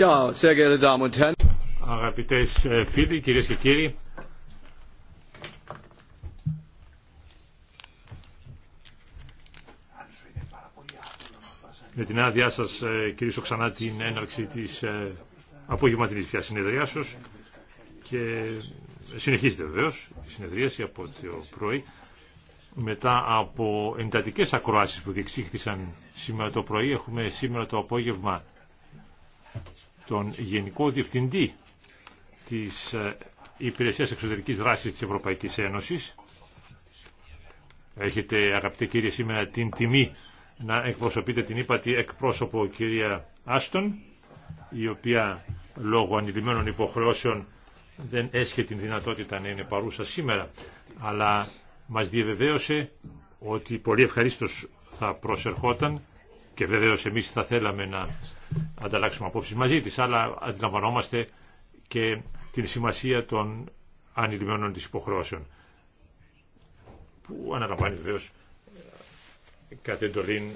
Ja, sehr geehrte Damen und Αγαπητές ε, φίλοι, κυρίες και κύριοι, με την άδειά σας ε, κυρίσω ξανά την έναρξη της ε, απογευματινής πια συνεδριάσεως και συνεχίζεται βεβαίως η συνεδρίαση από το πρωί μετά από εντατικές ακροάσεις που διεξήχθησαν σήμερα το πρωί έχουμε σήμερα το απόγευμα τον Γενικό Διευθυντή της ε, Υπηρεσίας Εξωτερικής Δράσης της Ευρωπαϊκής Ένωσης. Έχετε αγαπητέ κύριε σήμερα την τιμή να εκπροσωπείτε την ύπατη εκπρόσωπο κυρία Άστον η οποία λόγω ανηλυμένων υποχρεώσεων δεν έσχε την δυνατότητα να είναι παρούσα σήμερα αλλά μας διαβεβαίωσε ότι πολύ ευχαρίστως θα προσερχόταν και βεβαίως εμείς θα θέλαμε να ανταλλάξουμε απόψεις μαζί της, αλλά αντιλαμβανόμαστε και την σημασία των ανηλυμένων της υποχρεώσεων, που αναλαμβάνει βεβαίω κατ' εντολή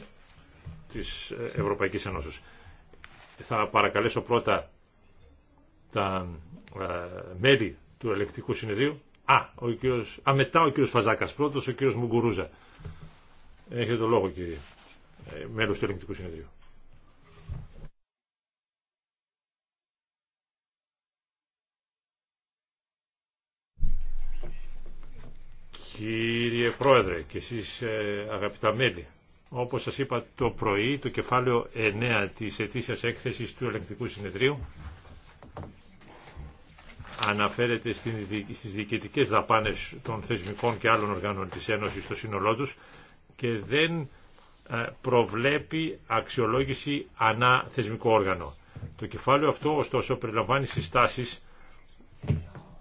της Ευρωπαϊκής Ενώσεως. Θα παρακαλέσω πρώτα τα ε, μέλη του ελεκτικού συνεδρίου. Α, ο κύριος, α, μετά ο κύριος Φαζάκας πρώτος, ο κύριος Μουγκουρούζα. Έχετε το λόγο κύριε, ε, μέλος του ελεκτικού συνεδρίου. Κύριε Πρόεδρε και εσείς ε, αγαπητά μέλη, όπως σας είπα το πρωί, το κεφάλαιο 9 της ετήσιας έκθεσης του Ελεγκτικού Συνεδρίου αναφέρεται στις διοικητικές δαπάνες των θεσμικών και άλλων οργάνων της Ένωσης στο σύνολό τους και δεν ε, προβλέπει αξιολόγηση ανά θεσμικό όργανο. Το κεφάλαιο αυτό ωστόσο περιλαμβάνει συστάσεις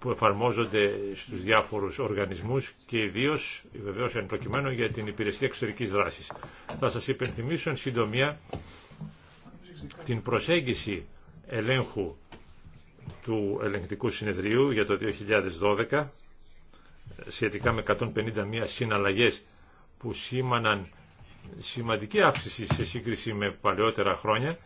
που εφαρμόζονται στους διάφορους οργανισμούς και ιδίως βεβαίω εν προκειμένου για την υπηρεσία εξωτερικής δράσης. Θα σας υπενθυμίσω εν συντομία την προσέγγιση ελέγχου του ελεγκτικού συνεδρίου για το 2012 σχετικά με 151 συναλλαγές που σήμαναν σημαντική αύξηση σε σύγκριση με παλαιότερα χρόνια.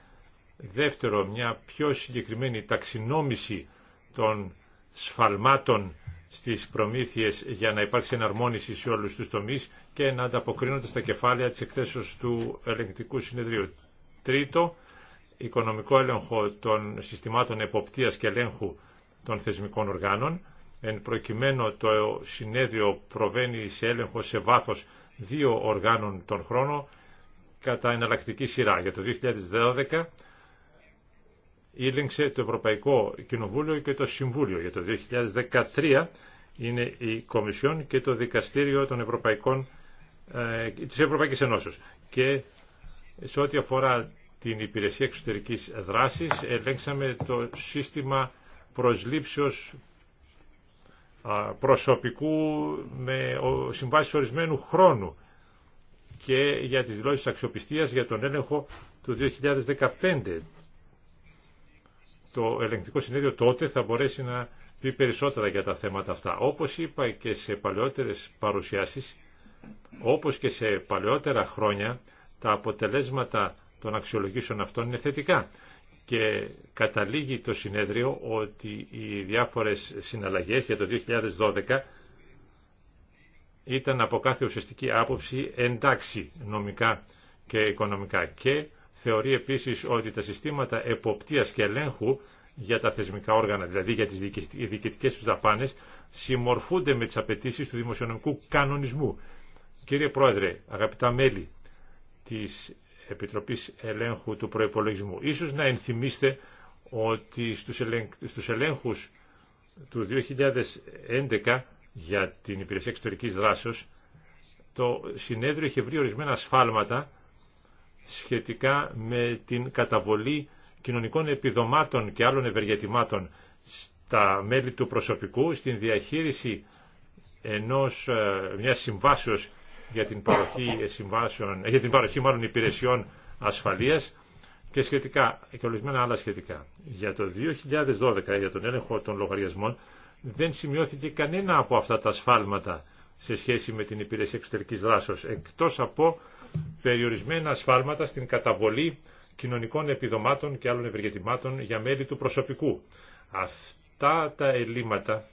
Δεύτερο, μια πιο συγκεκριμένη ταξινόμηση των σφαλμάτων στις προμήθειες για να υπάρξει εναρμόνιση σε όλους τους τομείς και να ανταποκρίνονται στα κεφάλαια της εκθέσεως του ελεγκτικού συνεδρίου. Τρίτο, οικονομικό έλεγχο των συστημάτων εποπτείας και ελέγχου των θεσμικών οργάνων. Εν προκειμένου το συνέδριο προβαίνει σε έλεγχο σε βάθος δύο οργάνων τον χρόνο κατά εναλλακτική σειρά. Για το 2012 ήλεγξε το Ευρωπαϊκό Κοινοβούλιο και το Συμβούλιο. Για το 2013 είναι η Κομισιόν και το Δικαστήριο των Ευρωπαϊκών, ε, της Ευρωπαϊκής Ενώσεως. Και σε ό,τι αφορά την Υπηρεσία Εξωτερικής Δράσης ελέγξαμε το σύστημα προσλήψεως προσωπικού με συμβάσεις ορισμένου χρόνου και για τις δηλώσεις αξιοπιστίας για τον έλεγχο του 2015 το ελεγκτικό συνέδριο τότε θα μπορέσει να πει περισσότερα για τα θέματα αυτά. Όπως είπα και σε παλαιότερες παρουσιάσεις, όπως και σε παλαιότερα χρόνια, τα αποτελέσματα των αξιολογήσεων αυτών είναι θετικά. Και καταλήγει το συνέδριο ότι οι διάφορες συναλλαγές για το 2012 ήταν από κάθε ουσιαστική άποψη εντάξει νομικά και οικονομικά. Και Θεωρεί επίσης ότι τα συστήματα εποπτείας και ελέγχου για τα θεσμικά όργανα, δηλαδή για τις διοικητικές τους δαπάνες, συμμορφούνται με τις απαιτήσει του δημοσιονομικού κανονισμού. Κύριε Πρόεδρε, αγαπητά μέλη της Επιτροπής Ελέγχου του Προϋπολογισμού, ίσως να ενθυμίστε ότι στους, ελέγχου ελέγχους του 2011 για την Υπηρεσία Εξωτερικής Δράσεως, το συνέδριο είχε βρει ορισμένα σφάλματα σχετικά με την καταβολή κοινωνικών επιδομάτων και άλλων ευεργετημάτων στα μέλη του προσωπικού, στην διαχείριση ενός, ε, μιας συμβάσεως για την παροχή, συμβάσεων, ε, για την παροχή μάλλον υπηρεσιών ασφαλείας και σχετικά, και άλλα σχετικά. Για το 2012, για τον έλεγχο των λογαριασμών, δεν σημειώθηκε κανένα από αυτά τα σφάλματα σε σχέση με την υπηρεσία εξωτερικής δράσεως, εκτός από περιορισμένα σφάλματα στην καταβολή κοινωνικών επιδομάτων και άλλων ευεργετημάτων για μέλη του προσωπικού. Αυτά τα ελλείμματα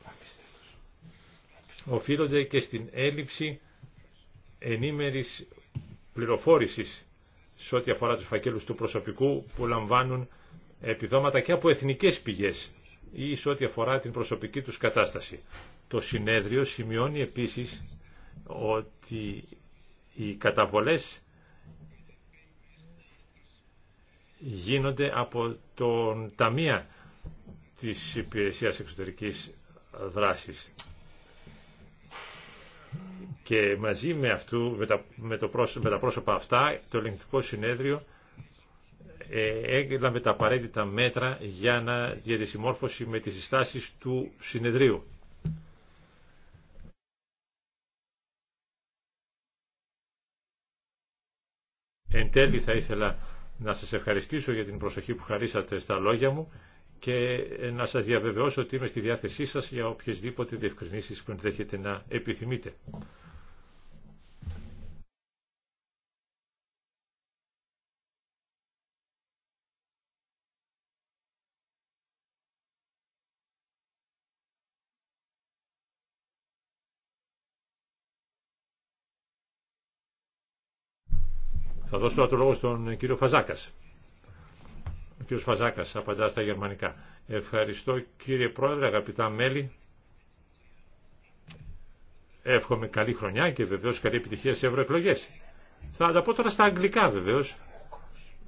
οφείλονται και στην έλλειψη ενήμερης πληροφόρησης σε ό,τι αφορά τους φακέλους του προσωπικού που λαμβάνουν επιδόματα και από εθνικές πηγές ή σε ό,τι αφορά την προσωπική τους κατάσταση. Το συνέδριο σημειώνει επίσης ότι οι καταβολές γίνονται από τον Ταμεία της Υπηρεσίας Εξωτερικής Δράσης. Και μαζί με, αυτού, με, τα, με, το πρόσωπα, με τα αυτά, το ελεγκτικό συνέδριο ε, τα απαραίτητα μέτρα για, να, για με τις συστάσεις του συνεδρίου. τέλει θα ήθελα να σας ευχαριστήσω για την προσοχή που χαρίσατε στα λόγια μου και ε, να σας διαβεβαιώσω ότι είμαι στη διάθεσή σας για οποιασδήποτε διευκρινήσεις που ενδέχεται να επιθυμείτε. δώσω τώρα το λόγο στον κύριο Φαζάκας. Ο κύριος Φαζάκας απαντά στα γερμανικά. Ευχαριστώ κύριε Πρόεδρε, αγαπητά μέλη. Εύχομαι καλή χρονιά και βεβαίως καλή επιτυχία σε ευρωεκλογέ. Θα τα πω τώρα στα αγγλικά βεβαίως.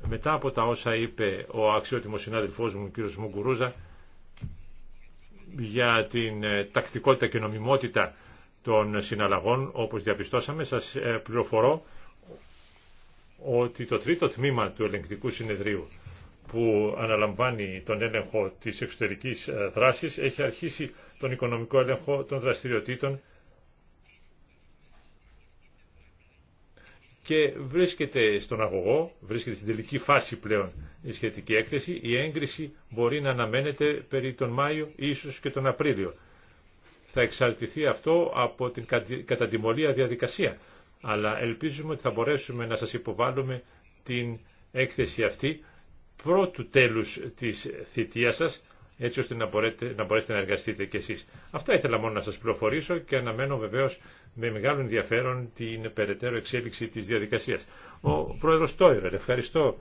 Μετά από τα όσα είπε ο αξιότιμος συνάδελφός μου, ο κύριος Μουγκουρούζα, για την ε, τακτικότητα και νομιμότητα των συναλλαγών, όπως διαπιστώσαμε, σας ε, πληροφορώ ότι το τρίτο τμήμα του ελεγκτικού συνεδρίου που αναλαμβάνει τον έλεγχο της εξωτερικής ε, δράσης έχει αρχίσει τον οικονομικό έλεγχο των δραστηριοτήτων και βρίσκεται στον αγωγό, βρίσκεται στην τελική φάση πλέον η σχετική έκθεση. Η έγκριση μπορεί να αναμένεται περί τον Μάιο ίσως και τον Απρίλιο. Θα εξαρτηθεί αυτό από την κατατιμωλία διαδικασία αλλά ελπίζουμε ότι θα μπορέσουμε να σας υποβάλουμε την έκθεση αυτή πρώτου τέλους της θητείας σας, έτσι ώστε να μπορέσετε, να μπορέσετε να εργαστείτε κι εσείς. Αυτά ήθελα μόνο να σας πληροφορήσω και αναμένω βεβαίως με μεγάλο ενδιαφέρον την περαιτέρω εξέλιξη της διαδικασίας. Ο Πρόεδρος Τόιρερ, ευχαριστώ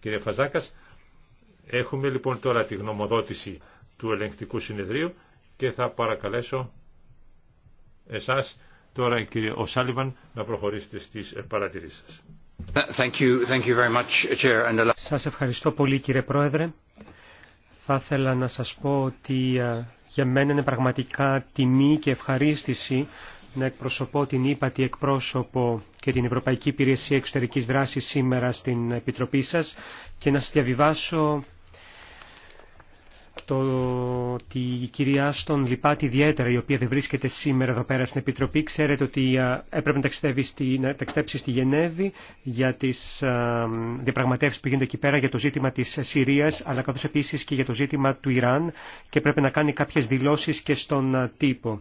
κύριε Φαζάκας. Έχουμε λοιπόν τώρα τη γνωμοδότηση του ελεγκτικού συνεδρίου και θα παρακαλέσω εσάς Τώρα κύριε Οσάλιβαν να προχωρήσετε στις ε, παρατηρήσεις σας. Thank ευχαριστώ πολύ κύριε Πρόεδρε. Θα ήθελα να σας πω ότι ε, για μένα είναι πραγματικά τιμή και ευχαρίστηση να εκπροσωπώ την ύπατη εκπρόσωπο και την Ευρωπαϊκή Υπηρεσία Εξωτερικής Δράσης σήμερα στην Επιτροπή σας και να σας διαβιβάσω το ότι η κυρία Άστον λυπάται ιδιαίτερα, η οποία δεν βρίσκεται σήμερα εδώ πέρα στην Επιτροπή. Ξέρετε ότι ε, έπρεπε να, στη, ταξιδέψει στη Γενέβη για τι ε, διαπραγματεύσει που γίνονται εκεί πέρα για το ζήτημα τη Συρία, αλλά καθώ επίση και για το ζήτημα του Ιράν και πρέπει να κάνει κάποιε δηλώσει και στον ε, τύπο.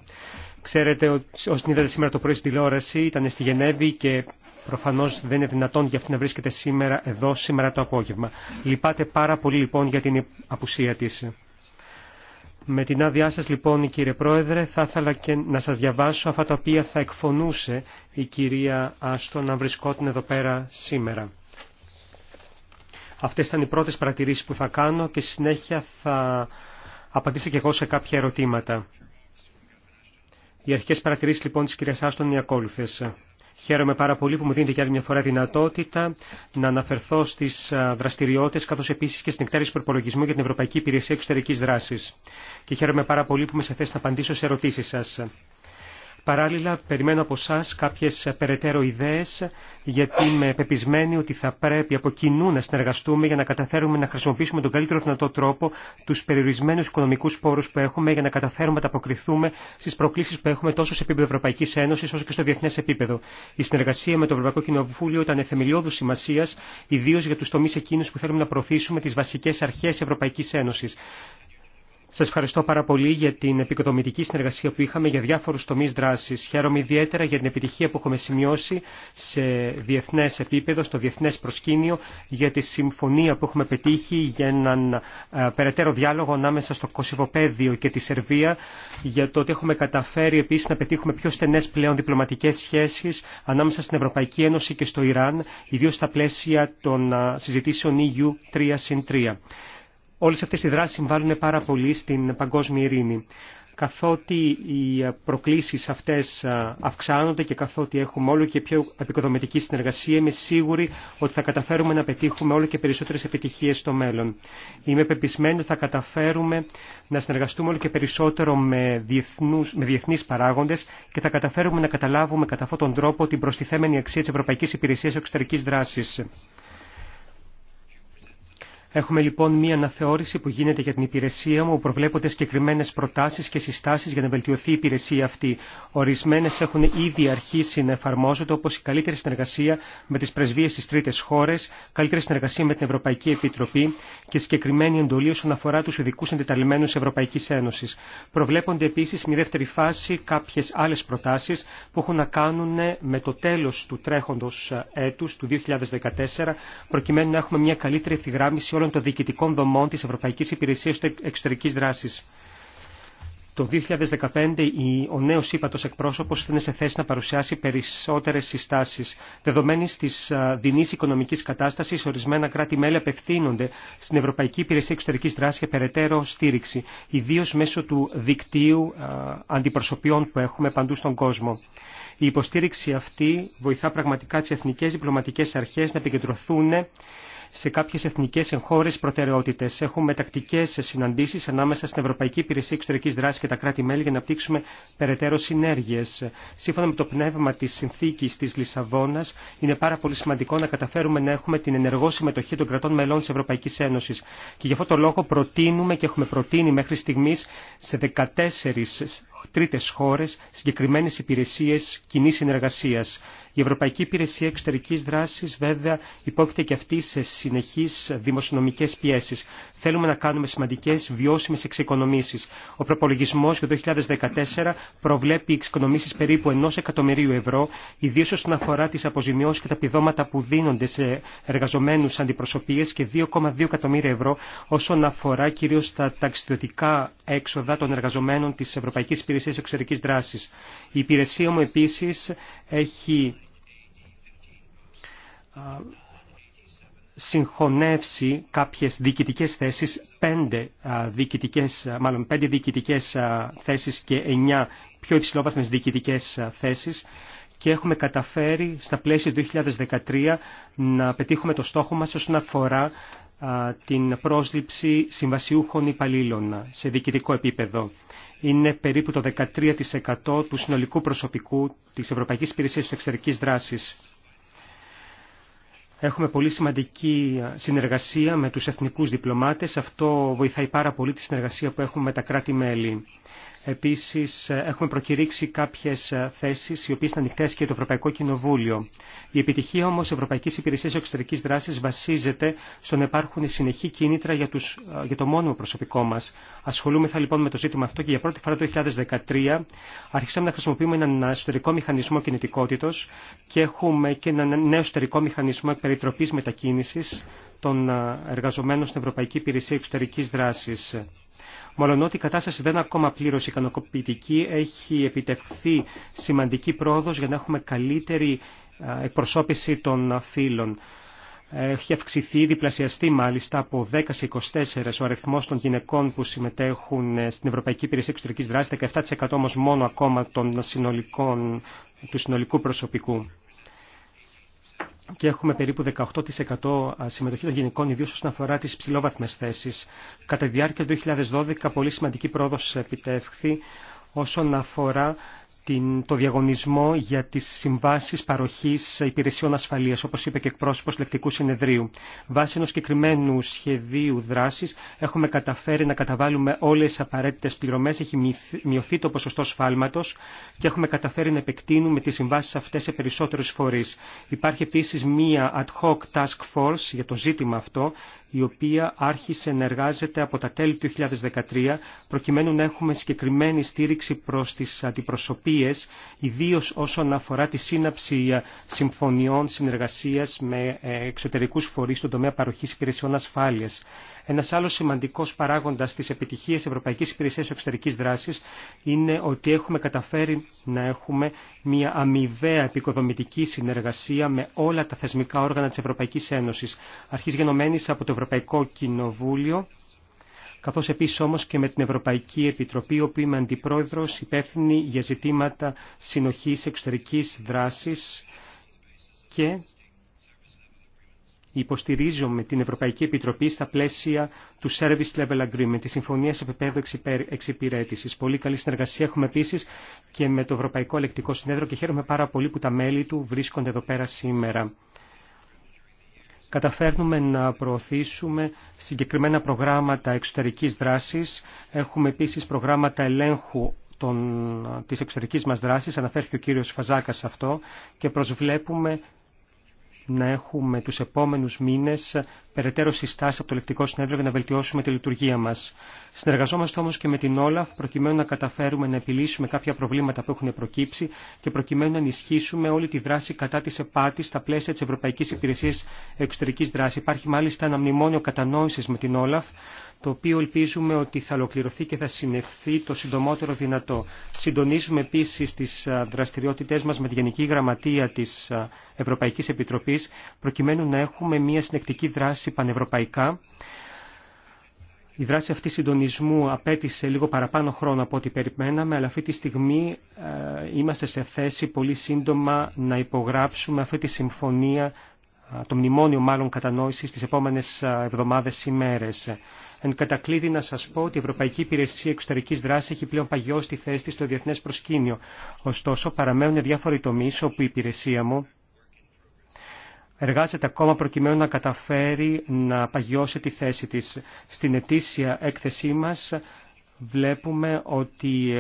Ξέρετε, ότι όσοι είδατε σήμερα το πρωί στην τηλεόραση, ήταν στη Γενέβη και Προφανώς δεν είναι δυνατόν για αυτή να βρίσκεται σήμερα εδώ, σήμερα το απόγευμα. Λυπάται πάρα πολύ λοιπόν για την απουσία της. Με την άδειά σας λοιπόν κύριε Πρόεδρε θα ήθελα και να σας διαβάσω αυτά τα οποία θα εκφωνούσε η κυρία Άστο να βρισκόταν εδώ πέρα σήμερα. Αυτές ήταν οι πρώτες παρατηρήσεις που θα κάνω και συνέχεια θα απαντήσω και εγώ σε κάποια ερωτήματα. Οι αρχικές παρατηρήσεις λοιπόν της κυρίας Άστον είναι οι ακόλουθες. Χαίρομαι πάρα πολύ που μου δίνετε για άλλη μια φορά δυνατότητα να αναφερθώ στις δραστηριότητε καθώ επίση και στην εκτέλεση προπολογισμού για την Ευρωπαϊκή Υπηρεσία Εξωτερική Δράση. Και χαίρομαι πάρα πολύ που είμαι σε θέση να απαντήσω σε ερωτήσει σα. Παράλληλα, περιμένω από εσά κάποιε περαιτέρω ιδέε, γιατί είμαι πεπισμένη ότι θα πρέπει από κοινού να συνεργαστούμε για να καταφέρουμε να χρησιμοποιήσουμε τον καλύτερο δυνατό τρόπο του περιορισμένου οικονομικού πόρου που έχουμε για να καταφέρουμε να ανταποκριθούμε στι προκλήσει που έχουμε τόσο σε επίπεδο Ευρωπαϊκή Ένωση, όσο και στο διεθνέ επίπεδο. Η συνεργασία με το Ευρωπαϊκό Κοινοβούλιο ήταν θεμελιώδου σημασία, ιδίω για του τομεί εκείνου που θέλουμε να προωθήσουμε τι βασικέ αρχέ Ευρωπαϊκή Ένωση. Σα ευχαριστώ πάρα πολύ για την επικοδομητική συνεργασία που είχαμε για διάφορου τομεί δράση. Χαίρομαι ιδιαίτερα για την επιτυχία που έχουμε σημειώσει σε διεθνέ επίπεδο, στο διεθνέ προσκήνιο, για τη συμφωνία που έχουμε πετύχει για έναν ε, περαιτέρω διάλογο ανάμεσα στο Κωσυβοπαίδιο και τη Σερβία, για το ότι έχουμε καταφέρει επίση να πετύχουμε πιο στενέ πλέον διπλωματικέ σχέσει ανάμεσα στην Ευρωπαϊκή Ένωση και στο Ιράν, ιδίω στα πλαίσια των ε, συζητήσεων EU 3 συν 3. Όλες αυτές οι δράσεις συμβάλλουν πάρα πολύ στην παγκόσμια ειρήνη. Καθότι οι προκλήσεις αυτές αυξάνονται και καθότι έχουμε όλο και πιο επικοδομητική συνεργασία, είμαι σίγουρη ότι θα καταφέρουμε να πετύχουμε όλο και περισσότερες επιτυχίες στο μέλλον. Είμαι πεπισμένη ότι θα καταφέρουμε να συνεργαστούμε όλο και περισσότερο με, διεθνούς, με διεθνείς παράγοντες και θα καταφέρουμε να καταλάβουμε κατά αυτόν τον τρόπο την προστιθέμενη αξία της Ευρωπαϊκής Υπηρεσίας Εξωτερικής Δράσης. Έχουμε λοιπόν μία αναθεώρηση που γίνεται για την υπηρεσία μου, που προβλέπονται συγκεκριμένε προτάσει και συστάσει για να βελτιωθεί η υπηρεσία αυτή. Ορισμένε έχουν ήδη αρχίσει να εφαρμόζονται, όπω η καλύτερη συνεργασία με τι πρεσβείε στι τρίτε χώρε, καλύτερη συνεργασία με την Ευρωπαϊκή Επιτροπή και συγκεκριμένη εντολή όσον αφορά του ειδικού εντεταλμένου Ευρωπαϊκή Ένωση. Προβλέπονται επίση μια δεύτερη φάση κάποιε άλλε προτάσει που έχουν να κάνουν με το τέλο του τρέχοντο έτου, του 2014, προκειμένου να έχουμε μια καλύτερη ευθυγράμμιση όλων των διοικητικών δομών της Ευρωπαϊκής Υπηρεσίας Εξωτερικής Δράσης. Το 2015 ο νέος ύπατος εκπρόσωπος είναι σε θέση να παρουσιάσει περισσότερες συστάσεις. Δεδομένης της δινης οικονομικη οικονομική κατάσταση, ορισμένα κράτη-μέλη απευθύνονται στην Ευρωπαϊκή Υπηρεσία Εξωτερικής Δράσης για περαιτέρω στήριξη, Ιδίως μέσω του δικτύου αντιπροσωπιών που έχουμε παντού στον κόσμο. Η υποστήριξη αυτή βοηθά πραγματικά τι εθνικέ διπλωματικέ αρχές να επικεντρωθούν σε κάποιε εθνικέ εγχώρε προτεραιότητε Έχουμε τακτικές συναντήσει ανάμεσα στην Ευρωπαϊκή Υπηρεσία Εξωτερική δράση και τα κράτη-μέλη για να πτύξουμε περαιτέρω συνέργειε. Σύμφωνα με το πνεύμα τη συνθήκη τη Λισαβόνα, είναι πάρα πολύ σημαντικό να καταφέρουμε να έχουμε την ενεργό συμμετοχή των κρατών μελών τη Ευρωπαϊκή Ένωση. Και γι' αυτό το λόγο προτείνουμε και έχουμε προτείνει μέχρι στιγμή σε 14 τρίτες χώρες συγκεκριμένες υπηρεσίες κοινή συνεργασίας. Η Ευρωπαϊκή Υπηρεσία Εξωτερικής Δράσης βέβαια υπόκειται και αυτή σε συνεχείς δημοσιονομικές πιέσεις. Θέλουμε να κάνουμε σημαντικές βιώσιμες εξοικονομήσεις. Ο προπολογισμός για το 2014 προβλέπει εξοικονομήσεις περίπου 1 εκατομμυρίου ευρώ, ιδίως όσον αφορά τις αποζημιώσεις και τα επιδόματα που δίνονται σε εργαζομένους αντιπροσωπείες και 2,2 εκατομμύρια ευρώ όσον αφορά κυρίως τα ταξιδιωτικά έξοδα των εργαζομένων της Ευρωπαϊκής υπηρεσίε εξωτερική δράσης. Η υπηρεσία μου επίση έχει συγχωνεύσει κάποιες διοικητικές θέσεις, πέντε διοικητικές, μάλλον πέντε διοικητικές θέσεις και εννιά πιο υψηλόβαθμες διοικητικές θέσεις και έχουμε καταφέρει στα πλαίσια του 2013 να πετύχουμε το στόχο μας όσον αφορά την πρόσληψη συμβασιούχων υπαλλήλων σε διοικητικό επίπεδο είναι περίπου το 13% του συνολικού προσωπικού της Ευρωπαϊκής Υπηρεσίας Εξωτερικής Δράσης. Έχουμε πολύ σημαντική συνεργασία με τους εθνικούς διπλωμάτες. Αυτό βοηθάει πάρα πολύ τη συνεργασία που έχουμε με τα κράτη-μέλη. Επίσης, έχουμε προκηρύξει κάποιες θέσεις οι οποίες ήταν ανοιχτές και το Ευρωπαϊκό Κοινοβούλιο. Η επιτυχία όμως Ευρωπαϊκής Υπηρεσίας Εξωτερικής Δράσης βασίζεται στο να υπάρχουν συνεχή κίνητρα για, τους, για το μόνιμο προσωπικό μας. Ασχολούμεθα λοιπόν με το ζήτημα αυτό και για πρώτη φορά το 2013 αρχίσαμε να χρησιμοποιούμε έναν εσωτερικό μηχανισμό κινητικότητος και έχουμε και έναν νέο εσωτερικό μηχανισμό περιτροπής μετακίνησης των εργαζομένων στην Ευρωπαϊκή Υπηρεσία Εξωτερικής Δράσης. Μολονότι η κατάσταση δεν είναι ακόμα πλήρω ικανοποιητική, έχει επιτευχθεί σημαντική πρόοδο για να έχουμε καλύτερη εκπροσώπηση των φύλων. Έχει αυξηθεί, διπλασιαστεί μάλιστα από 10 σε 24 ο αριθμό των γυναικών που συμμετέχουν ε, στην Ευρωπαϊκή Υπηρεσία Εξωτερική Δράση, 17% όμω μόνο ακόμα των συνολικών, του συνολικού προσωπικού και έχουμε περίπου 18% συμμετοχή των γενικών, ιδίω όσον αφορά τι ψηλόβαθμε θέσει. Κατά διάρκεια του 2012, πολύ σημαντική πρόοδο επιτεύχθη όσον αφορά την, το διαγωνισμό για τις συμβάσεις παροχής υπηρεσιών ασφαλείας, όπως είπε και εκπρόσωπος λεκτικού συνεδρίου. Βάσει ενός συγκεκριμένου σχεδίου δράσης έχουμε καταφέρει να καταβάλουμε όλες τις απαραίτητες πληρωμές, έχει μειωθεί το ποσοστό σφάλματος και έχουμε καταφέρει να επεκτείνουμε τις συμβάσεις αυτές σε περισσότερους φορείς. Υπάρχει επίσης μία ad hoc task force για το ζήτημα αυτό, η οποία άρχισε να εργάζεται από τα τέλη του 2013, προκειμένου να έχουμε συγκεκριμένη στήριξη προς τις αντιπροσωπείες ιδίω ιδίως όσον αφορά τη σύναψη ε, συμφωνιών συνεργασίας με ε, εξωτερικούς φορείς στον τομέα παροχής υπηρεσιών ασφάλειας. Ένα άλλο σημαντικό παράγοντα τη επιτυχία Ευρωπαϊκή Υπηρεσία Εξωτερική Δράση είναι ότι έχουμε καταφέρει να έχουμε μια αμοιβαία επικοδομητική συνεργασία με όλα τα θεσμικά όργανα τη Ευρωπαϊκή Ένωση, αρχής γενομένη από το Ευρωπαϊκό Κοινοβούλιο καθώς επίσης όμως και με την Ευρωπαϊκή Επιτροπή, όπου είμαι αντιπρόεδρος υπεύθυνη για ζητήματα συνοχής εξωτερικής δράσης και υποστηρίζομαι την Ευρωπαϊκή Επιτροπή στα πλαίσια του Service Level Agreement, τη Συμφωνία Επιπέδου Εξυπηρέτηση. Πολύ καλή συνεργασία έχουμε επίση και με το Ευρωπαϊκό Ελεκτικό Συνέδριο και χαίρομαι πάρα πολύ που τα μέλη του βρίσκονται εδώ πέρα σήμερα καταφέρνουμε να προωθήσουμε συγκεκριμένα προγράμματα εξωτερικής δράσης. Έχουμε επίσης προγράμματα ελέγχου των, της εξωτερικής μας δράσης, αναφέρθηκε ο κύριος Φαζάκας αυτό, και προσβλέπουμε να έχουμε τους επόμενους μήνες περαιτέρω συστάσεις από το λεκτικό συνέδριο για να βελτιώσουμε τη λειτουργία μας. Συνεργαζόμαστε όμως και με την Όλαφ προκειμένου να καταφέρουμε να επιλύσουμε κάποια προβλήματα που έχουν προκύψει και προκειμένου να ενισχύσουμε όλη τη δράση κατά της ΕΠΑΤΗΣ στα πλαίσια της Ευρωπαϊκής Υπηρεσίας Εξωτερικής Δράσης. Υπάρχει μάλιστα ένα μνημόνιο κατανόησης με την Όλαφ το οποίο ελπίζουμε ότι θα ολοκληρωθεί και θα συνεχθεί το συντομότερο δυνατό. Συντονίζουμε επίσης τις δραστηριότητές μας με τη Γενική Γραμματεία της Ευρωπαϊκής Επιτροπής, προκειμένου να έχουμε μια συνεκτική δράση πανευρωπαϊκά. Η δράση αυτή συντονισμού απέτησε λίγο παραπάνω χρόνο από ό,τι περιμέναμε, αλλά αυτή τη στιγμή είμαστε σε θέση πολύ σύντομα να υπογράψουμε αυτή τη συμφωνία, το μνημόνιο μάλλον κατανόησης, τις επόμενες εβδομάδες ή μέρες. Εν κατακλείδη να σας πω ότι η Ευρωπαϊκή Υπηρεσία Εξωτερικής Δράσης έχει πλέον παγιώσει τη θέση της στο διεθνές προσκήνιο. Ωστόσο, παραμένουν διάφοροι τομείς όπου η υπηρεσία μου εργάζεται ακόμα προκειμένου να καταφέρει να παγιώσει τη θέση της. Στην ετήσια έκθεσή μας βλέπουμε ότι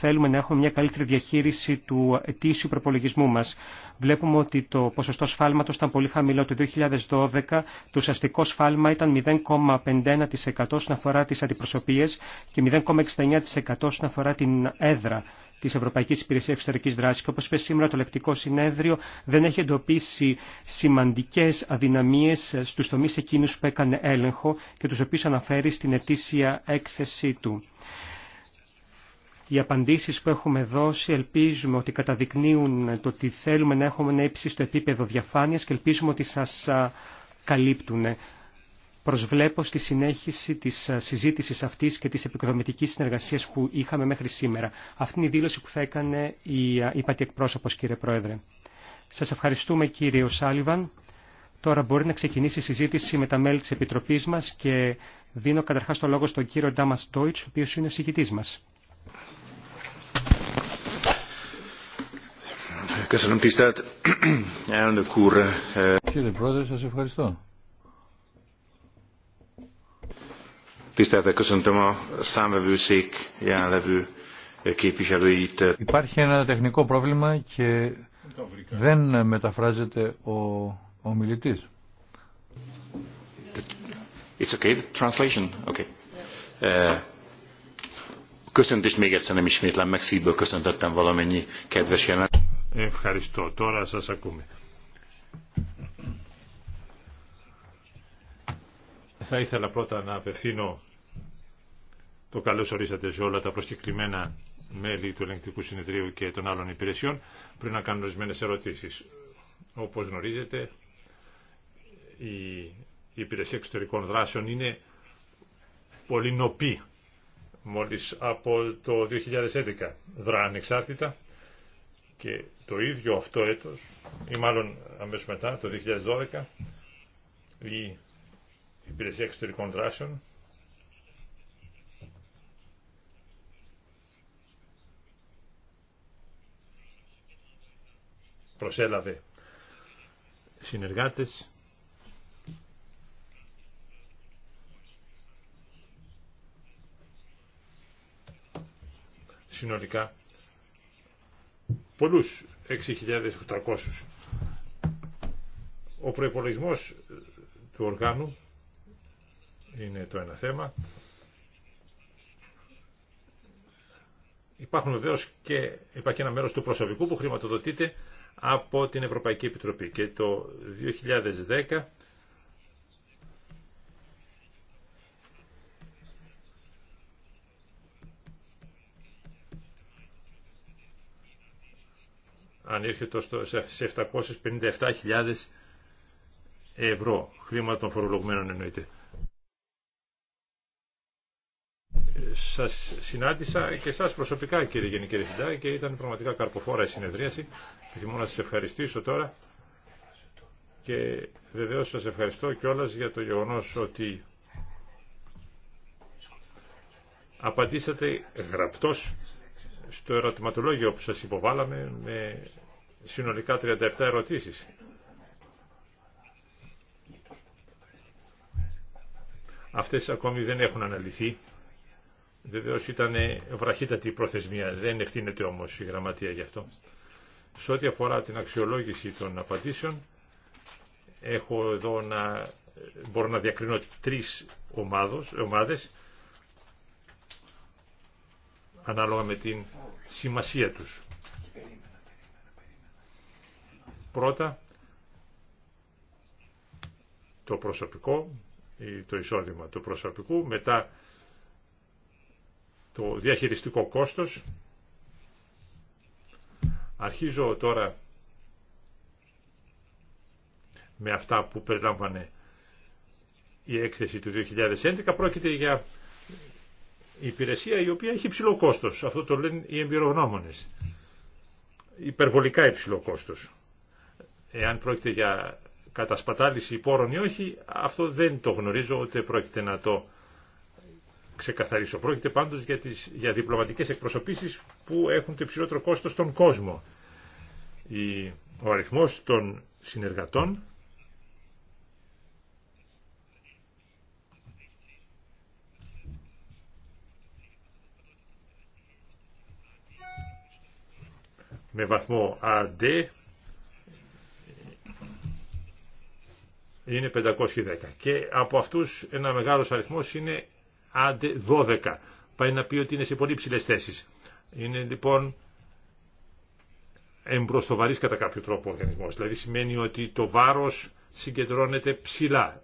θέλουμε να έχουμε μια καλύτερη διαχείριση του ετήσιου προπολογισμού μα. Βλέπουμε ότι το ποσοστό σφάλματος ήταν πολύ χαμηλό. Το 2012 το ουσιαστικό σφάλμα ήταν 0,51% στην αφορά τις αντιπροσωπείε και 0,69% στην αφορά την έδρα τη Ευρωπαϊκή Υπηρεσία Εξωτερική Δράση. Και όπω είπε σήμερα, το λεκτικό συνέδριο δεν έχει εντοπίσει σημαντικέ αδυναμίε στου τομεί εκείνου που έκανε έλεγχο και του οποίου αναφέρει στην ετήσια έκθεσή του. Οι απαντήσεις που έχουμε δώσει ελπίζουμε ότι καταδεικνύουν το ότι θέλουμε να έχουμε ένα στο επίπεδο διαφάνειας και ελπίζουμε ότι σας καλύπτουν. Προσβλέπω στη συνέχιση της συζήτησης αυτής και της επικοδομητικής συνεργασίας που είχαμε μέχρι σήμερα. Αυτή είναι η δήλωση που θα έκανε η πατή εκπρόσωπος κύριε Πρόεδρε. Σας ευχαριστούμε κύριε Σάλιβαν. Τώρα μπορεί να ξεκινήσει η συζήτηση με τα μέλη της Επιτροπής μας και δίνω καταρχάς το λόγο στον κύριο Ντάμας Ντόιτς, ο οποίος είναι ο συγητής μας. Κύριε Πρόεδρε, σας ευχαριστώ. Υπάρχει ένα τεχνικό πρόβλημα και δεν μεταφράζεται ο ομιλητής. It's okay, the translation. Okay. Yeah. Uh, köszöntést még egyszer nem ismétlem, meg szívből köszöntöttem valamennyi kedves jelen. Ευχαριστώ. Τώρα σας ακούμε. Θα ήθελα πρώτα να απευθύνω το καλό ορίσατε σε όλα τα προσκεκλημένα μέλη του Ελεγκτικού Συνεδρίου και των άλλων υπηρεσιών πριν να κάνω ορισμένε ερωτήσεις. Όπως γνωρίζετε, η υπηρεσία εξωτερικών δράσεων είναι πολύ νοπή μόλις από το 2011 δρά ανεξάρτητα και το ίδιο αυτό έτος, ή μάλλον αμέσως μετά, το 2012, η Υπηρεσία Εξωτερικών Δράσεων προσέλαβε συνεργάτες συνολικά Πολλού 6.800. Ο προπολογισμό του οργάνου είναι το ένα θέμα. Υπάρχουν βεβαίω και υπάρχει ένα μέρος του προσωπικού που χρηματοδοτείται από την Ευρωπαϊκή Επιτροπή και το 2010 αν έρχεται σε 757.000 ευρώ, χρήμα των φορολογουμένων εννοείται. Σας συνάντησα και σας προσωπικά κύριε Γενική Διευθυντά και ήταν πραγματικά καρποφόρα η συνεδρίαση. Θυμώ να σας ευχαριστήσω τώρα και βεβαίως σας ευχαριστώ κιόλας για το γεγονός ότι απαντήσατε γραπτός στο ερωτηματολόγιο που σας υποβάλαμε με συνολικά 37 ερωτήσεις. Αυτές ακόμη δεν έχουν αναλυθεί. Βεβαίω ήταν βραχύτατη η προθεσμία, δεν ευθύνεται όμως η γραμματεία γι' αυτό. Σε ό,τι αφορά την αξιολόγηση των απαντήσεων, έχω εδώ να μπορώ να διακρίνω τρεις ομάδε. ομάδες ανάλογα με την σημασία τους. Πρώτα, το προσωπικό ή το εισόδημα του προσωπικού, μετά το διαχειριστικό κόστος. Αρχίζω τώρα με αυτά που περιλάμβανε η έκθεση του 2011. Πρόκειται για υπηρεσία η οποία έχει υψηλό κόστος. Αυτό το λένε οι εμπειρογνώμονες. Υπερβολικά υψηλό κόστος. Εάν πρόκειται για κατασπατάληση πόρων ή όχι, αυτό δεν το γνωρίζω, ούτε πρόκειται να το ξεκαθαρίσω. Πρόκειται πάντως για, τις, για διπλωματικές εκπροσωπήσεις που έχουν το υψηλότερο κόστος στον κόσμο. Η, ο αριθμός των συνεργατών με βαθμό AD είναι 510 και από αυτούς ένα μεγάλος αριθμός είναι AD 12 πάει να πει ότι είναι σε πολύ ψηλέ θέσεις είναι λοιπόν εμπροστοβαρής κατά κάποιο τρόπο ο οργανισμός δηλαδή σημαίνει ότι το βάρος συγκεντρώνεται ψηλά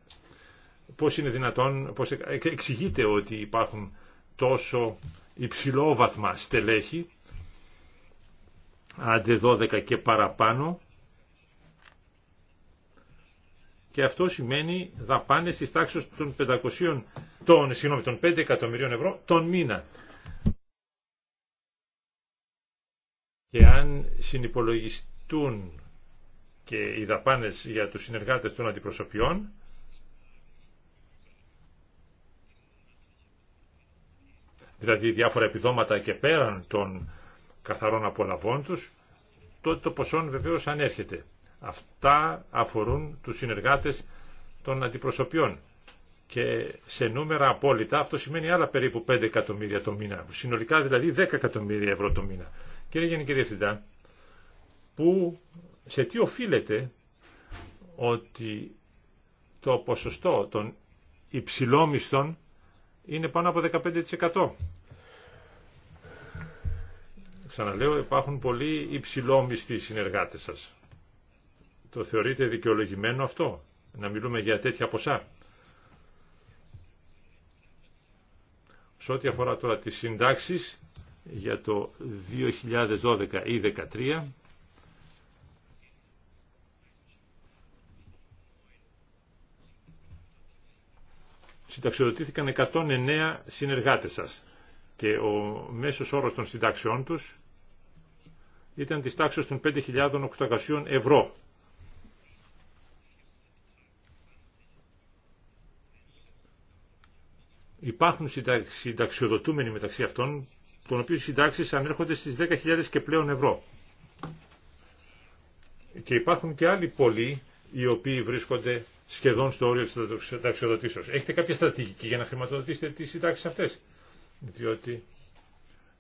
πώς είναι δυνατόν πώς εξηγείται ότι υπάρχουν τόσο υψηλόβαθμα στελέχη άντε 12 και παραπάνω και αυτό σημαίνει δαπάνες της τάξη των 500 των, συγγνώμη, των 5 εκατομμυρίων ευρώ τον μήνα. Και αν συνυπολογιστούν και οι δαπάνες για τους συνεργάτες των αντιπροσωπιών, δηλαδή διάφορα επιδόματα και πέραν των καθαρών απολαβών τους, τότε το ποσό βεβαίως ανέρχεται. Αυτά αφορούν τους συνεργάτες των αντιπροσωπιών. Και σε νούμερα απόλυτα αυτό σημαίνει άλλα περίπου 5 εκατομμύρια το μήνα. Συνολικά δηλαδή 10 εκατομμύρια ευρώ το μήνα. Κύριε Γενική Διευθυντά, που, σε τι οφείλεται ότι το ποσοστό των υψηλόμισθων είναι πάνω από 15%. Ξαναλέω, υπάρχουν πολύ υψηλόμιστοι συνεργάτες σας. Το θεωρείτε δικαιολογημένο αυτό, να μιλούμε για τέτοια ποσά. Σε ό,τι αφορά τώρα τις συντάξεις για το 2012 ή 2013, συνταξιοδοτήθηκαν 109 συνεργάτες σας και ο μέσος όρος των συντάξεών τους ήταν της τάξης των 5.800 ευρώ. Υπάρχουν συνταξιοδοτούμενοι μεταξύ αυτών, των οποίων συντάξεις ανέρχονται στις 10.000 και πλέον ευρώ. Και υπάρχουν και άλλοι πολλοί οι οποίοι βρίσκονται σχεδόν στο όριο της συνταξιοδοτήσεως. Έχετε κάποια στρατηγική για να χρηματοδοτήσετε τις συντάξεις αυτές. Διότι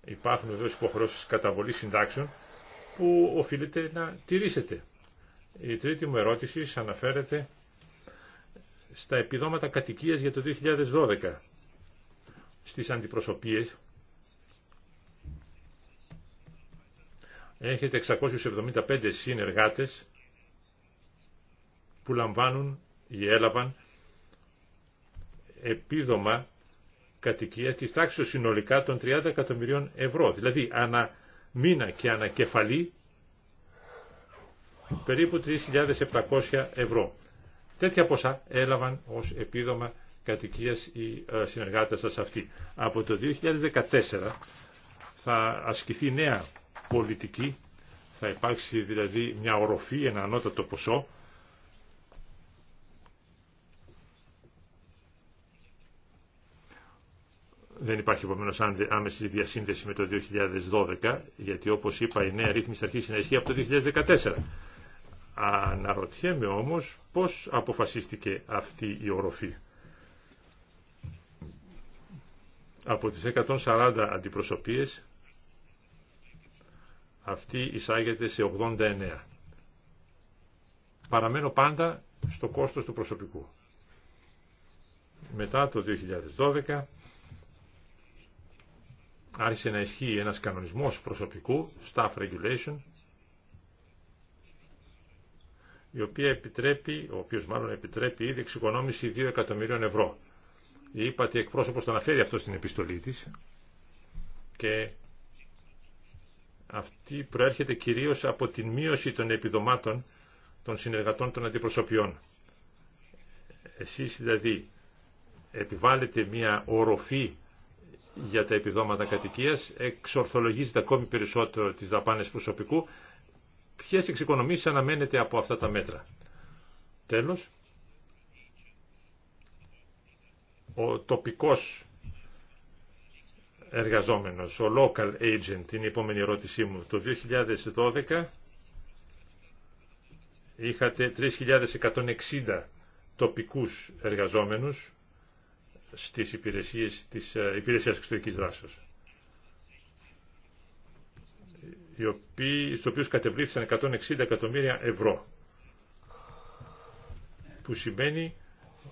υπάρχουν εδώ υποχρεώσεις καταβολής συντάξεων που οφείλετε να τηρήσετε. Η τρίτη μου ερώτηση αναφέρεται στα επιδόματα κατοικίας για το 2012 στις αντιπροσωπείες έχετε 675 συνεργάτες που λαμβάνουν ή έλαβαν επίδομα κατοικίας της τάξης συνολικά των 30 εκατομμυρίων ευρώ. Δηλαδή, ανα μήνα και ανακεφαλή περίπου 3.700 ευρώ. Τέτοια ποσά έλαβαν ως επίδομα κατοικίας οι ε, συνεργάτες σας αυτοί. Από το 2014 θα ασκηθεί νέα πολιτική, θα υπάρξει δηλαδή μια οροφή, ένα ανώτατο ποσό, Δεν υπάρχει επομένω άμεση διασύνδεση με το 2012, γιατί όπω είπα η νέα ρύθμιση θα αρχίσει να ισχύει από το 2014. Αναρωτιέμαι όμω πώ αποφασίστηκε αυτή η οροφή. Από τις 140 αντιπροσωπείες, αυτή εισάγεται σε 89. Παραμένω πάντα στο κόστος του προσωπικού. Μετά το 2012 άρχισε να ισχύει ένας κανονισμός προσωπικού, staff regulation, η οποία επιτρέπει, ο οποίος μάλλον επιτρέπει ήδη εξοικονόμηση 2 εκατομμυρίων ευρώ. Η ύπατη εκπρόσωπος το αναφέρει αυτό στην επιστολή της και αυτή προέρχεται κυρίως από την μείωση των επιδομάτων των συνεργατών των αντιπροσωπιών. Εσείς δηλαδή επιβάλλετε μια οροφή για τα επιδόματα κατοικίας, εξορθολογίζεται ακόμη περισσότερο τι δαπάνε προσωπικού. Ποιε εξοικονομήσει αναμένεται από αυτά τα μέτρα. Τέλος, ο τοπικός εργαζόμενος, ο local agent, την η επόμενη ερώτησή μου. Το 2012 είχατε 3.160 τοπικούς εργαζόμενους στις υπηρεσίες της ε, υπηρεσίας εξωτερικής δράσεως. στους οποίους κατεβλήθησαν 160 εκατομμύρια ευρώ που σημαίνει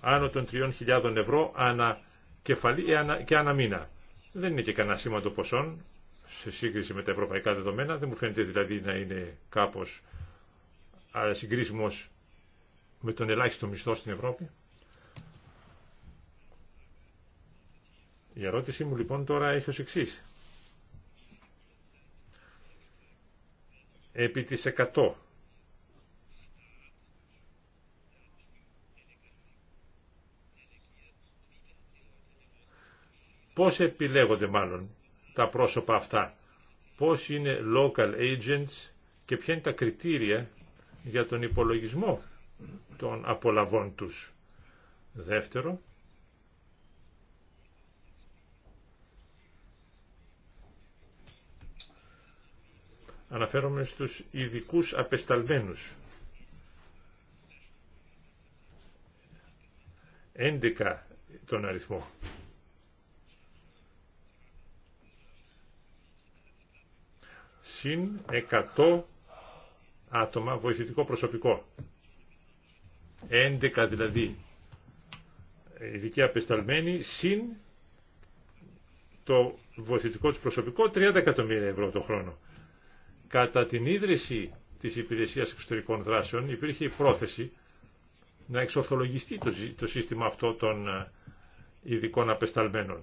άνω των 3.000 ευρώ ανα κεφαλή και ανα μήνα. Δεν είναι και κανένα σήμα το ποσόν σε σύγκριση με τα ευρωπαϊκά δεδομένα. Δεν μου φαίνεται δηλαδή να είναι κάπως συγκρίσιμος με τον ελάχιστο μισθό στην Ευρώπη. Η ερώτησή μου λοιπόν τώρα έχει ως εξής. Επί της 100. Πώς επιλέγονται μάλλον τα πρόσωπα αυτά, πώς είναι local agents και ποια είναι τα κριτήρια για τον υπολογισμό των απολαβών τους. Δεύτερο, Αναφέρομαι στους ειδικού απεσταλμένους. 11 τον αριθμό. Συν 100 άτομα βοηθητικό προσωπικό. 11 δηλαδή ειδικοί απεσταλμένοι συν το βοηθητικό τους προσωπικό 30 εκατομμύρια ευρώ το χρόνο. Κατά την ίδρυση της Υπηρεσίας Εξωτερικών Δράσεων υπήρχε η πρόθεση να εξορθολογιστεί το σύστημα αυτό των ε, ειδικών απεσταλμένων.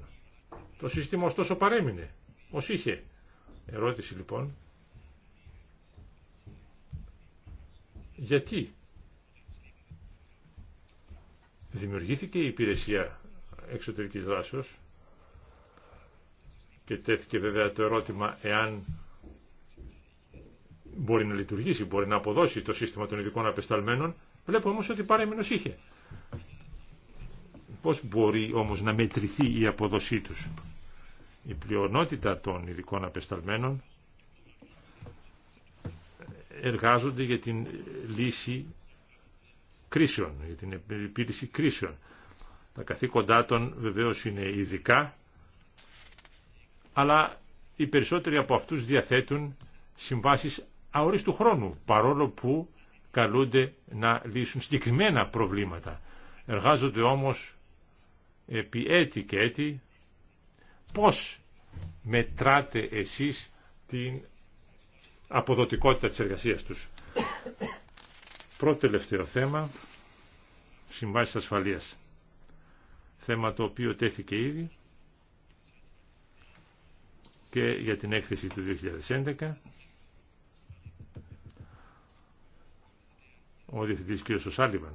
Το σύστημα ωστόσο παρέμεινε, ως είχε. Ερώτηση λοιπόν, γιατί δημιουργήθηκε η υπηρεσία εξωτερικής δράσεως και τέθηκε βέβαια το ερώτημα εάν μπορεί να λειτουργήσει, μπορεί να αποδώσει το σύστημα των ειδικών απεσταλμένων, βλέπω όμως ότι παρέμεινος είχε. Πώς μπορεί όμως να μετρηθεί η αποδοσή τους. Η πλειονότητα των ειδικών απεσταλμένων εργάζονται για την λύση κρίσεων, για την επίλυση κρίσεων. Τα καθήκοντά των βεβαίως είναι ειδικά, αλλά οι περισσότεροι από αυτούς διαθέτουν συμβάσεις αορίστου χρόνου, παρόλο που καλούνται να λύσουν συγκεκριμένα προβλήματα. Εργάζονται όμως επί έτη και έτη. Πώς μετράτε εσείς την αποδοτικότητα της εργασίας τους. Πρώτο τελευταίο θέμα, συμβάσεις ασφαλείας. Θέμα το οποίο τέθηκε ήδη και για την έκθεση του 2011 ο Διευθυντής κ. Σάλιβαν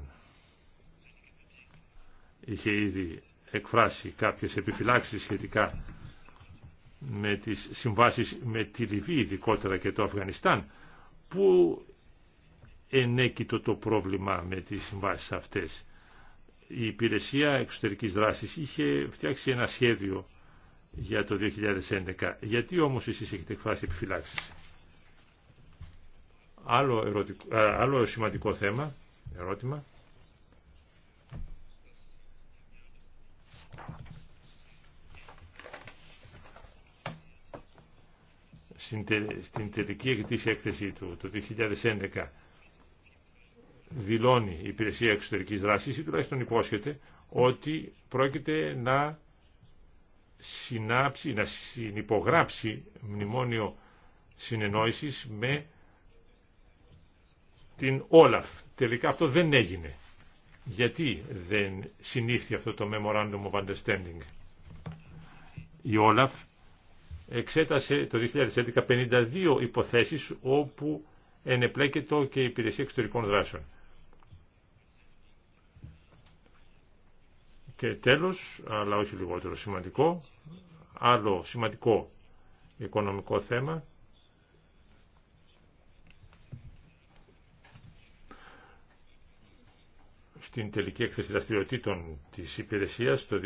είχε ήδη εκφράσει κάποιες επιφυλάξεις σχετικά με τις συμβάσεις με τη Λιβύη ειδικότερα και το Αφγανιστάν που ενέκειτο το πρόβλημα με τις συμβάσεις αυτές. Η υπηρεσία εξωτερικής δράσης είχε φτιάξει ένα σχέδιο για το 2011. Γιατί όμως εσείς έχετε εκφράσει επιφυλάξεις. Άλλο, ερωτικό, άλλο σημαντικό θέμα, ερώτημα. Στην τελική εκτίση έκθεση του το 2011 δηλώνει η υπηρεσία εξωτερικής δράσης ή τουλάχιστον υπόσχεται ότι πρόκειται να συνάψει, να συνυπογράψει μνημόνιο συνεννόησης με την Όλαφ. Τελικά αυτό δεν έγινε. Γιατί δεν συνήθει αυτό το Memorandum of Understanding. Η Όλαφ εξέτασε το 2011 52 υποθέσεις όπου ενεπλέκετο και η Υπηρεσία Εξωτερικών Δράσεων. Και τέλος, αλλά όχι λιγότερο σημαντικό, άλλο σημαντικό οικονομικό θέμα στην τελική έκθεση δραστηριοτήτων της υπηρεσίας το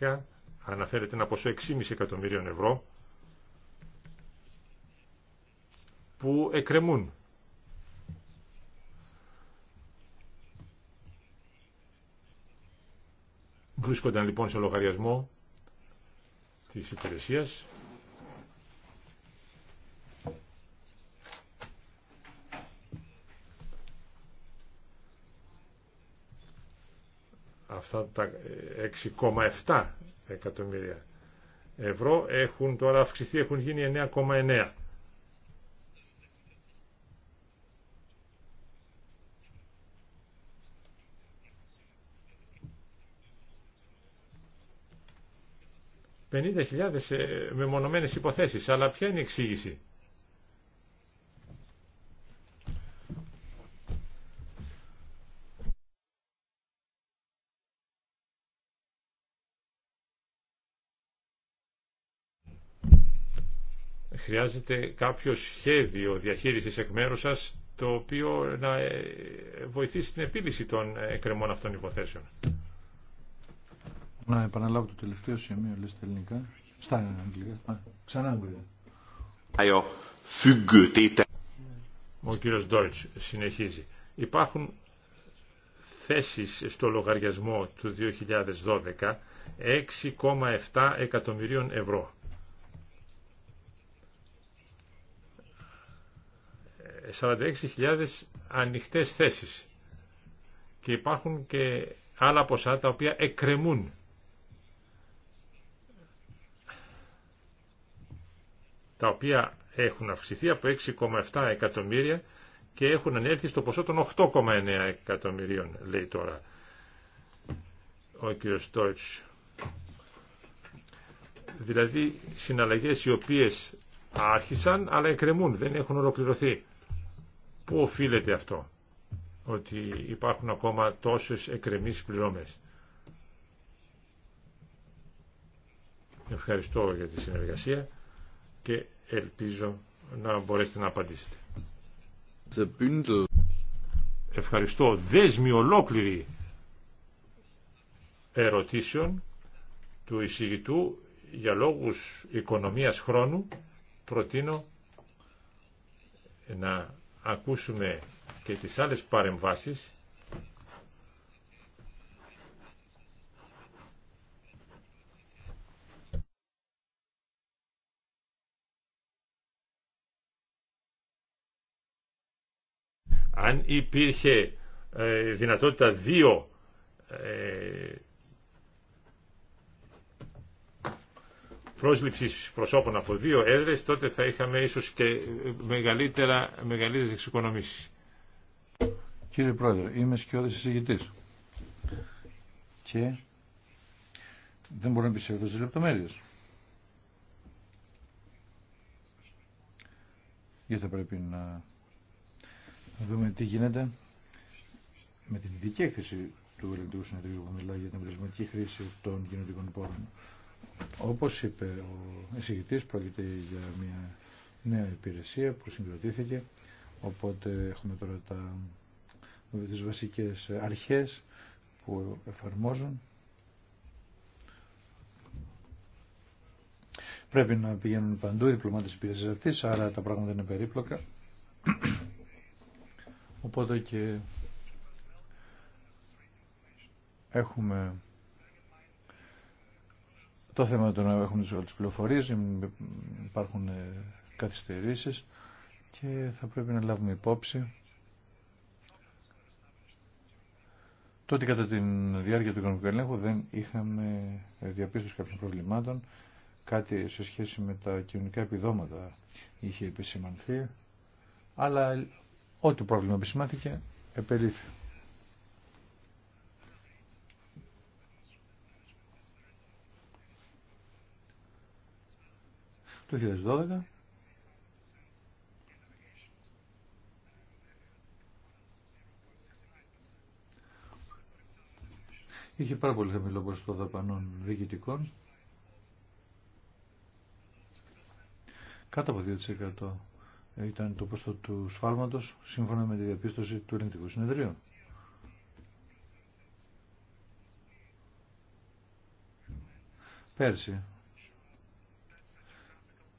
2012 αναφέρεται ένα ποσό 6,5 εκατομμυρίων ευρώ που εκκρεμούν. Βρίσκονταν λοιπόν σε λογαριασμό της υπηρεσίας αυτά τα 6,7 εκατομμύρια ευρώ έχουν τώρα αυξηθεί, έχουν γίνει 9,9. ...50.000 μονομένες υποθέσεις. Αλλά ποια είναι η εξήγηση. Χρειάζεται κάποιο σχέδιο διαχείρισης εκ μέρους σας, το οποίο να ε, βοηθήσει την επίλυση των ε, εκκρεμών αυτών υποθέσεων. Να επαναλάβω το τελευταίο σημείο, λες ελληνικά. Στα αγγλικά. Ξανά αγγλικά. Ο κύριος Ντόιτς συνεχίζει. Υπάρχουν θέσεις στο λογαριασμό του 2012 6,7 εκατομμυρίων ευρώ. 46.000 ανοιχτές θέσεις και υπάρχουν και άλλα ποσά τα οποία εκκρεμούν. Τα οποία έχουν αυξηθεί από 6,7 εκατομμύρια και έχουν ανέλθει στο ποσό των 8,9 εκατομμυρίων, λέει τώρα ο κ. Στόιτς. Δηλαδή συναλλαγές οι οποίες άρχισαν αλλά εκκρεμούν, δεν έχουν ολοκληρωθεί. Πού οφείλεται αυτό, ότι υπάρχουν ακόμα τόσες εκρεμίσεις πληρώμες. Ευχαριστώ για τη συνεργασία και ελπίζω να μπορέσετε να απαντήσετε. Ευχαριστώ. δέσμοι ολόκληρη ερωτήσεων του εισηγητού για λόγους οικονομίας χρόνου προτείνω να ακούσουμε και τις άλλες παρεμβάσεις αν υπήρχε ε, δυνατότητα δύο ε, πρόσληψη προσώπων από δύο έδρες, τότε θα είχαμε ίσως και μεγαλύτερα, μεγαλύτερες εξοικονομήσεις. Κύριε Πρόεδρε, είμαι σκιώδης εισηγητής και δεν μπορώ να πιστεύω στις λεπτομέρειες. Γιατί θα πρέπει να δούμε τι γίνεται με την ειδική έκθεση του Ελληνικού Συνεδρίου που μιλάει για την πλησματική χρήση των κοινωνικών πόρων. Όπως είπε ο εισηγητής, πρόκειται για μια νέα υπηρεσία που συγκροτήθηκε, οπότε έχουμε τώρα τα, τις βασικές αρχές που εφαρμόζουν. Πρέπει να πηγαίνουν παντού οι διπλωμάτες υπηρεσίας αυτής, άρα τα πράγματα είναι περίπλοκα. Οπότε και έχουμε το θέμα του να έχουν τις πληροφορίες, υπάρχουν ε, καθυστερήσεις και θα πρέπει να λάβουμε υπόψη Τότε κατά τη διάρκεια του οικονομικού ελέγχου δεν είχαμε ε, διαπίστωση κάποιων προβλημάτων, κάτι σε σχέση με τα κοινωνικά επιδόματα είχε επισημανθεί, αλλά ό,τι πρόβλημα επισημάνθηκε επελήφθη. το 2012 είχε πάρα πολύ χαμηλό ποσοστό δαπανών διοικητικών κάτω από 2% ήταν το ποσοστό του σφάλματος σύμφωνα με τη διαπίστωση του ελληνικού συνεδρίου. Πέρσι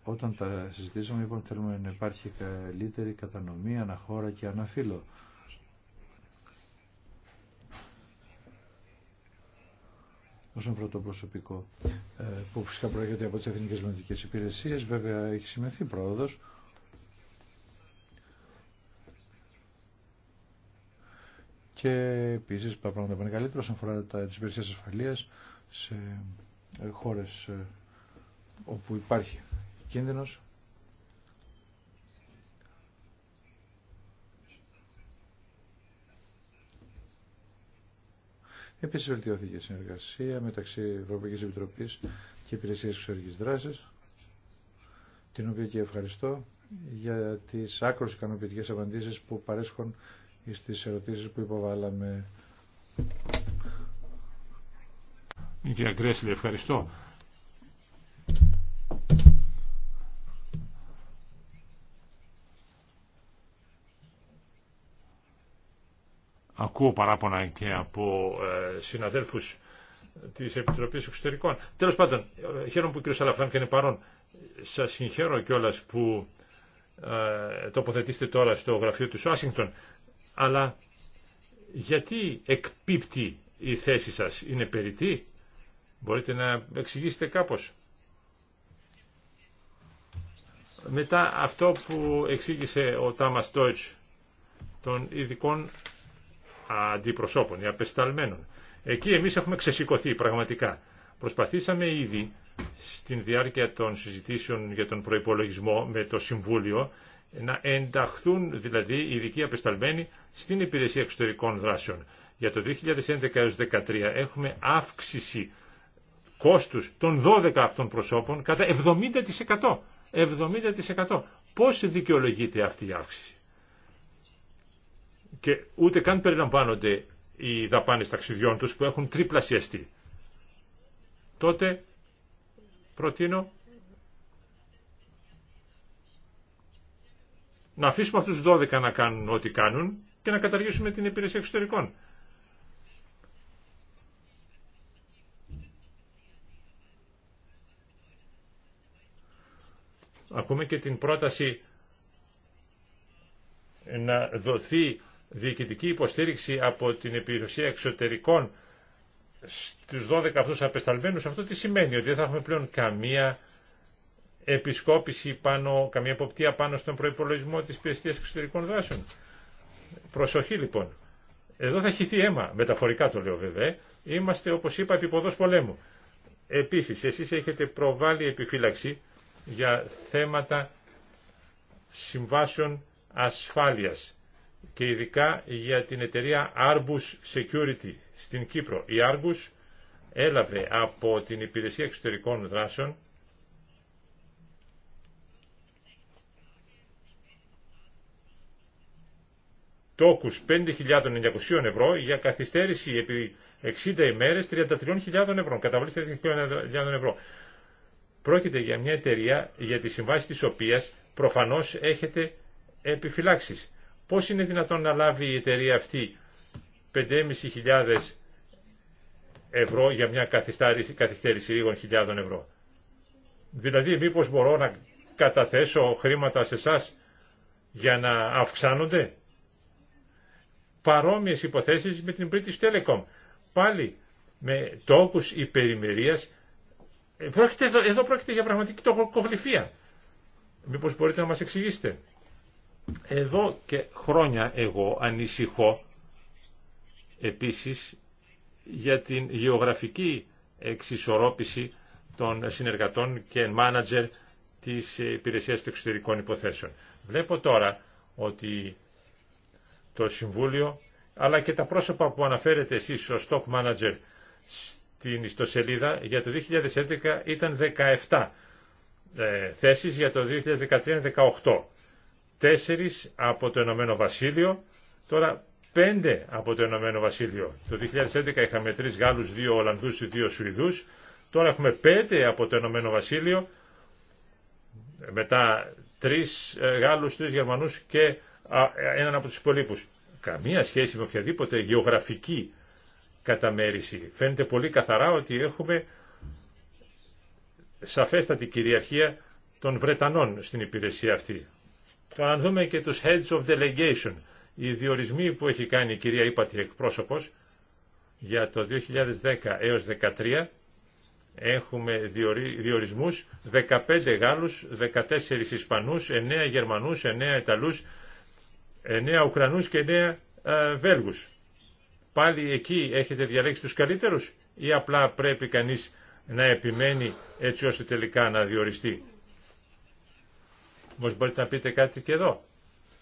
όταν τα συζητήσαμε, ότι θέλουμε να υπάρχει καλύτερη κατανομή, αναχώρα και αναφύλλο. όσον αφορά το προσωπικό, ε, που φυσικά προέρχεται από τις Εθνικές μοντικές Υπηρεσίες. Βέβαια, έχει σημειωθεί πρόοδος. Και επίσης τα πράγματα πάνε καλύτερα όσον αφορά τα, τις υπηρεσίες ασφαλείας σε ε, χώρες ε, όπου υπάρχει κίνδυνος Επίσης βελτιώθηκε η συνεργασία μεταξύ Ευρωπαϊκή Επιτροπή και Υπηρεσία Εξωτερικής Δράσης, την οποία και ευχαριστώ για τις άκρως ικανοποιητικές απαντήσεις που παρέσχουν στις ερωτήσεις που υποβάλαμε. Κυρία ευχαριστώ. Ακούω παράπονα και από ε, συναδέλφους της επιτροπή Εξωτερικών. Τέλος πάντων, ε, χαίρομαι που ο κ. και είναι παρόν. Σας συγχαίρω κιόλα που ε, τοποθετήσετε τώρα στο γραφείο του Σουάσιγκτον. Αλλά γιατί εκπίπτει η θέση σας, είναι περιττή. Μπορείτε να εξηγήσετε κάπως. Μετά αυτό που εξήγησε ο Τάμας Ντόιτς των ειδικών αντιπροσώπων οι απεσταλμένων. Εκεί εμείς έχουμε ξεσηκωθεί πραγματικά. Προσπαθήσαμε ήδη στην διάρκεια των συζητήσεων για τον προϋπολογισμό με το Συμβούλιο να ενταχθούν δηλαδή οι ειδικοί απεσταλμένοι στην υπηρεσία εξωτερικών δράσεων. Για το 2011 έως 2013 έχουμε αύξηση κόστους των 12 αυτών προσώπων κατά 70%. 70%. Πώς δικαιολογείται αυτή η αύξηση και ούτε καν περιλαμβάνονται οι δαπάνες ταξιδιών τους που έχουν τριπλασιαστεί. Τότε προτείνω να αφήσουμε αυτούς 12 να κάνουν ό,τι κάνουν και να καταργήσουμε την υπηρεσία εξωτερικών. Ακούμε και την πρόταση να δοθεί διοικητική υποστήριξη από την υπηρεσία εξωτερικών στου 12 αυτού απεσταλμένου, αυτό τι σημαίνει, ότι δεν θα έχουμε πλέον καμία επισκόπηση πάνω, καμία εποπτεία πάνω στον προπολογισμό τη υπηρεσίας εξωτερικών δράσεων. Προσοχή λοιπόν. Εδώ θα χυθεί αίμα, μεταφορικά το λέω βέβαια. Ε. Είμαστε, όπω είπα, επιποδός πολέμου. Επίσης, εσείς έχετε προβάλει επιφύλαξη για θέματα συμβάσεων ασφάλειας και ειδικά για την εταιρεία Arbus Security στην Κύπρο. Η Arbus έλαβε από την Υπηρεσία Εξωτερικών Δράσεων τόκους 5.900 ευρώ για καθυστέρηση επί 60 ημέρες 33.000 ευρώ, καταβολή 33.000 ευρώ. Πρόκειται για μια εταιρεία για τη συμβάση της οποίας προφανώς έχετε επιφυλάξεις. Πώς είναι δυνατόν να λάβει η εταιρεία αυτή 5.500 ευρώ για μια καθυστέρηση λίγων χιλιάδων ευρώ. Δηλαδή μήπως μπορώ να καταθέσω χρήματα σε εσά για να αυξάνονται. Παρόμοιες υποθέσεις με την British Telecom. Πάλι με τόκους υπερημερίας. Ε, πρόκειται, εδώ πρόκειται για πραγματική τοκογλυφία. Μήπως μπορείτε να μας εξηγήσετε. Εδώ και χρόνια εγώ ανησυχώ επίσης για την γεωγραφική εξισορρόπηση των συνεργατών και μάνατζερ της υπηρεσίας των εξωτερικών υποθέσεων. Βλέπω τώρα ότι το Συμβούλιο αλλά και τα πρόσωπα που αναφέρετε εσείς ως stock manager στην ιστοσελίδα για το 2011 ήταν 17 ε, θέσεις για το 2013 18 τέσσερις από το Ενωμένο Βασίλειο, τώρα πέντε από το Ενωμένο Βασίλειο. Το 2011 είχαμε τρεις Γάλλους, δύο Ολλανδούς και δύο Σουηδούς, τώρα έχουμε πέντε από το Ενωμένο Βασίλειο, μετά τρεις ε, Γάλλους, τρεις Γερμανούς και έναν από τους υπολείπους. Καμία σχέση με οποιαδήποτε γεωγραφική καταμέριση. Φαίνεται πολύ καθαρά ότι έχουμε σαφέστατη κυριαρχία των Βρετανών στην υπηρεσία αυτή. Τώρα να δούμε και τους heads of delegation, οι διορισμοί που έχει κάνει η κυρία Ήπατη εκπρόσωπος για το 2010 έως 2013, έχουμε διορισμούς 15 Γάλλους, 14 Ισπανούς, 9 Γερμανούς, 9 Ιταλούς, 9 Ουκρανούς και 9 ε, Βέλγους. Πάλι εκεί έχετε διαλέξει τους καλύτερους ή απλά πρέπει κανείς να επιμένει έτσι ώστε τελικά να διοριστεί. Όμως μπορείτε να πείτε κάτι και εδώ.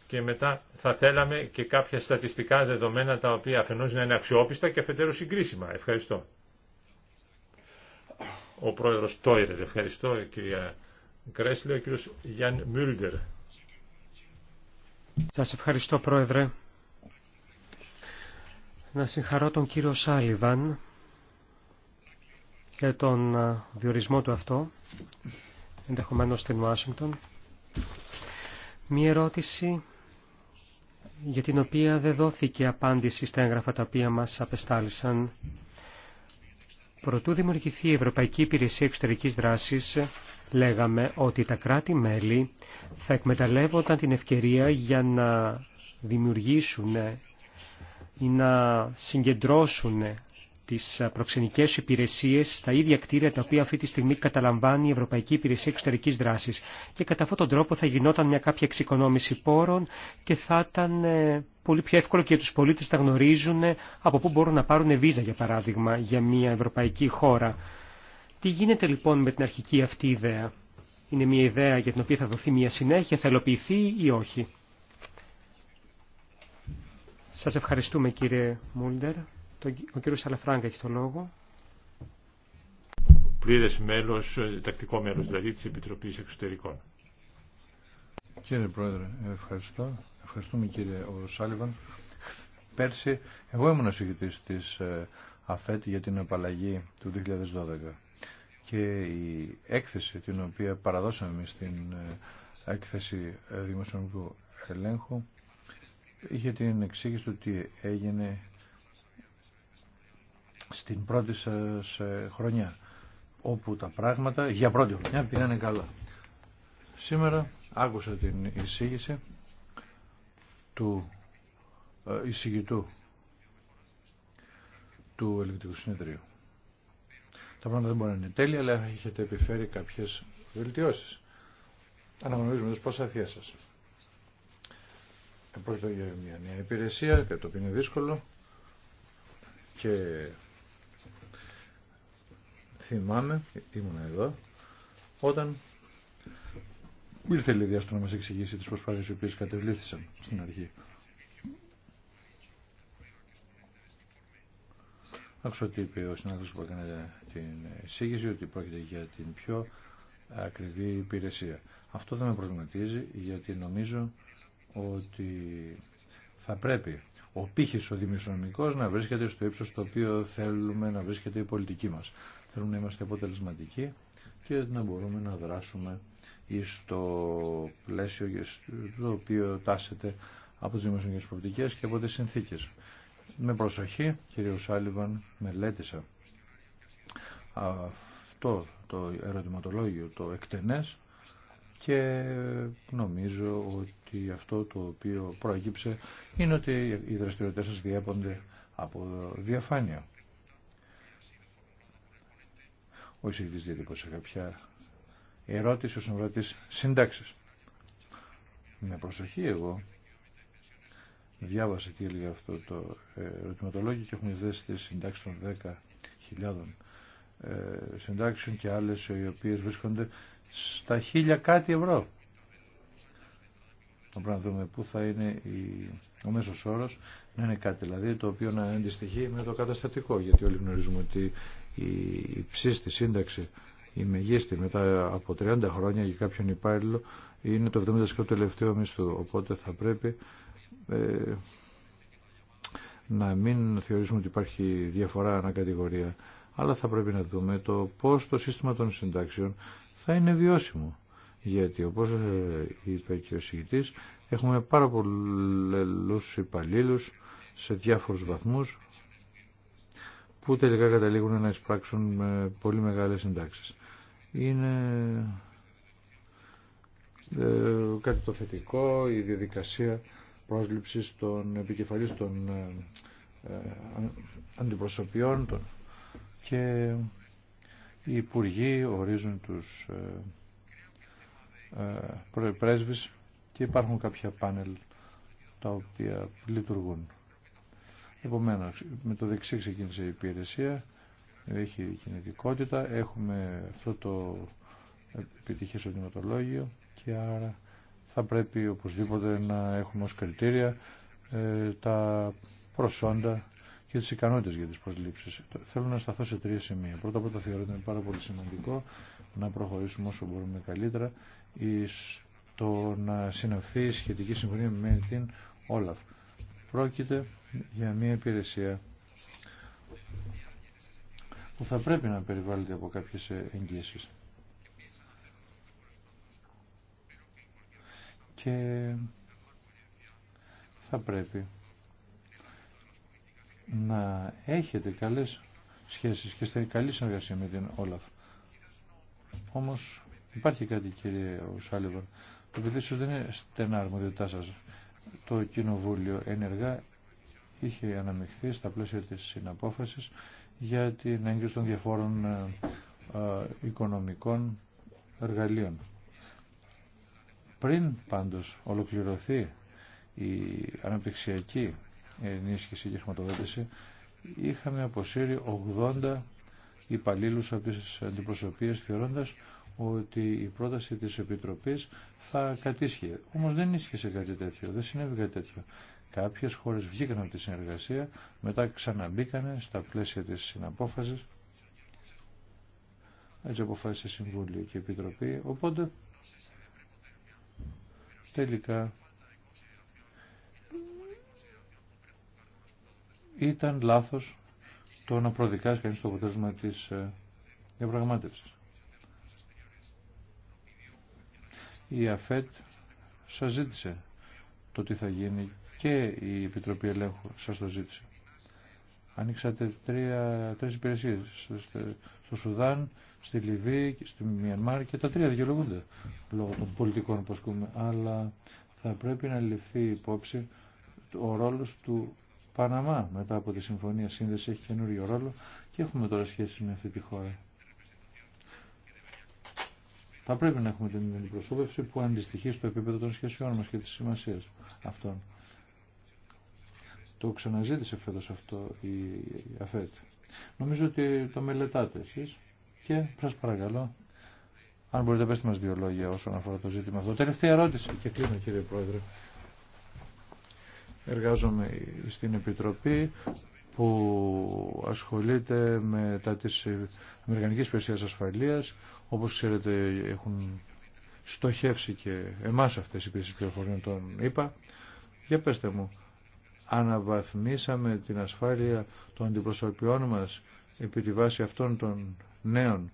Και μετά θα θέλαμε και κάποια στατιστικά δεδομένα τα οποία αφενός να είναι αξιόπιστα και αφετέρου συγκρίσιμα. Ευχαριστώ. Ο πρόεδρος Τόιρερ. Ευχαριστώ κυρία Κρέσλε. Ο κύριος Γιάν Μιούλντερ. Σας ευχαριστώ πρόεδρε. Να συγχαρώ τον κύριο Σάλιβαν και τον ε, διορισμό του αυτό, ενδεχομένως στην Ουάσιγκτον. Μία ερώτηση για την οποία δεν δόθηκε απάντηση στα έγγραφα τα οποία μας απεστάλησαν. Προτού δημιουργηθεί η Ευρωπαϊκή Υπηρεσία Εξωτερικής Δράσης, λέγαμε ότι τα κράτη-μέλη θα εκμεταλλεύονταν την ευκαιρία για να δημιουργήσουν ή να συγκεντρώσουν τις προξενικές υπηρεσίες στα ίδια κτίρια τα οποία αυτή τη στιγμή καταλαμβάνει η Ευρωπαϊκή Υπηρεσία Εξωτερικής Δράσης. Και κατά αυτόν τον τρόπο θα γινόταν μια κάποια εξοικονόμηση πόρων και θα ήταν ε, πολύ πιο εύκολο και τους πολίτες να γνωρίζουν ε, από πού μπορούν να πάρουν βίζα για παράδειγμα για μια ευρωπαϊκή χώρα. Τι γίνεται λοιπόν με την αρχική αυτή ιδέα. Είναι μια ιδέα για την οποία θα δοθεί μια συνέχεια, θα ελοποιηθεί ή όχι. Σας ευχαριστούμε κύριε Μούλντερ. Ο κύριος Σαλαφράγκα έχει το λόγο. Πλήρες μέλος, ε, τακτικό μέλος δηλαδή της Επιτροπής Εξωτερικών. Κύριε Πρόεδρε, ευχαριστώ. Ευχαριστούμε κύριε ο Σάλιβαν. Πέρσι, εγώ ήμουν συγκριτή της ε, ΑΦΕΤ για την απαλλαγή του 2012 και η έκθεση την οποία παραδώσαμε στην ε, έκθεση δημοσιονομικού ελέγχου είχε την εξήγηση του τι έγινε στην πρώτη σας ε, χρονιά όπου τα πράγματα για πρώτη χρονιά πήγαν καλά. Σήμερα άκουσα την εισήγηση του ε, εισηγητού του Ελληνικού Συνεδρίου. Τα πράγματα δεν μπορεί να είναι τέλεια, αλλά έχετε επιφέρει κάποιες βελτιώσεις. Αναγνωρίζουμε τι προσπάθειές σας. Ε, πρόκειται για μια νέα υπηρεσία, κάτι το οποίο είναι δύσκολο και θυμάμαι, ήμουν εδώ, όταν ήρθε η Λίδια να μας εξηγήσει τις προσπάθειες οι οποίες κατεβλήθησαν στην αρχή. Άκουσα ότι είπε ο συνάδελφος που έκανε την εισήγηση ότι πρόκειται για την πιο ακριβή υπηρεσία. Αυτό δεν με προβληματίζει γιατί νομίζω ότι θα πρέπει ο πύχης ο δημοσιονομικός να βρίσκεται στο ύψος το οποίο θέλουμε να βρίσκεται η πολιτική μας. Θέλουμε να είμαστε αποτελεσματικοί και να μπορούμε να δράσουμε στο πλαίσιο το οποίο τάσεται από τις δημοσιογικές προοπτικές και από τις συνθήκες. Με προσοχή, κύριε Σάλιβαν, μελέτησα αυτό το ερωτηματολόγιο, το εκτενές και νομίζω ότι αυτό το οποίο προέκυψε είναι ότι οι δραστηριότητες σας διέπονται από διαφάνεια. Όχι εισηγητής σε κάποια ερώτηση όσον αφορά τις συντάξεις. Με προσοχή εγώ διάβασα τι έλεγε αυτό το ε, ερωτηματολόγιο και έχουμε δέσει τις συντάξεις των 10.000 ε, συντάξεων και άλλες οι οποίες βρίσκονται στα χίλια κάτι ευρώ. Πρέπει να δούμε πού θα είναι η... ο μέσος όρος να είναι κάτι δηλαδή το οποίο να αντιστοιχεί με το καταστατικό γιατί όλοι γνωρίζουμε ότι η υψίστη σύνταξη η μεγίστη μετά από 30 χρόνια για κάποιον υπάλληλο είναι το 70% του τελευταίου μισθού. Οπότε θα πρέπει ε, να μην θεωρήσουμε ότι υπάρχει διαφορά ανακατηγορία, αλλά θα πρέπει να δούμε το πώς το σύστημα των συντάξεων θα είναι βιώσιμο. Γιατί όπως ε, είπε και ο συγκητής, έχουμε πάρα πολλούς υπαλλήλους σε διάφορους βαθμούς που τελικά καταλήγουν να εισπράξουν με πολύ μεγάλες συντάξεις. Είναι ε, κάτι το θετικό, η διαδικασία πρόσληψης των επικεφαλής των ε, ε, αντιπροσωπιών των, και οι υπουργοί ορίζουν τους πρέσβεις και υπάρχουν κάποια πάνελ τα οποία λειτουργούν. Επομένως, με το δεξί ξεκίνησε η υπηρεσία, έχει κινητικότητα, έχουμε αυτό το επιτυχέ οδηματολόγιο και άρα θα πρέπει οπωσδήποτε να έχουμε ως κριτήρια ε, τα προσόντα και τι ικανότητε για τις προσλήψεις. Θέλω να σταθώ σε τρία σημεία. Πρώτα απ' όλα θεωρώ ότι είναι πάρα πολύ σημαντικό να προχωρήσουμε όσο μπορούμε καλύτερα στο να συναυθεί η σχετική συμφωνία με την Όλαφ. Πρόκειται για μια υπηρεσία που θα πρέπει να περιβάλλεται από κάποιες εγγύσεις. Και θα πρέπει να έχετε καλές σχέσεις και στην καλή συνεργασία με την Όλαφ. Όμως υπάρχει κάτι κύριε Σάλιβαν, το οποίο ίσως δεν είναι στενά αρμοδιότητά σας το Κοινοβούλιο ενεργά είχε αναμειχθεί στα πλαίσια της συναπόφασης για την έγκριση των διαφόρων ε, ε, οικονομικών εργαλείων. Πριν πάντως ολοκληρωθεί η αναπτυξιακή ενίσχυση και χρηματοδότηση, είχαμε αποσύρει 80 υπαλλήλους από τις αντιπροσωπείες θεωρώντας ότι η πρόταση της Επιτροπής θα κατήσχε. Όμως δεν ίσχυσε κάτι τέτοιο, δεν συνέβη κάτι τέτοιο. Κάποιες χώρες βγήκαν από τη συνεργασία, μετά ξαναμπήκανε στα πλαίσια της συναπόφασης. Έτσι αποφάσισε Συμβούλιο και η Επιτροπή. Οπότε, τελικά, ήταν λάθος το να προδικάσει κανείς το αποτέλεσμα της ε, διαπραγμάτευσης. η ΑΦΕΤ σας ζήτησε το τι θα γίνει και η Επιτροπή Ελέγχου σας το ζήτησε. Ανοίξατε τρία, τρεις υπηρεσίες στο Σουδάν, στη Λιβύη, στη Μιανμάρ και τα τρία δικαιολογούνται λόγω των πολιτικών που ασκούμε. Αλλά θα πρέπει να ληφθεί υπόψη ο ρόλος του Παναμά μετά από τη Συμφωνία Σύνδεση έχει καινούριο ρόλο και έχουμε τώρα σχέση με αυτή τη χώρα. Θα πρέπει να έχουμε την αντιπροσώπευση που αντιστοιχεί στο επίπεδο των σχέσεών μας και της σημασίας αυτών. Το ξαναζήτησε φέτος αυτό η ΑΦΕΤ. Νομίζω ότι το μελετάτε εσείς και σας παρακαλώ αν μπορείτε πέστε μας δύο λόγια όσον αφορά το ζήτημα αυτό. Τελευταία ερώτηση και κλείνω κύριε Πρόεδρε. Εργάζομαι στην Επιτροπή που ασχολείται με τα της Αμερικανικής Υπηρεσίας Ασφαλείας. Όπως ξέρετε έχουν στοχεύσει και εμάς αυτές οι υπηρεσίες πληροφοριών των ΗΠΑ. Για πέστε μου, αναβαθμίσαμε την ασφάλεια των αντιπροσωπιών μας επί τη βάση αυτών των νέων.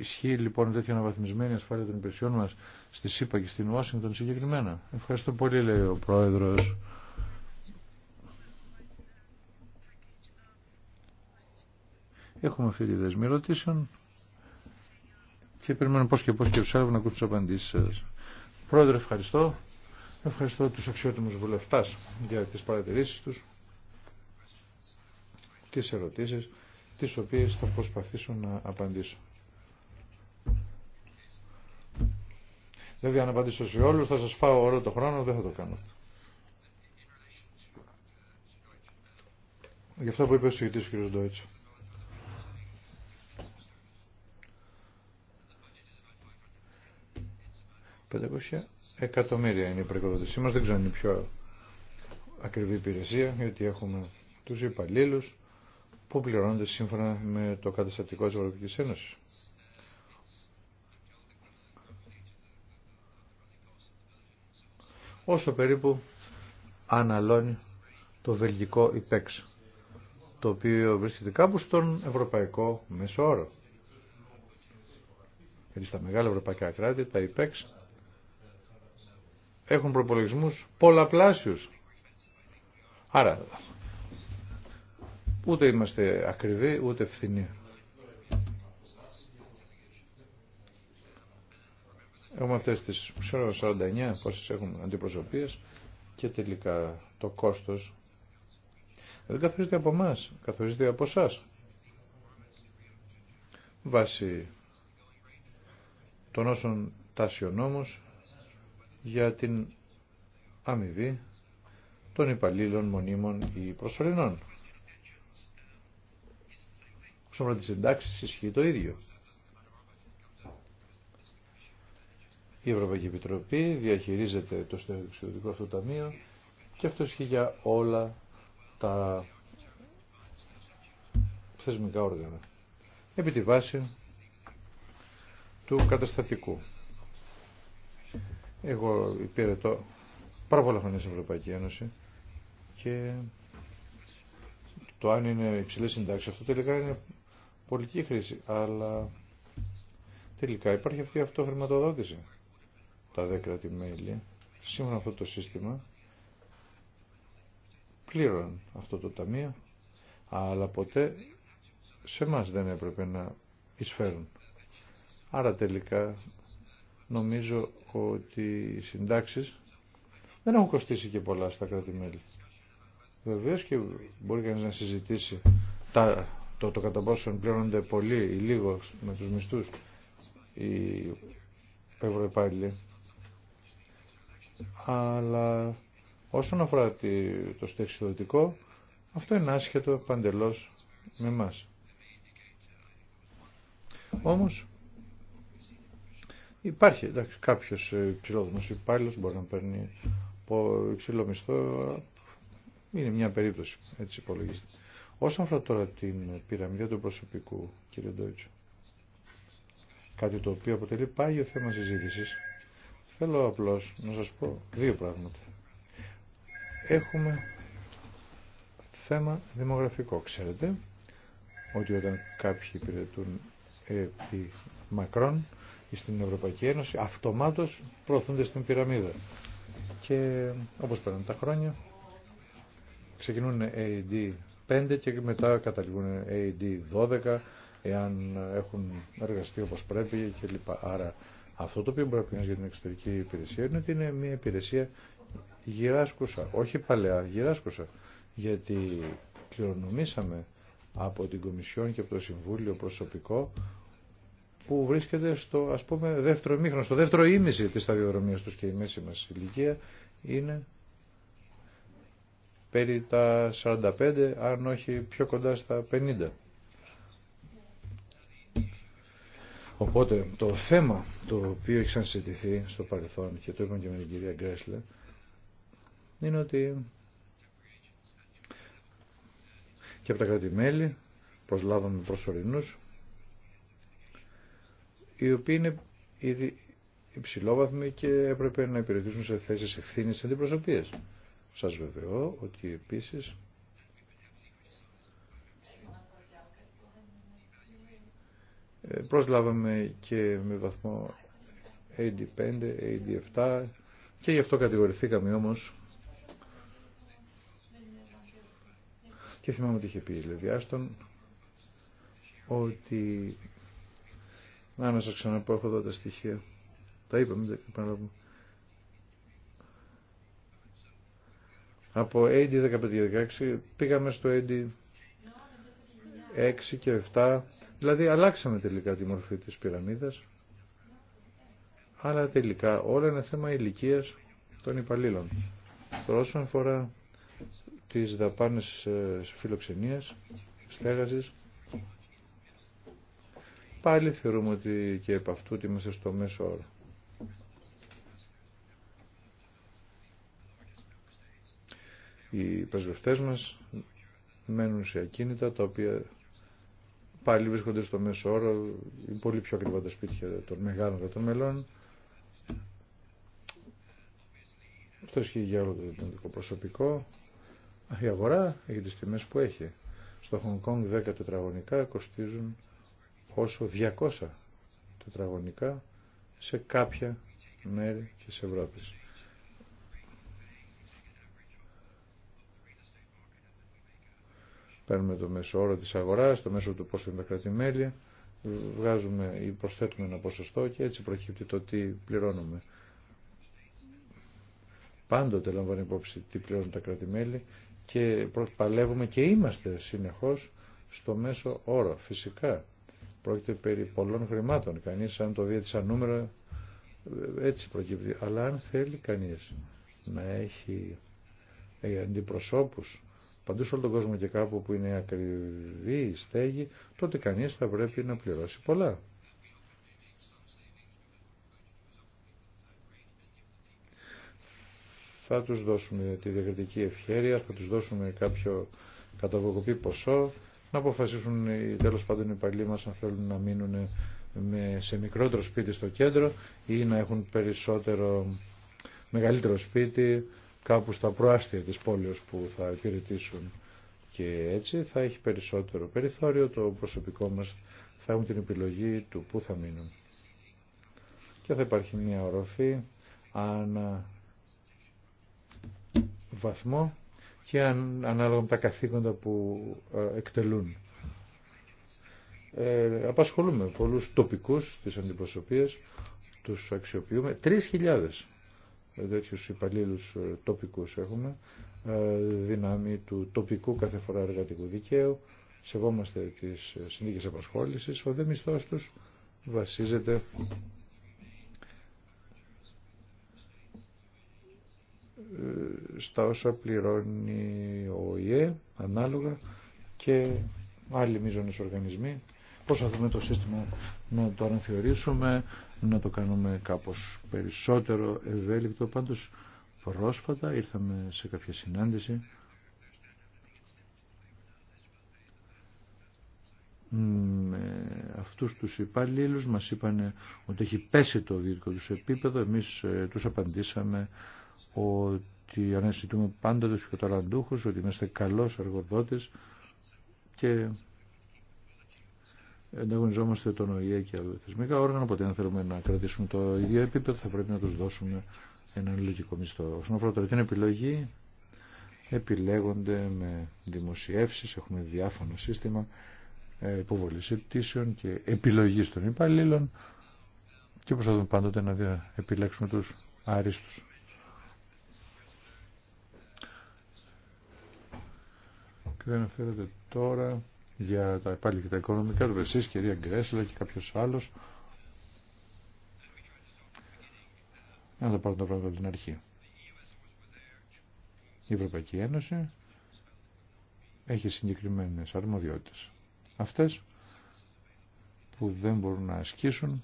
Ισχύει λοιπόν τέτοια αναβαθμισμένη ασφάλεια των υπηρεσιών μας στη ΣΥΠΑ και στην Ουάσιγκτον συγκεκριμένα. Ευχαριστώ πολύ λέει ο Πρόεδρος. Έχουμε αυτή τη δεσμή ερωτήσεων και περιμένω πώς και πώς και ψάχνω να ακούσω τις απαντήσεις σας. Πρόεδρε, ευχαριστώ. Ευχαριστώ τους αξιότιμους βουλευτάς για τις παρατηρήσεις τους, τις ερωτήσεις, τις οποίες θα προσπαθήσω να απαντήσω. Βέβαια, αν απαντήσω σε όλους, θα σας φάω όλο το χρόνο, δεν θα το κάνω Γι' αυτό που είπε ο ο κ. Ντόιτσο. 500 εκατομμύρια είναι η προοικοδότησή μας, δεν ξέρω αν είναι πιο ακριβή υπηρεσία, γιατί έχουμε τους υπαλλήλου που πληρώνονται σύμφωνα με το καταστατικό της Ευρωπαϊκής Ένωσης. Όσο περίπου αναλώνει το βελγικό υπέξ, το οποίο βρίσκεται κάπου στον ευρωπαϊκό όρο Γιατί στα μεγάλα ευρωπαϊκά κράτη τα υπέξ έχουν προπολογισμούς πολλαπλάσιους. Άρα, ούτε είμαστε ακριβοί, ούτε φθηνοί. Έχουμε αυτές τις 49 πόσες έχουν αντιπροσωπείες και τελικά το κόστος δεν καθορίζεται από εμά, καθορίζεται από εσά. Βάσει των όσων τάσει ο νόμος, για την αμοιβή των υπαλλήλων μονίμων ή προσωρινών. Όσον αφορά τις συντάξεις ισχύει το ίδιο. Η Ευρωπαϊκή Επιτροπή ενταξεις ισχυει το συνταξιδοτικό αυτό το συνταξιδοτικο αυτο ταμειο και αυτό ισχύει για όλα τα θεσμικά όργανα. Επί τη βάση του καταστατικού. Εγώ υπηρετώ πάρα πολλά χρόνια στην Ευρωπαϊκή Ένωση και το αν είναι υψηλέ συντάξει αυτό τελικά είναι πολιτική χρήση, αλλά τελικά υπάρχει αυτή η αυτοχρηματοδότηση. Τα δέκρατη μελη σύμφωνα αυτό το σύστημα, πλήρωναν αυτό το ταμείο, αλλά ποτέ σε εμά δεν έπρεπε να εισφέρουν. Άρα τελικά νομίζω ότι οι συντάξεις δεν έχουν κοστίσει και πολλά στα κράτη-μέλη. Βεβαίω και μπορεί κανεί να συζητήσει τα, το, το κατά πόσο πληρώνονται πολύ ή λίγο με τους μισθού οι ευρωεπάλληλοι. Αλλά όσον αφορά το στεξιδοτικό, αυτό είναι άσχετο παντελώ με μας. Όμως, Υπάρχει εντάξει, κάποιος ε, ψηλόδρομος υπάλληλο μπορεί να παίρνει ψηλό μισθό. Είναι μια περίπτωση, έτσι υπολογίζεται. Όσον αφορά τώρα την πυραμίδα του προσωπικού, κύριε Ντόιτσο, κάτι το οποίο αποτελεί πάγιο θέμα συζήτηση. θέλω απλώς να σας πω δύο πράγματα. Έχουμε θέμα δημογραφικό. Ξέρετε ότι όταν κάποιοι υπηρετούν επί μακρόν, στην Ευρωπαϊκή Ένωση αυτομάτως προωθούνται στην πυραμίδα. Και όπως πέραν τα χρόνια ξεκινούν AD5 και μετά καταλήγουν AD12 εάν έχουν εργαστεί όπως πρέπει κλπ. Άρα αυτό το οποίο μπορεί να πει για την εξωτερική υπηρεσία είναι ότι είναι μια υπηρεσία γυράσκουσα, όχι παλαιά, γυράσκουσα. Γιατί κληρονομήσαμε από την Κομισιόν και από το Συμβούλιο προσωπικό που βρίσκεται στο ας πούμε δεύτερο μήχρονο, στο δεύτερο ήμιση της σταδιοδρομίας τους και η μέση μας ηλικία είναι περί τα 45 αν όχι πιο κοντά στα 50. Οπότε το θέμα το οποίο έχει συζητηθεί στο παρελθόν και το είπαμε και με την κυρία Γκρέσλε είναι ότι και από τα κράτη-μέλη προσλάβαμε προσωρινούς οι οποίοι είναι ήδη υψηλόβαθμοι και έπρεπε να υπηρετήσουν σε θέσεις ευθύνης αντιπροσωπείας. Σας βεβαιώ ότι επίσης ε, προσλάβαμε και με βαθμό AD5, AD7 και γι' αυτό κατηγορηθήκαμε όμως και θυμάμαι ότι είχε πει η Λεβιάστον ότι να σας ξαναπώ έχω εδώ τα στοιχεία. Τα είπαμε, δεν πούμε. Από AD 15 16 πήγαμε στο AD 6 και 7. Δηλαδή αλλάξαμε τελικά τη μορφή της πυραμίδας. Αλλά τελικά όλα είναι θέμα ηλικία των υπαλλήλων. Τώρα φορά αφορά τις δαπάνες ε, φιλοξενίας, στέγασης, Πάλι θεωρούμε ότι και επ' αυτού ότι είμαστε στο μέσο όρο. Οι πρεσβευτές μας μένουν σε ακίνητα τα οποία πάλι βρίσκονται στο μέσο όρο, είναι πολύ πιο ακριβά τα σπίτια των μεγάλων των μελών. Αυτό ισχύει για όλο το δημοτικό προσωπικό. Η αγορά έχει τις τιμές που έχει. Στο Χονγκ Κόνγκ 10 τετραγωνικά κοστίζουν όσο 200 τετραγωνικά σε κάποια μέρη της Ευρώπης. Παίρνουμε το μέσο όρο της αγοράς, το μέσο του πόσο είναι τα κρατημέλη, βγάζουμε ή προσθέτουμε ένα ποσοστό και έτσι προκύπτει το τι πληρώνουμε. Πάντοτε λαμβάνει υπόψη τι πληρώνουν τα κρατημέλη και παλεύουμε και είμαστε συνεχώς στο μέσο όρο. Φυσικά Πρόκειται περί πολλών χρημάτων. Κανείς αν το δει σαν νούμερο έτσι προκύπτει. Αλλά αν θέλει κανείς να έχει αντιπροσώπους παντού σε όλο τον κόσμο και κάπου που είναι ακριβή η στέγη, τότε κανείς θα πρέπει να πληρώσει πολλά. Θα τους δώσουμε τη διακριτική ευχέρεια, θα τους δώσουμε κάποιο καταβοκοπή ποσό, να αποφασίσουν τέλο πάντων οι υπαλλήλοι μα αν θέλουν να μείνουν σε μικρότερο σπίτι στο κέντρο ή να έχουν περισσότερο μεγαλύτερο σπίτι κάπου στα προάστια της πόλης που θα υπηρετήσουν και έτσι θα έχει περισσότερο περιθώριο το προσωπικό μας θα έχουν την επιλογή του που θα μείνουν και θα υπάρχει μια οροφή ανά βαθμό και αν, ανάλογα με τα καθήκοντα που ε, εκτελούν. Ε, απασχολούμε πολλούς τοπικούς της αντιπροσωπείας, τους αξιοποιούμε. 3.000 ε, τέτοιους υπαλλήλους τοπικούς έχουμε, δυνάμει του τοπικού κάθε φορά εργατικού δικαίου, σεβόμαστε τις συνήθειες απασχόλησης, ο δε μισθός τους βασίζεται στα όσα πληρώνει ο ΙΕ ανάλογα και άλλοι μείζονες οργανισμοί. Πώς θα το σύστημα να το αναθεωρήσουμε, να το κάνουμε κάπως περισσότερο ευέλικτο. Πάντως πρόσφατα ήρθαμε σε κάποια συνάντηση με αυτούς τους υπαλλήλους μας είπαν ότι έχει πέσει το δίκαιο τους επίπεδο εμείς ε, τους απαντήσαμε ότι αναζητούμε πάντα τους υποταλαντούχους, ότι είμαστε καλός εργοδότης και ενταγωνιζόμαστε τον ΟΗΕ και άλλα θεσμικά όργανα, οπότε αν θέλουμε να κρατήσουμε το ίδιο επίπεδο θα πρέπει να τους δώσουμε έναν λογικό μισθό. Όσον αφορά τώρα την επιλογή, επιλέγονται με δημοσιεύσεις, έχουμε διάφορο σύστημα ε, υποβολής επιτήσεων και επιλογής των υπαλλήλων και προσπαθούμε πάντοτε να επιλέξουμε τους άριστους. Δεν αναφέρεται τώρα για τα πάλι και τα οικονομικά του εσείς, κυρία Γκρέσλα και κάποιος άλλος. Να τα πάρουν τα από την αρχή. Η Ευρωπαϊκή Ένωση έχει συγκεκριμένες αρμοδιότητες. Αυτές που δεν μπορούν να ασκήσουν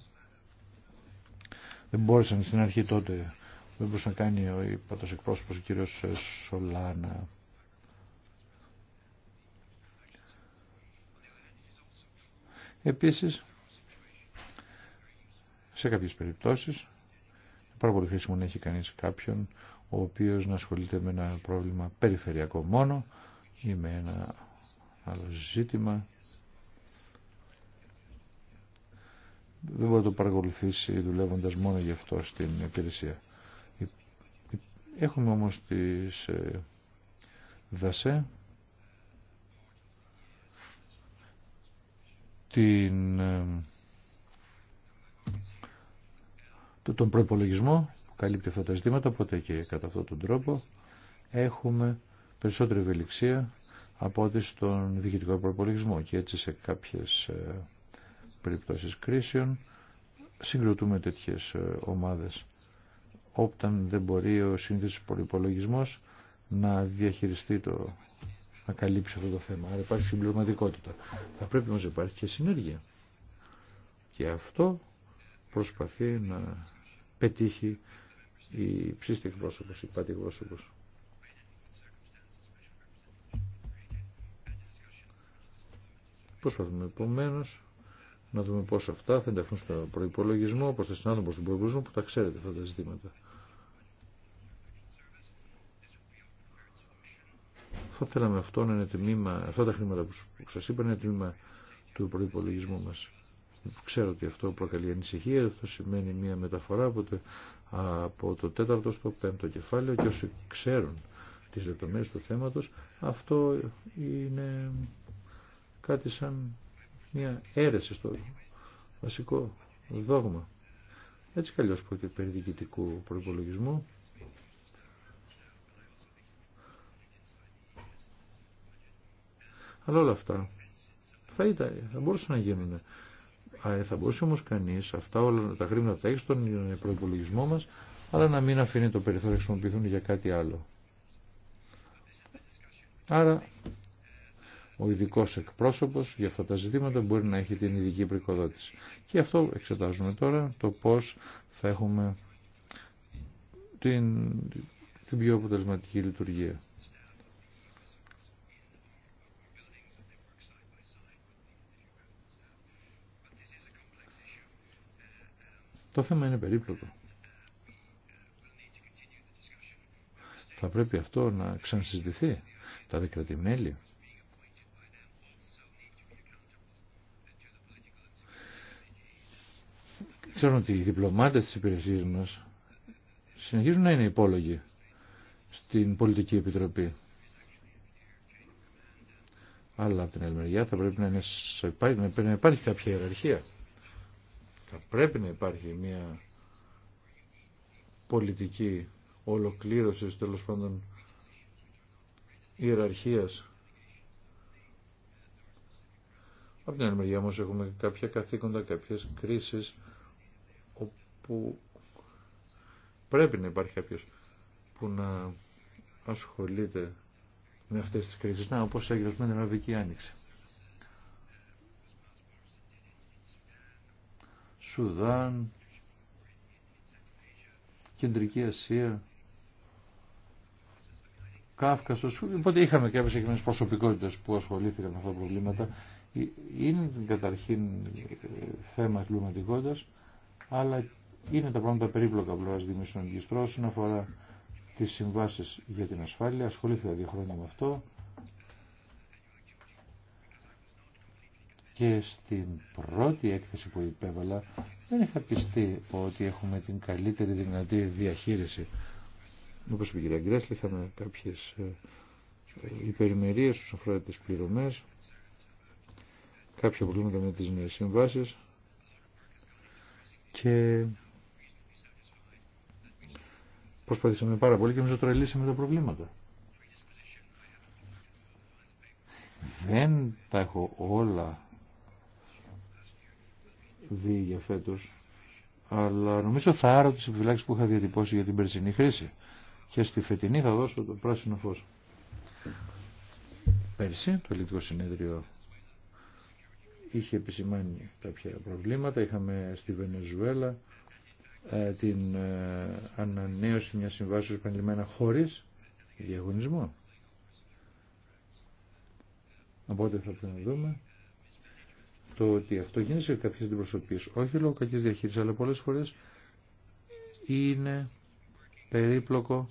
δεν μπόρεσαν στην αρχή τότε δεν μπορούσε να κάνει ο υπότος εκπρόσωπος ο κύριος Σολάνα Επίσης, σε κάποιες περιπτώσεις, πάρα πολύ χρήσιμο να έχει κανείς κάποιον ο οποίος να ασχολείται με ένα πρόβλημα περιφερειακό μόνο ή με ένα άλλο ζήτημα. Δεν μπορεί να το παρακολουθήσει δουλεύοντας μόνο γι' αυτό στην υπηρεσία. Έχουμε όμως τις ε, δασέ Ε, τον προπολογισμό που καλύπτει αυτά τα ζητήματα, οπότε και κατά αυτόν τον τρόπο έχουμε περισσότερη ευελιξία από ό,τι στον διοικητικό προπολογισμό και έτσι σε κάποιες ε, περιπτώσεις κρίσεων συγκροτούμε τέτοιες ε, ομάδες όταν δεν μπορεί ο σύνδεσης προπολογισμό να διαχειριστεί το να καλύψει αυτό το θέμα. Άρα υπάρχει συμπληρωματικότητα. Θα πρέπει όμως να υπάρχει και συνέργεια. Και αυτό προσπαθεί να πετύχει η ψήστη εκπρόσωπος, η πάτη εκπρόσωπος. Προσπαθούμε επομένω να δούμε πώς αυτά θα ενταχθούν στο προϋπολογισμό, όπως θα συνάδουν προς τον προϋπολογισμό που τα ξέρετε αυτά τα ζητήματα. Θα θέλαμε αυτό να είναι τμήμα, αυτά τα χρήματα που σας είπα είναι τμήμα του προϋπολογισμού μας. Ξέρω ότι αυτό προκαλεί ανησυχία, αυτό σημαίνει μια μεταφορά από το, από το τέταρτο στο πέμπτο κεφάλαιο και όσοι ξέρουν τις λεπτομέρειες του θέματος, αυτό είναι κάτι σαν μια αίρεση στο βασικό δόγμα. Έτσι καλώς και περί διοικητικού προπολογισμού. Αλλά όλα αυτά θα, ήταν, θα μπορούσαν να γίνουν. Ε, θα μπορούσε όμω κανεί αυτά όλα τα χρήματα τα έχει στον προπολογισμό μας, αλλά να μην αφήνει το περιθώριο να χρησιμοποιηθούν για κάτι άλλο. Άρα ο ειδικό εκπρόσωπο για αυτά τα ζητήματα μπορεί να έχει την ειδική προοικοδότηση. Και αυτό εξετάζουμε τώρα το πώ θα έχουμε την, την πιο αποτελεσματική λειτουργία. Το θέμα είναι περίπλοκο. Θα πρέπει αυτό να ξανασυζητηθεί. Τα δικρατημέλη Ξέρω ότι οι διπλωμάτες της υπηρεσίας μας συνεχίζουν να είναι υπόλογοι στην Πολιτική Επιτροπή. Αλλά από την άλλη μεριά θα πρέπει να, είναι, να υπάρχει κάποια ιεραρχία. Θα πρέπει να υπάρχει μια πολιτική ολοκλήρωση τέλο πάντων ιεραρχίας. Από την άλλη μεριά όμως έχουμε κάποια καθήκοντα, κάποιες κρίσεις όπου πρέπει να υπάρχει κάποιος που να ασχολείται με αυτές τις κρίσεις. Να, όπως έγινε με την Αραβική Άνοιξη. Σουδάν, Κεντρική Ασία, Κάφκασος, οπότε είχαμε κάποιες εκμένες προσωπικότητες που ασχολήθηκαν με αυτά τα προβλήματα. Ε, είναι καταρχήν ε, θέμα κλιματικότητας, αλλά είναι τα πράγματα περίπλοκα πλευράς δημιουργικής όσον αφορά τις συμβάσεις για την ασφάλεια, ασχολήθηκα δύο χρόνια με αυτό, και στην πρώτη έκθεση που υπέβαλα δεν είχα πιστεί ότι έχουμε την καλύτερη δυνατή διαχείριση. Όπως είπε η κυρία Γκρέσλη, είχαμε κάποιες υπερημερίες ε, όσον αφορά τι πληρωμές, κάποια προβλήματα με τις νέες συμβάσεις και προσπαθήσαμε πάρα πολύ και εμείς με τα προβλήματα. Δεν τα έχω όλα δει για φέτο. αλλά νομίζω θα άρω τι επιφυλάξει που είχα διατυπώσει για την περσινή χρήση και στη φετινή θα δώσω το πράσινο φω. Πέρσι το ελληνικό συνέδριο είχε επισημάνει κάποια προβλήματα. Είχαμε στη Βενεζουέλα ε, την ε, ανανέωση μια συμβάσεω επανειλημμένα χωρί διαγωνισμό. Οπότε θα πρέπει να δούμε το ότι αυτό γίνεται σε κάποιες αντιπροσωπείες, όχι λόγω κακής διαχείρισης, αλλά πολλές φορές είναι περίπλοκο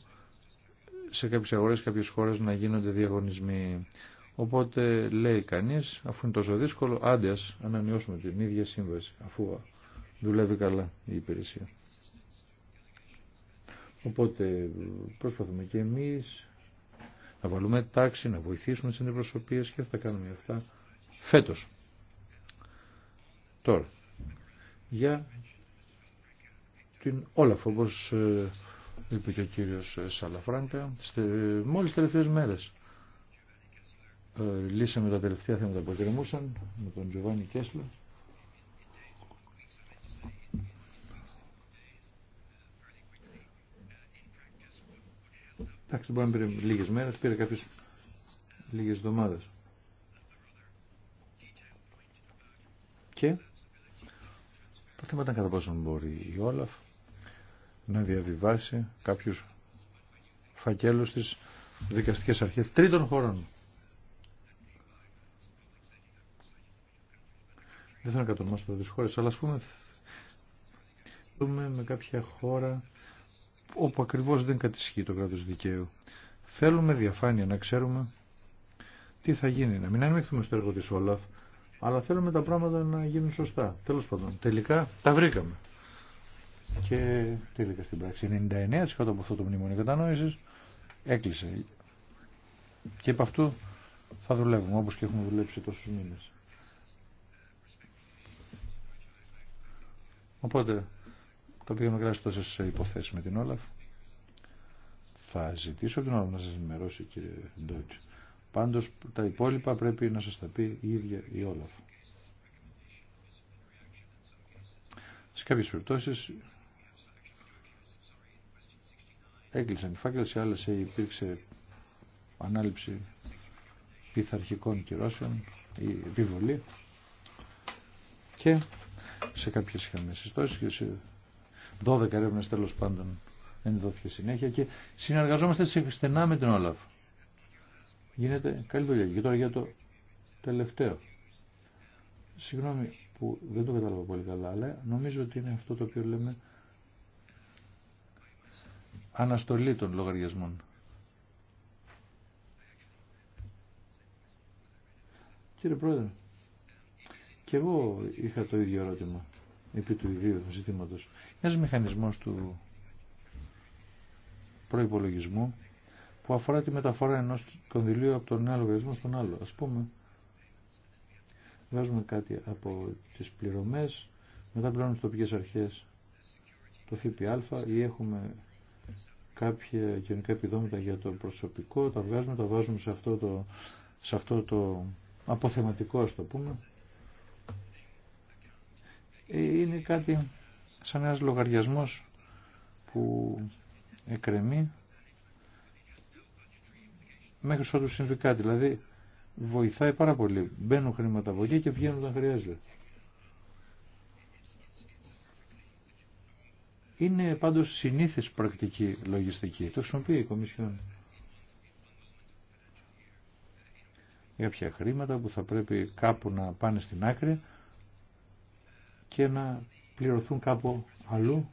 σε κάποιες αγορές, κάποιες χώρες να γίνονται διαγωνισμοί. Οπότε λέει κανείς, αφού είναι τόσο δύσκολο, άντε ας ανανεώσουμε την ίδια σύμβαση, αφού δουλεύει καλά η υπηρεσία. Οπότε προσπαθούμε και εμείς να βάλουμε τάξη, να βοηθήσουμε τις αντιπροσωπείες και θα τα κάνουμε αυτά φέτος. Τώρα, για την Όλαφ, όπως ε, είπε και ο κύριος ε, Σαλαφράγκα, μόλις τελευταίες μέρες ε, λύσαμε τα τελευταία θέματα που εκκρεμούσαν με τον Τζοβάνι Κέσλα. Εντάξει, μπορεί να πήρε λίγες μέρες, πήρε κάποιες λίγες εβδομάδες. Και το θέμα ήταν κατά πόσο μπορεί η Όλαφ να διαβιβάσει κάποιους φακέλους στις δικαστικές αρχές τρίτων χωρών. Δεν θέλω να κατονομάσω τις χώρες, αλλά ας πούμε με κάποια χώρα όπου ακριβώς δεν κατησχεί το κράτος δικαίου. Θέλουμε διαφάνεια να ξέρουμε τι θα γίνει, να μην έχουμε στο έργο της Όλαφ, αλλά θέλουμε τα πράγματα να γίνουν σωστά. τέλο πάντων, τελικά τα βρήκαμε. Και τελικά στην πράξη 99% από αυτό το μνημόνιο κατανόηση, έκλεισε. Και από αυτού θα δουλεύουμε όπως και έχουμε δουλέψει τόσους μήνες. Οπότε το πήγαμε καλά τόσες υποθέσεις με την Όλαφ. Θα ζητήσω την Όλαφ να σας ενημερώσει κύριε Ντότσιν. Πάντως τα υπόλοιπα πρέπει να σας τα πει η ίδια η Όλαφ. Σε κάποιες περιπτώσεις έκλεισαν οι φάκελες, σε άλλες υπήρξε ανάληψη πειθαρχικών κυρώσεων ή επιβολή και σε κάποιες είχαμε συστώσεις και σε 12 έρευνε τέλος πάντων δεν συνέχεια και συνεργαζόμαστε σε στενά με την Όλαφ γίνεται καλή δουλειά. Και τώρα για το τελευταίο. Συγγνώμη που δεν το κατάλαβα πολύ καλά, αλλά νομίζω ότι είναι αυτό το οποίο λέμε αναστολή των λογαριασμών. Κύριε Πρόεδρε, και εγώ είχα το ίδιο ερώτημα επί του ιδίου ζητήματος. Ένας μηχανισμός του προϋπολογισμού που αφορά τη μεταφορά ενός κονδυλίου από τον ένα λογαριασμό στον άλλο. Ας πούμε, βγάζουμε κάτι από τις πληρωμές, μετά πληρώνουμε στις τοπικές αρχές το ΦΠΑ ή έχουμε κάποια γενικά επιδόματα για το προσωπικό, τα βγάζουμε, τα βάζουμε σε αυτό το, σε αυτό το αποθεματικό, ας το πούμε. Ε, είναι κάτι σαν ένας λογαριασμός που εκρεμεί μέχρι ότου συμβεί κάτι. Δηλαδή βοηθάει πάρα πολύ. Μπαίνουν χρήματα από εκεί και βγαίνουν όταν χρειάζεται. Είναι πάντως συνήθες πρακτική λογιστική. Το χρησιμοποιεί η Κομισιόν. ποια χρήματα που θα πρέπει κάπου να πάνε στην άκρη και να πληρωθούν κάπου αλλού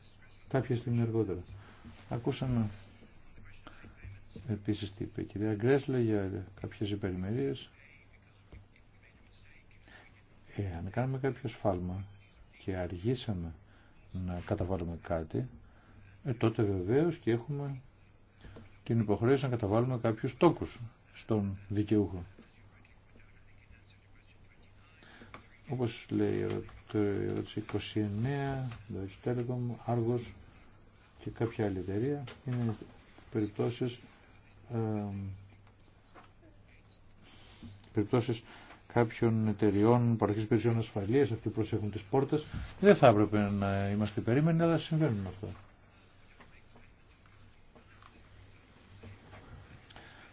κάποια στιγμή αργότερα. Ακούσαμε Επίσης τι είπε η κυρία Γκρέσλε για κάποιες υπερημερίες. Ε, αν κάνουμε κάποιο σφάλμα και αργήσαμε να καταβάλουμε κάτι, ε, τότε βεβαίως και έχουμε την υποχρέωση να καταβάλουμε κάποιους τόκους στον δικαιούχο. Όπως λέει η ερώτηση 29, Deutsche Telekom, Argos και κάποια άλλη εταιρεία, είναι περιπτώσεις περιπτώσεις κάποιων εταιριών παροχής περισσότερων ασφαλείας, αυτοί που προσέχουν τις πόρτες, δεν θα έπρεπε να είμαστε περίμενοι, αλλά συμβαίνουν αυτά.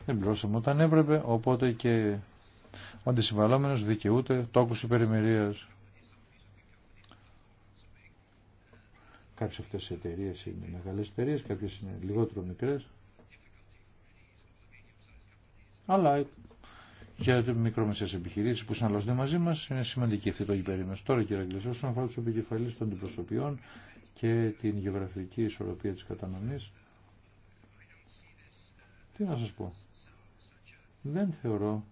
Δεν πληρώσαμε όταν έπρεπε, οπότε και ο αντισυμβαλόμενος δικαιούται τόκους υπερημερίας. Κάποιες αυτές οι εταιρείες είναι μεγάλες εταιρείες, κάποιες είναι λιγότερο μικρές αλλά για μικρομεσαίε επιχειρήσει που συναλλασσονται μαζί μα είναι σημαντική αυτή το υπέρημα. Τώρα, κύριε Αγγλισό, όσον αφορά του επικεφαλεί των αντιπροσωπιών και την γεωγραφική ισορροπία τη κατανομή, τι να σα πω. Δεν θεωρώ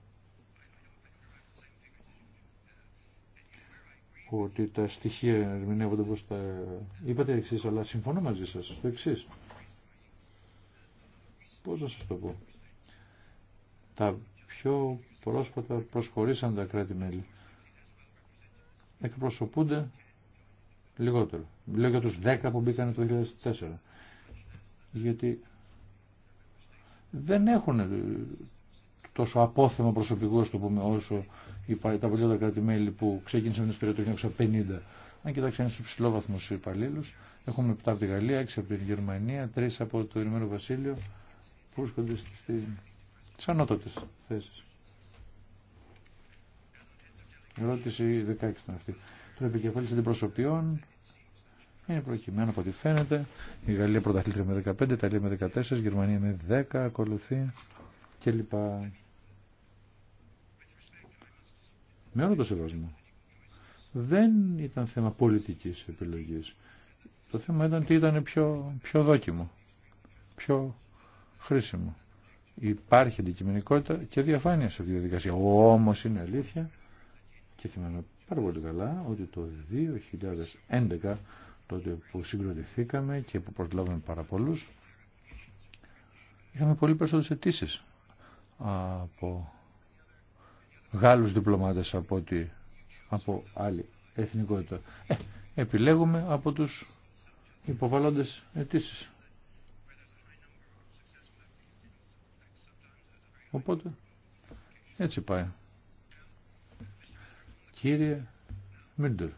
ότι τα στοιχεία ερμηνεύονται όπως τα είπατε εξή, αλλά συμφωνώ μαζί σας στο εξή. Πώς να σας το πω τα πιο πρόσφατα προσχωρήσαν τα κράτη-μέλη εκπροσωπούνται λιγότερο. Λέω για τους 10 που μπήκαν το 2004. Γιατί δεν έχουν ε, τόσο απόθεμα προσωπικού, το πούμε, όσο τα παλιότερα κράτη-μέλη που ξεκίνησαν την ιστορία του 1950. Αν κοιτάξει βαθμό υψηλόβαθμος υπαλλήλου, έχουμε 7 από τη Γαλλία, 6 από την Γερμανία, 3 από το Ηνωμένο Βασίλειο, που βρίσκονται στην τις ανώτατες θέσεις. Ερώτηση 16 ήταν αυτή. Τώρα επικεφαλής αντιπροσωπιών είναι προκειμένο από ό,τι φαίνεται. Η Γαλλία πρωταθλήτρια με 15, η Ιταλία με 14, η Γερμανία με 10, ακολουθεί κλπ. Με όλο το σεβασμό. Δεν ήταν θέμα πολιτικής επιλογής. Το θέμα ήταν τι ήταν πιο, πιο δόκιμο, πιο χρήσιμο υπάρχει αντικειμενικότητα και διαφάνεια σε αυτή τη διαδικασία. Όμω είναι αλήθεια και θυμάμαι πάρα πολύ καλά ότι το 2011 τότε που συγκροτηθήκαμε και που προσλάβαμε πάρα πολλού, είχαμε πολύ περισσότερες αιτήσει από Γάλλους διπλωμάτες από, από άλλη εθνικότητα. Ε, επιλέγουμε από τους υποβαλλόντες αιτήσει. Οπότε έτσι πάει. Κύριε Μίντερ.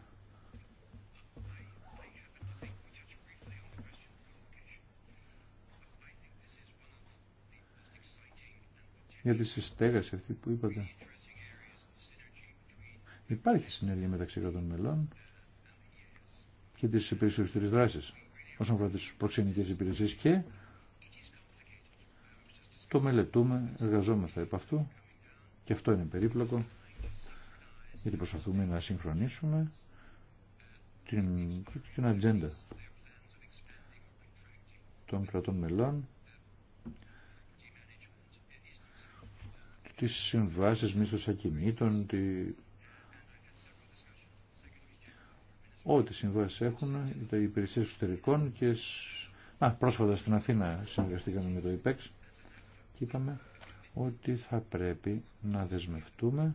για τη συστέγαση αυτή που είπατε. Υπάρχει συνέργεια μεταξύ των μελών και της υπηρεσιοστηρής δράσης όσον αφορά τις προξενικές υπηρεσίες και το μελετούμε, εργαζόμαστε επ' αυτού και αυτό είναι περίπλοκο γιατί προσπαθούμε να συγχρονίσουμε την, την ατζέντα των κρατών μελών τις συμβάσεις μίσθος ακινήτων, τη... ό,τι συμβάσεις έχουν, τα υπηρεσίες εξωτερικών και... Α, πρόσφατα στην Αθήνα συνεργαστήκαμε με το ΙΠΕΞ είπαμε ότι θα πρέπει να δεσμευτούμε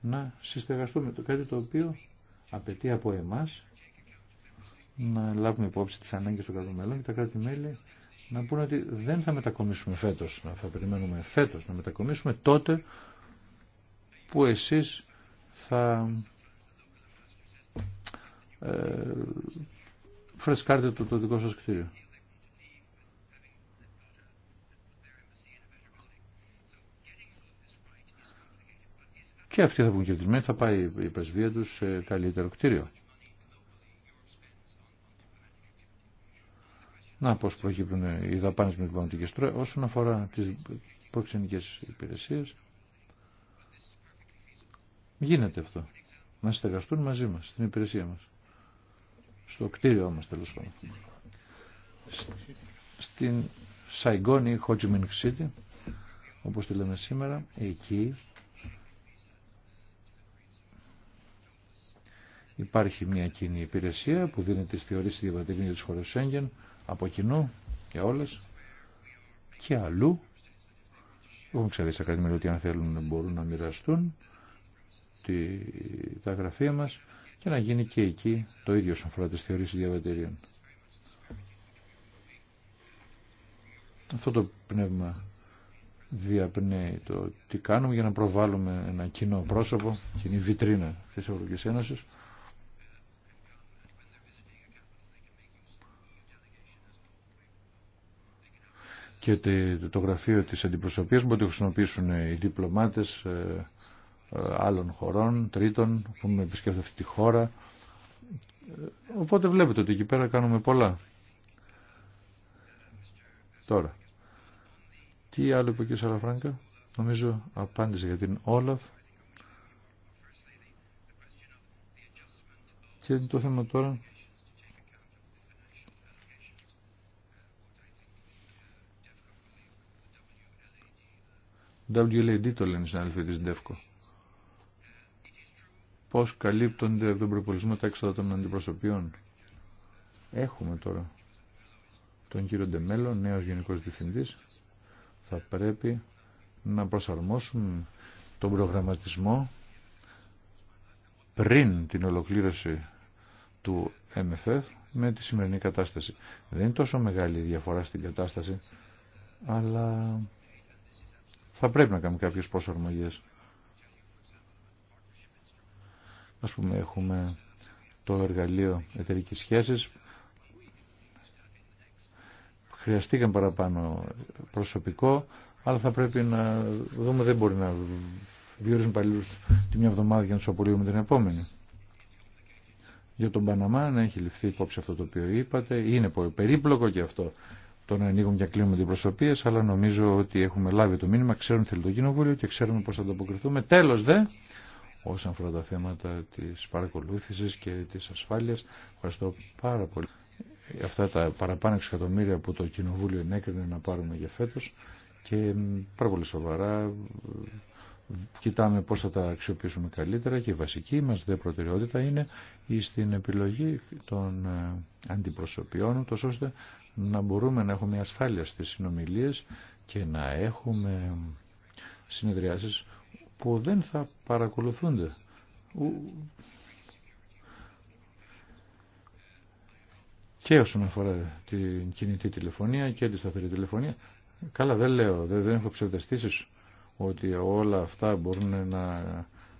να συστεγαστούμε το κάτι το οποίο απαιτεί από εμάς να λάβουμε υπόψη τις ανάγκες των κρατών και τα κράτη-μέλη να πούνε ότι δεν θα μετακομίσουμε φέτος, να θα περιμένουμε φέτος να μετακομίσουμε τότε που εσείς θα ε, φρεσκάρτε το, το δικό σας κτίριο. και αυτοί θα βγουν κερδισμένοι, θα πάει η πρεσβεία τους σε καλύτερο κτίριο. Να πώς προκύπτουν οι δαπάνες με την πανωτική στρώα όσον αφορά τις προξενικές υπηρεσίες. Γίνεται αυτό. Να συνεργαστούν μαζί μας, στην υπηρεσία μας. Στο κτίριό μας τέλος πάντων. Στην Σαϊγκόνη, Χότζιμιν City, όπως τη λέμε σήμερα, εκεί Υπάρχει μια κοινή υπηρεσία που δίνει στη θεωρήση διαβατήριων για τις χώρες Σέγγεν από κοινού για όλες και αλλού. Έχουμε ξέρει στα κρατημένα ότι αν θέλουν μπορούν να μοιραστούν τη, τα γραφεία μας και να γίνει και εκεί το ίδιο όσον αφορά τις θεωρήσεις διαβατηρίων. Αυτό το πνεύμα διαπνέει το τι κάνουμε για να προβάλλουμε ένα κοινό πρόσωπο, κοινή βιτρίνα της Ευρωπαϊκής Ένωσης και το γραφείο της αντιπροσωπείας μπορεί να το χρησιμοποιήσουν οι διπλωμάτες ε, ε, άλλων χωρών, τρίτων, που με επισκεφθεί αυτή τη χώρα. Ε, οπότε βλέπετε ότι εκεί πέρα κάνουμε πολλά. Τώρα, τι άλλο είπε ο κ. Σαραφράγκα. νομίζω απάντησε για την Όλαφ. Και το θέμα τώρα WLAD το λένε οι συνάδελφοι της ΔΕΦΚΟ. Πώς καλύπτονται από τον προπολισμό τα έξοδα των αντιπροσωπιών. Έχουμε τώρα τον κύριο Ντεμέλο, νέος Γενικός Διευθυντής. Θα πρέπει να προσαρμόσουν τον προγραμματισμό πριν την ολοκλήρωση του MFF με τη σημερινή κατάσταση. Δεν είναι τόσο μεγάλη η διαφορά στην κατάσταση, αλλά θα πρέπει να κάνουμε κάποιες προσαρμογές. Ας πούμε έχουμε το εργαλείο εταιρικής σχέσης. Χρειαστήκαν παραπάνω προσωπικό, αλλά θα πρέπει να δούμε, δεν μπορεί να διορίζουν παλιούς τη μια εβδομάδα για να τους απολύουμε την επόμενη. Για τον Παναμά να έχει ληφθεί υπόψη αυτό το οποίο είπατε, είναι περίπλοκο και αυτό το να ανοίγουμε και κλείνουμε την προσωπία, αλλά νομίζω ότι έχουμε λάβει το μήνυμα, ξέρουμε θέλει το κοινοβούλιο και ξέρουμε πώς θα ανταποκριθούμε. Τέλος δε, όσον αφορά τα θέματα τη παρακολούθηση και τη ασφάλεια. ευχαριστώ πάρα πολύ. Αυτά τα παραπάνω εκατομμύρια που το κοινοβούλιο ενέκρινε να πάρουμε για φέτο και πάρα πολύ σοβαρά κοιτάμε πώς θα τα αξιοποιήσουμε καλύτερα και η βασική μας δε προτεραιότητα είναι στην επιλογή των ε, αντιπροσωπιών τόσο ώστε να μπορούμε να έχουμε ασφάλεια στις συνομιλίες και να έχουμε συνεδριάσεις που δεν θα παρακολουθούνται. Και όσον αφορά την κινητή τηλεφωνία και τη σταθερή τηλεφωνία, καλά δεν λέω, δεν, δεν έχω ψευδεστήσεις ότι όλα αυτά μπορούν να,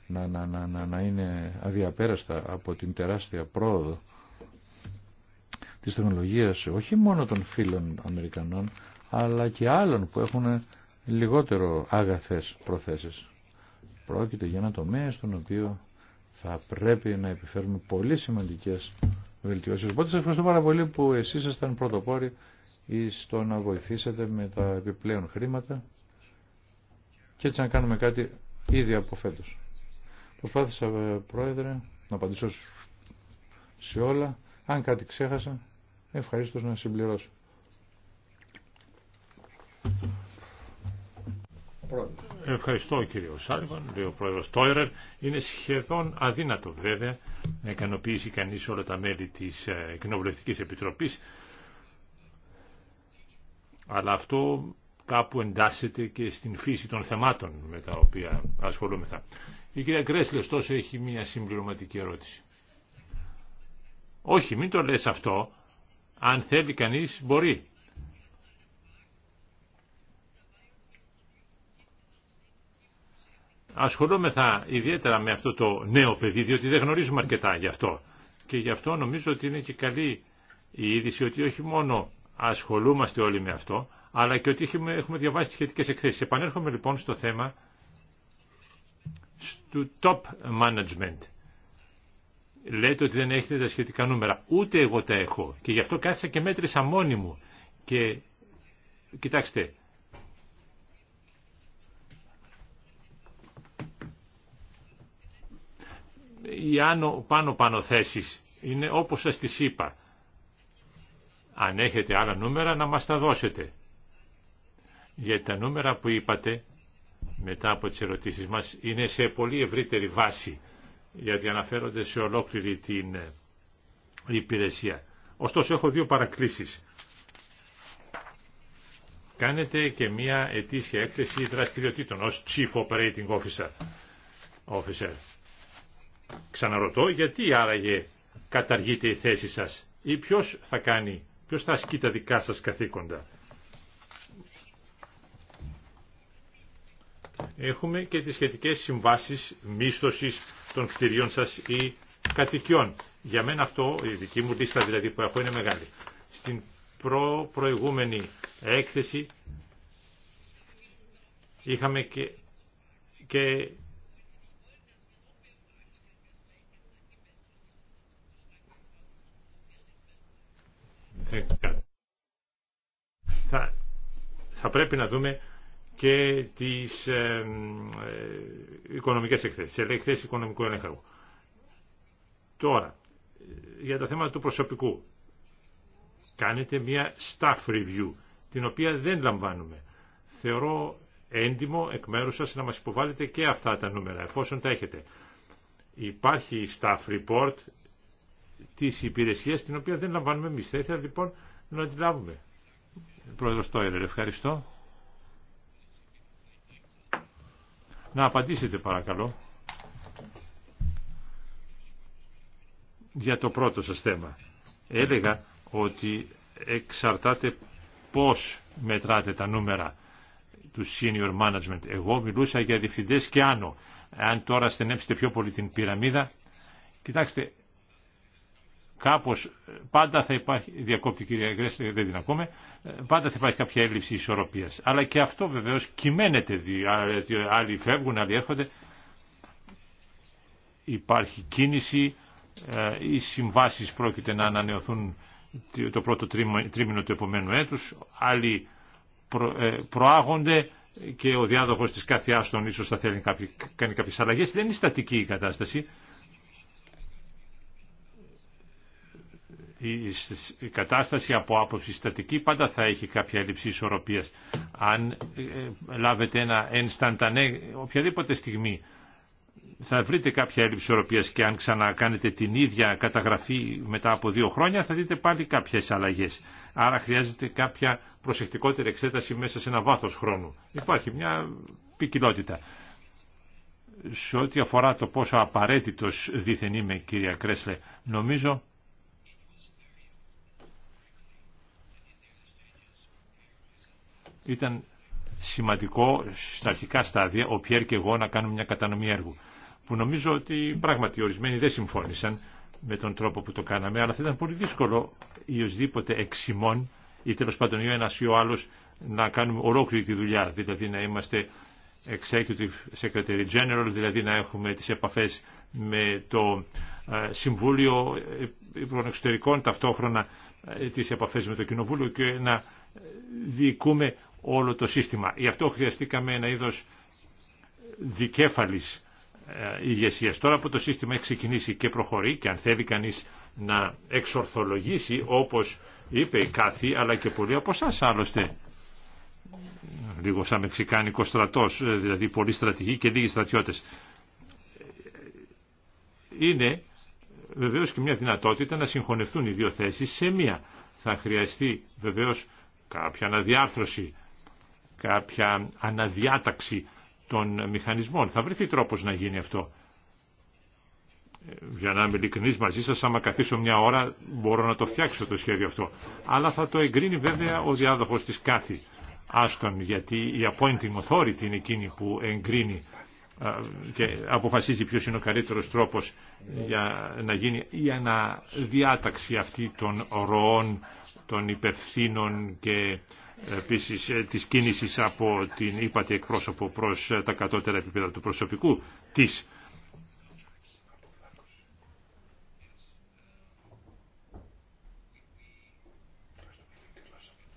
να, να, να, να είναι αδιαπέραστα από την τεράστια πρόοδο της τεχνολογίας όχι μόνο των φίλων Αμερικανών αλλά και άλλων που έχουν λιγότερο άγαθες προθέσεις. Πρόκειται για ένα τομέα στον οποίο θα πρέπει να επιφέρουμε πολύ σημαντικές βελτιώσεις. Οπότε σας ευχαριστώ πάρα πολύ που εσείς ήσασταν πρωτοπόροι στο να βοηθήσετε με τα επιπλέον χρήματα και έτσι να κάνουμε κάτι ήδη από φέτος. Προσπάθησα, ε, Πρόεδρε, να απαντήσω σε όλα. Αν κάτι ξέχασα, ευχαρίστω να συμπληρώσω. Ευχαριστώ κύριο Σάλιβαν, λέει ο πρόεδρος Τόιρερ. Είναι σχεδόν αδύνατο βέβαια να ικανοποιήσει κανείς όλα τα μέλη της ε, κοινοβουλευτική Επιτροπής. Αλλά αυτό κάπου εντάσσεται και στην φύση των θεμάτων με τα οποία ασχολούμεθα. Η κυρία Κρέσλε, ωστόσο, έχει μια συμπληρωματική ερώτηση. Όχι, μην το λες αυτό. Αν θέλει κανείς, μπορεί. Ασχολούμεθα ιδιαίτερα με αυτό το νέο παιδί, διότι δεν γνωρίζουμε αρκετά γι' αυτό. Και γι' αυτό νομίζω ότι είναι και καλή η είδηση ότι όχι μόνο ασχολούμαστε όλοι με αυτό, αλλά και ότι έχουμε, διαβάσει τις σχετικές εκθέσεις. Επανέρχομαι λοιπόν στο θέμα του top management. Λέτε ότι δεν έχετε τα σχετικά νούμερα. Ούτε εγώ τα έχω. Και γι' αυτό κάθισα και μέτρησα μόνη μου. Και κοιτάξτε, οι άνω πάνω πάνω θέσεις είναι όπως σας τις είπα. Αν έχετε άλλα νούμερα να μας τα δώσετε γιατί τα νούμερα που είπατε μετά από τις ερωτήσεις μας είναι σε πολύ ευρύτερη βάση γιατί αναφέρονται σε ολόκληρη την ε, υπηρεσία. Ωστόσο έχω δύο παρακλήσεις. Κάνετε και μία ετήσια έκθεση δραστηριοτήτων ως Chief Operating Officer. Officer. Ξαναρωτώ γιατί άραγε καταργείται η θέση σας ή ποιος θα κάνει, ποιος θα ασκεί τα δικά σας καθήκοντα. έχουμε και τις σχετικές συμβάσεις μίσθωσης των κτηριών σας ή κατοικιών. Για μένα αυτό, η δική μου λίστα δηλαδή που έχω είναι μεγάλη. Στην προ προηγούμενη έκθεση είχαμε και, θα, θα πρέπει να δούμε και τις ε, ε, οικονομικές εκθέσεις, τις εκθέσεις οικονομικού ελέγχου. Τώρα, για τα θέματα του προσωπικού. Κάνετε μια staff review, την οποία δεν λαμβάνουμε. Θεωρώ έντιμο εκ μέρους σας να μας υποβάλλετε και αυτά τα νούμερα, εφόσον τα έχετε. Υπάρχει staff report της υπηρεσίας, την οποία δεν λαμβάνουμε εμείς. Θα ήθελα λοιπόν να αντιλάβουμε. λάβουμε. Πρόεδρος Τόιρερ, ευχαριστώ. Να απαντήσετε παρακαλώ για το πρώτο σας θέμα. Έλεγα ότι εξαρτάται πώς μετράτε τα νούμερα του senior management. Εγώ μιλούσα για διευθυντές και άνω. Αν τώρα στενέψετε πιο πολύ την πυραμίδα, κοιτάξτε, Κάπω πάντα θα υπάρχει, διακόπτη κυρία δεν την ακούμε, πάντα θα υπάρχει κάποια έλλειψη ισορροπία. Αλλά και αυτό βεβαίως κυμαίνεται, άλλοι φεύγουν, άλλοι έρχονται. Υπάρχει κίνηση, ε, οι συμβάσει πρόκειται να ανανεωθούν το πρώτο τρίμηνο του επομένου έτους, άλλοι προ, ε, προάγονται και ο διάδοχος της κάθε άστον ίσως θα θέλει κάνει κάποιες αλλαγές. Δεν είναι στατική η κατάσταση. η κατάσταση από άποψη στατική πάντα θα έχει κάποια έλλειψη ισορροπίας. Αν ε, ε, λάβετε ένα ενσταντανέ οποιαδήποτε στιγμή θα βρείτε κάποια έλλειψη ισορροπίας και αν ξανακάνετε την ίδια καταγραφή μετά από δύο χρόνια θα δείτε πάλι κάποιες αλλαγές. Άρα χρειάζεται κάποια προσεκτικότερη εξέταση μέσα σε ένα βάθος χρόνου. Υπάρχει μια ποικιλότητα. Σε ό,τι αφορά το πόσο απαραίτητος δίθεν είμαι κυρία Κρέσλε, νομίζω ήταν σημαντικό στα αρχικά στάδια ο Πιέρ και εγώ να κάνουμε μια κατανομή έργου που νομίζω ότι πράγματι ορισμένοι δεν συμφώνησαν με τον τρόπο που το κάναμε αλλά θα ήταν πολύ δύσκολο ή οσδήποτε εξημών ή τέλο πάντων ή ο ένας ή ο άλλος να κάνουμε ολόκληρη τη δουλειά δηλαδή να είμαστε Executive Secretary General, δηλαδή να έχουμε τι επαφέ με το ε, Συμβούλιο ε, Υπουργών Εξωτερικών, ταυτόχρονα ε, τις επαφές με το Κοινοβούλιο και να διοικούμε όλο το σύστημα. Γι' αυτό χρειαστήκαμε ένα είδος δικέφαλης ε, ηγεσίας. Τώρα που το σύστημα έχει ξεκινήσει και προχωρεί και αν θέλει κανείς να εξορθολογήσει όπως είπε η Κάθη αλλά και πολλοί από εσάς άλλωστε λίγο σαν μεξικάνικο στρατός ε, δηλαδή πολλοί στρατηγοί και λίγοι στρατιώτες είναι βεβαίως και μια δυνατότητα να συγχωνευτούν οι δύο θέσεις σε μία θα χρειαστεί βεβαίως κάποια αναδιάρθρωση κάποια αναδιάταξη των μηχανισμών. Θα βρεθεί τρόπος να γίνει αυτό. Ε, για να είμαι ειλικρινής μαζί σας, άμα καθίσω μια ώρα μπορώ να το φτιάξω το σχέδιο αυτό. Αλλά θα το εγκρίνει βέβαια ο διάδοχος της κάθε Άστον, γιατί η appointing authority είναι εκείνη που εγκρίνει ε, και αποφασίζει ποιος είναι ο καλύτερος τρόπος για να γίνει η αναδιάταξη αυτή των ροών των υπευθύνων και επίσης ε, της κίνησης από την ύπατη εκπρόσωπο προς ε, τα κατώτερα επίπεδα του προσωπικού της.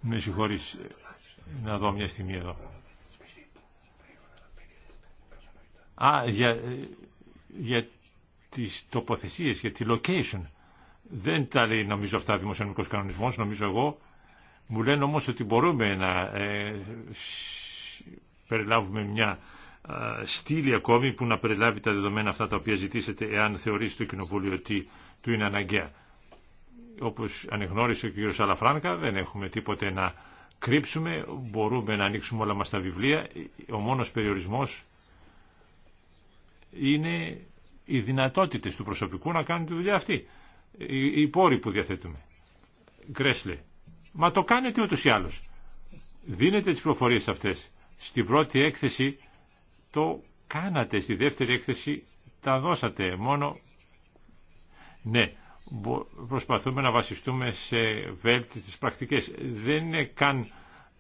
Με συγχωρείς ε, να δω μια στιγμή εδώ. Α, για, για τις τοποθεσίες, για τη location. Δεν τα λέει νομίζω αυτά δημοσιονομικός κανονισμός, νομίζω εγώ μου λένε όμως ότι μπορούμε να ε, περιλάβουμε μια στήλη ακόμη που να περιλάβει τα δεδομένα αυτά τα οποία ζητήσετε εάν θεωρήσει το Κοινοβούλιο ότι του είναι αναγκαία. Όπως ανεγνώρισε ο κ. Σαλαφράνκα δεν έχουμε τίποτε να κρύψουμε, μπορούμε να ανοίξουμε όλα μας τα βιβλία. Ο μόνος περιορισμός είναι οι δυνατότητες του προσωπικού να κάνουν τη δουλειά αυτή. Οι πόροι που διαθέτουμε. Μα το κάνετε ούτως ή άλλως. Δίνετε τις προφορίες αυτές. Στην πρώτη έκθεση το κάνατε, στη δεύτερη έκθεση τα δώσατε. Μόνο, ναι, προσπαθούμε να βασιστούμε σε βέλτιστες πρακτικές. Δεν είναι καν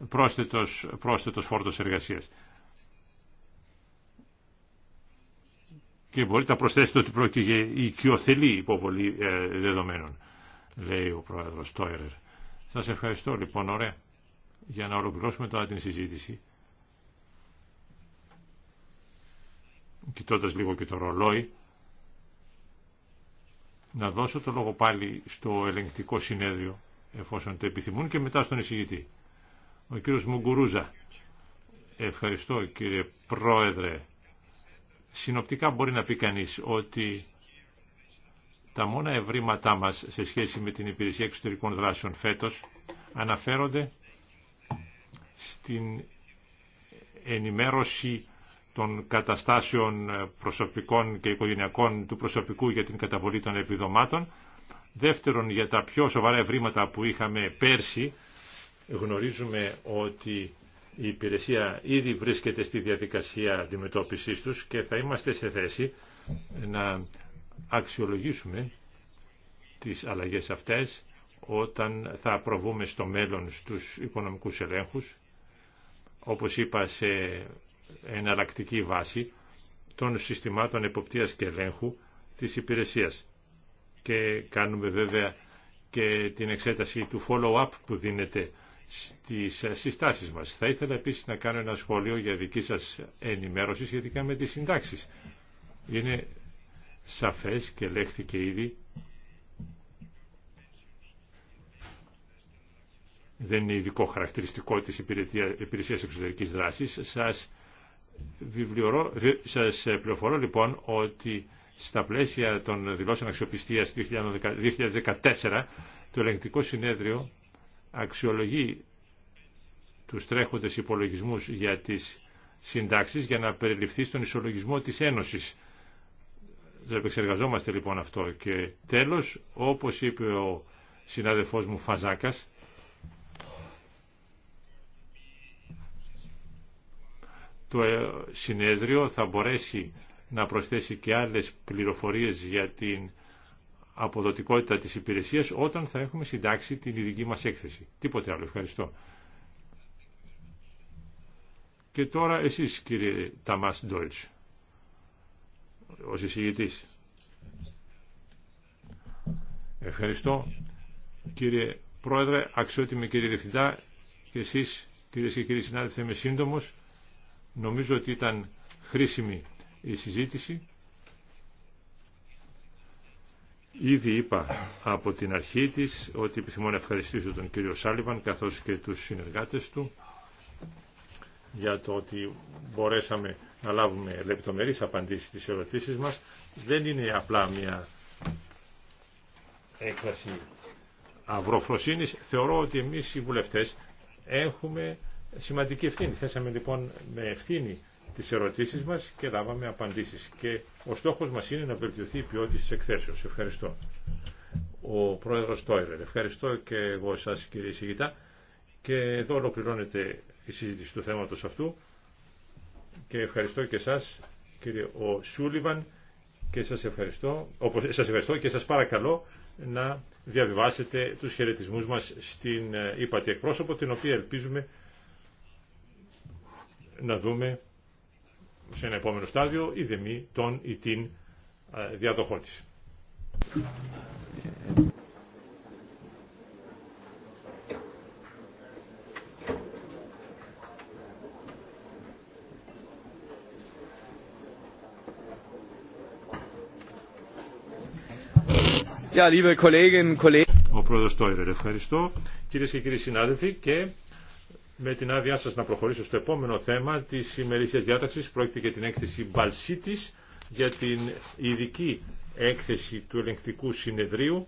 πρόσθετος, πρόσθετος φόρτος εργασίας. Και μπορείτε να προσθέσετε ότι πρόκειται η οικειοθελή υποβολή ε, δεδομένων, λέει ο πρόεδρος Τόιρερ. Σα ευχαριστώ λοιπόν, ωραία, για να ολοκληρώσουμε τώρα την συζήτηση. Κοιτώντα λίγο και το ρολόι, να δώσω το λόγο πάλι στο ελεγκτικό συνέδριο, εφόσον το επιθυμούν, και μετά στον εισηγητή. Ο κύριος Μουγκουρούζα. Ευχαριστώ κύριε Πρόεδρε. Συνοπτικά μπορεί να πει κανείς ότι τα μόνα ευρήματά μας σε σχέση με την υπηρεσία εξωτερικών δράσεων φέτος αναφέρονται στην ενημέρωση των καταστάσεων προσωπικών και οικογενειακών του προσωπικού για την καταβολή των επιδομάτων. Δεύτερον, για τα πιο σοβαρά ευρήματα που είχαμε πέρσι, γνωρίζουμε ότι η υπηρεσία ήδη βρίσκεται στη διαδικασία αντιμετώπισης τους και θα είμαστε σε θέση να αξιολογήσουμε τις αλλαγές αυτές όταν θα προβούμε στο μέλλον στους οικονομικούς ελέγχους, όπως είπα σε εναλλακτική βάση των συστημάτων εποπτείας και ελέγχου της υπηρεσίας. Και κάνουμε βέβαια και την εξέταση του follow-up που δίνεται στις συστάσεις μας. Θα ήθελα επίσης να κάνω ένα σχόλιο για δική σας ενημέρωση σχετικά με τις συντάξεις. Είναι σαφές και λέχθηκε ήδη δεν είναι ειδικό χαρακτηριστικό της υπηρεσίας εξωτερικής δράσης. Σας, βιβλιορώ, σας πληροφορώ λοιπόν ότι στα πλαίσια των δηλώσεων αξιοπιστίας 2014 το ελεγκτικό συνέδριο αξιολογεί τους τρέχοντες υπολογισμούς για τις συντάξεις για να περιληφθεί στον ισολογισμό της Ένωσης το επεξεργαζόμαστε λοιπόν αυτό. Και τέλος, όπως είπε ο συνάδελφός μου Φαζάκας, το συνέδριο θα μπορέσει να προσθέσει και άλλες πληροφορίες για την αποδοτικότητα της υπηρεσίας όταν θα έχουμε συντάξει την ειδική μας έκθεση. Τίποτε άλλο. Ευχαριστώ. Και τώρα εσείς κύριε Ταμάς Ντόιτς ως εισηγητής. Ευχαριστώ κύριε Πρόεδρε, αξιότιμη κύριε Διευθυντά και εσείς κύριε και κύριοι συνάδελφοι είμαι σύντομος. Νομίζω ότι ήταν χρήσιμη η συζήτηση. Ήδη είπα από την αρχή της ότι επιθυμώ να ευχαριστήσω τον κύριο Σάλιβαν καθώς και τους συνεργάτες του για το ότι μπορέσαμε να λάβουμε λεπτομερείς απαντήσεις στις ερωτήσεις μας. Δεν είναι απλά μια έκφραση αυροφροσύνης. Θεωρώ ότι εμείς οι βουλευτές έχουμε σημαντική ευθύνη. Θέσαμε λοιπόν με ευθύνη τις ερωτήσεις μας και λάβαμε απαντήσεις. Και ο στόχος μας είναι να βελτιωθεί η ποιότητα της εκθέσεως. Ευχαριστώ. Ο πρόεδρος Τόιρερ. Ευχαριστώ και εγώ σας κύριε Σιγητά. Και εδώ ολοκληρώνεται η συζήτηση του θέματος αυτού και ευχαριστώ και εσάς κύριε ο Σούλιβαν και σας ευχαριστώ, όπως, σας ευχαριστώ και σας παρακαλώ να διαβιβάσετε τους χαιρετισμού μας στην ε, ύπατη εκπρόσωπο την οποία ελπίζουμε να δούμε σε ένα επόμενο στάδιο ή δεμή των ή την ε, διαδοχό της. Ο πρόεδρος Τόιρερ, ευχαριστώ. Κυρίες και κύριοι συνάδελφοι και με την άδειά σας να προχωρήσω στο επόμενο θέμα της ημερήσιας διάταξης. Πρόκειται για την έκθεση Μπαλσίτης για την ειδική έκθεση του ελεγκτικού συνεδρίου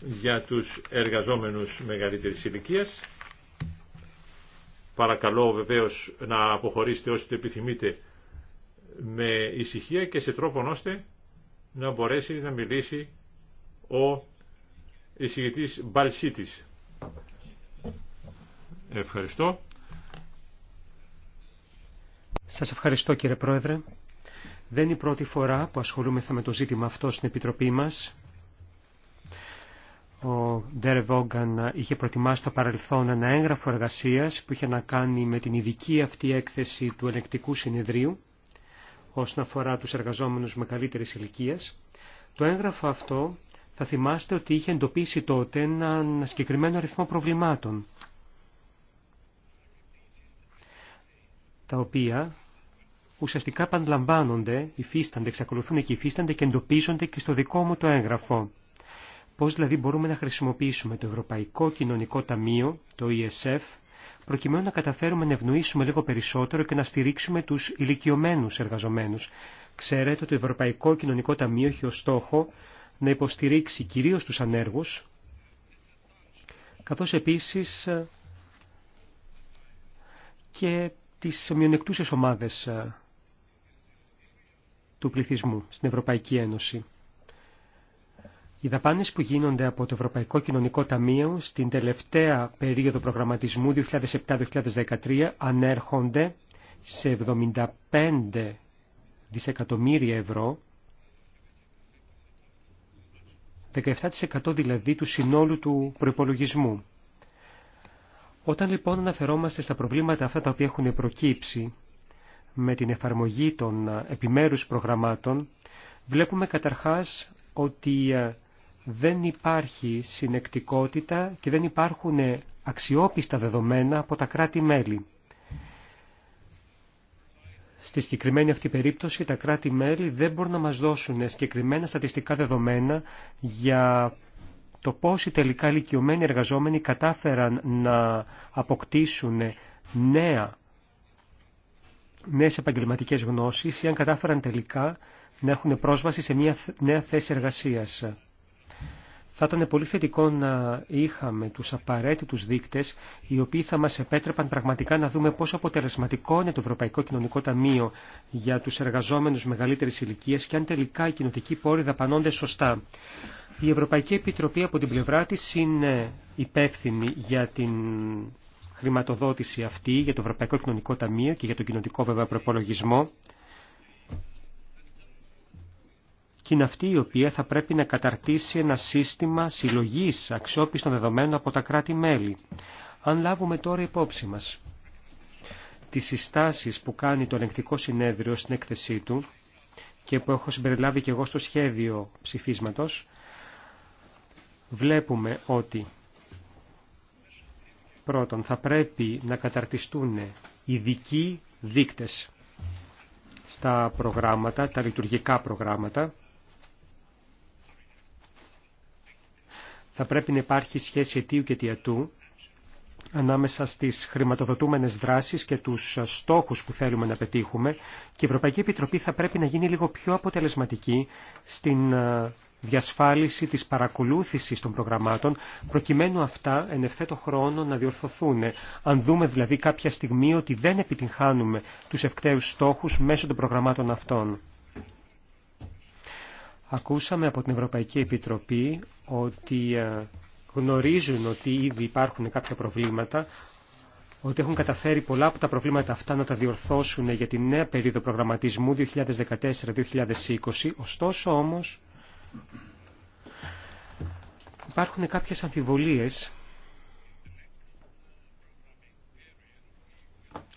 για τους εργαζόμενους μεγαλύτερης ηλικίας παρακαλώ βεβαίως να αποχωρήσετε όσοι το επιθυμείτε με ησυχία και σε τρόπον ώστε να μπορέσει να μιλήσει ο εισηγητής Μπαλσίτης. Ευχαριστώ. Σας ευχαριστώ κύριε Πρόεδρε. Δεν είναι η πρώτη φορά που ασχολούμεθα με το ζήτημα αυτό στην Επιτροπή μας. Ο Ντέρ Βόγκαν είχε προτιμάσει στο παρελθόν ένα έγγραφο εργασίας που είχε να κάνει με την ειδική αυτή έκθεση του ελεκτικού συνεδρίου όσον αφορά τους εργαζόμενους με καλύτερης ηλικία. Το έγγραφο αυτό θα θυμάστε ότι είχε εντοπίσει τότε ένα συγκεκριμένο αριθμό προβλημάτων τα οποία ουσιαστικά παντλαμβάνονται, υφίστανται, εξακολουθούν και υφίστανται και εντοπίζονται και στο δικό μου το έγγραφο. Πώς δηλαδή μπορούμε να χρησιμοποιήσουμε το Ευρωπαϊκό Κοινωνικό Ταμείο, το ESF, προκειμένου να καταφέρουμε να ευνοήσουμε λίγο περισσότερο και να στηρίξουμε τους ηλικιωμένους εργαζομένους. Ξέρετε ότι το Ευρωπαϊκό Κοινωνικό Ταμείο έχει ως στόχο να υποστηρίξει κυρίως τους ανέργους, καθώς επίσης ε, και τις μειονεκτούσες ομάδες ε, του πληθυσμού στην Ευρωπαϊκή Ένωση. Οι δαπάνε που γίνονται από το Ευρωπαϊκό Κοινωνικό Ταμείο στην τελευταία περίοδο προγραμματισμού 2007-2013 ανέρχονται σε 75 δισεκατομμύρια ευρώ, 17% δηλαδή του συνόλου του προϋπολογισμού. Όταν λοιπόν αναφερόμαστε στα προβλήματα αυτά τα οποία έχουν προκύψει με την εφαρμογή των επιμέρους προγραμμάτων, βλέπουμε καταρχάς ότι ε, δεν υπάρχει συνεκτικότητα και δεν υπάρχουν αξιόπιστα δεδομένα από τα κράτη-μέλη. Στη συγκεκριμένη αυτή περίπτωση τα κράτη-μέλη δεν μπορούν να μας δώσουν συγκεκριμένα στατιστικά δεδομένα για το πώς οι τελικά ηλικιωμένοι εργαζόμενοι κατάφεραν να αποκτήσουν νέα, νέες επαγγελματικές γνώσεις ή αν κατάφεραν τελικά να έχουν πρόσβαση σε μια νέα θέση εργασίας. Θα ήταν πολύ θετικό να είχαμε τους απαραίτητους δείκτες οι οποίοι θα μας επέτρεπαν πραγματικά να δούμε πόσο αποτελεσματικό είναι το Ευρωπαϊκό Κοινωνικό Ταμείο για τους εργαζόμενους μεγαλύτερης ηλικίας και αν τελικά οι κοινοτικοί πόροι δαπανώνται σωστά. Η Ευρωπαϊκή Επιτροπή από την πλευρά της είναι υπεύθυνη για την χρηματοδότηση αυτή, για το Ευρωπαϊκό Κοινωνικό Ταμείο και για τον κοινοτικό βέβαια προπολογισμό. και είναι αυτή η οποία θα πρέπει να καταρτήσει ένα σύστημα συλλογής αξιόπιστων δεδομένων από τα κράτη-μέλη. Αν λάβουμε τώρα υπόψη μας τις συστάσεις που κάνει το ελεγκτικό συνέδριο στην έκθεσή του και που έχω συμπεριλάβει και εγώ στο σχέδιο ψηφίσματος, βλέπουμε ότι πρώτον θα πρέπει να καταρτιστούν ειδικοί δείκτες στα προγράμματα, τα λειτουργικά προγράμματα, θα πρέπει να υπάρχει σχέση αιτίου και αιτιατού ανάμεσα στις χρηματοδοτούμενες δράσεις και τους στόχους που θέλουμε να πετύχουμε και η Ευρωπαϊκή Επιτροπή θα πρέπει να γίνει λίγο πιο αποτελεσματική στην ε, διασφάλιση της παρακολούθησης των προγραμμάτων, προκειμένου αυτά εν ευθέτω χρόνο να διορθωθούν. Αν δούμε δηλαδή κάποια στιγμή ότι δεν επιτυγχάνουμε τους ευκταίους στόχους μέσω των προγραμμάτων αυτών. Ακούσαμε από την Ευρωπαϊκή Επιτροπή ότι ε, γνωρίζουν ότι ήδη υπάρχουν κάποια προβλήματα, ότι έχουν καταφέρει πολλά από τα προβλήματα αυτά να τα διορθώσουν για τη νέα περίοδο προγραμματισμού 2014-2020, ωστόσο όμως υπάρχουν κάποιες αμφιβολίες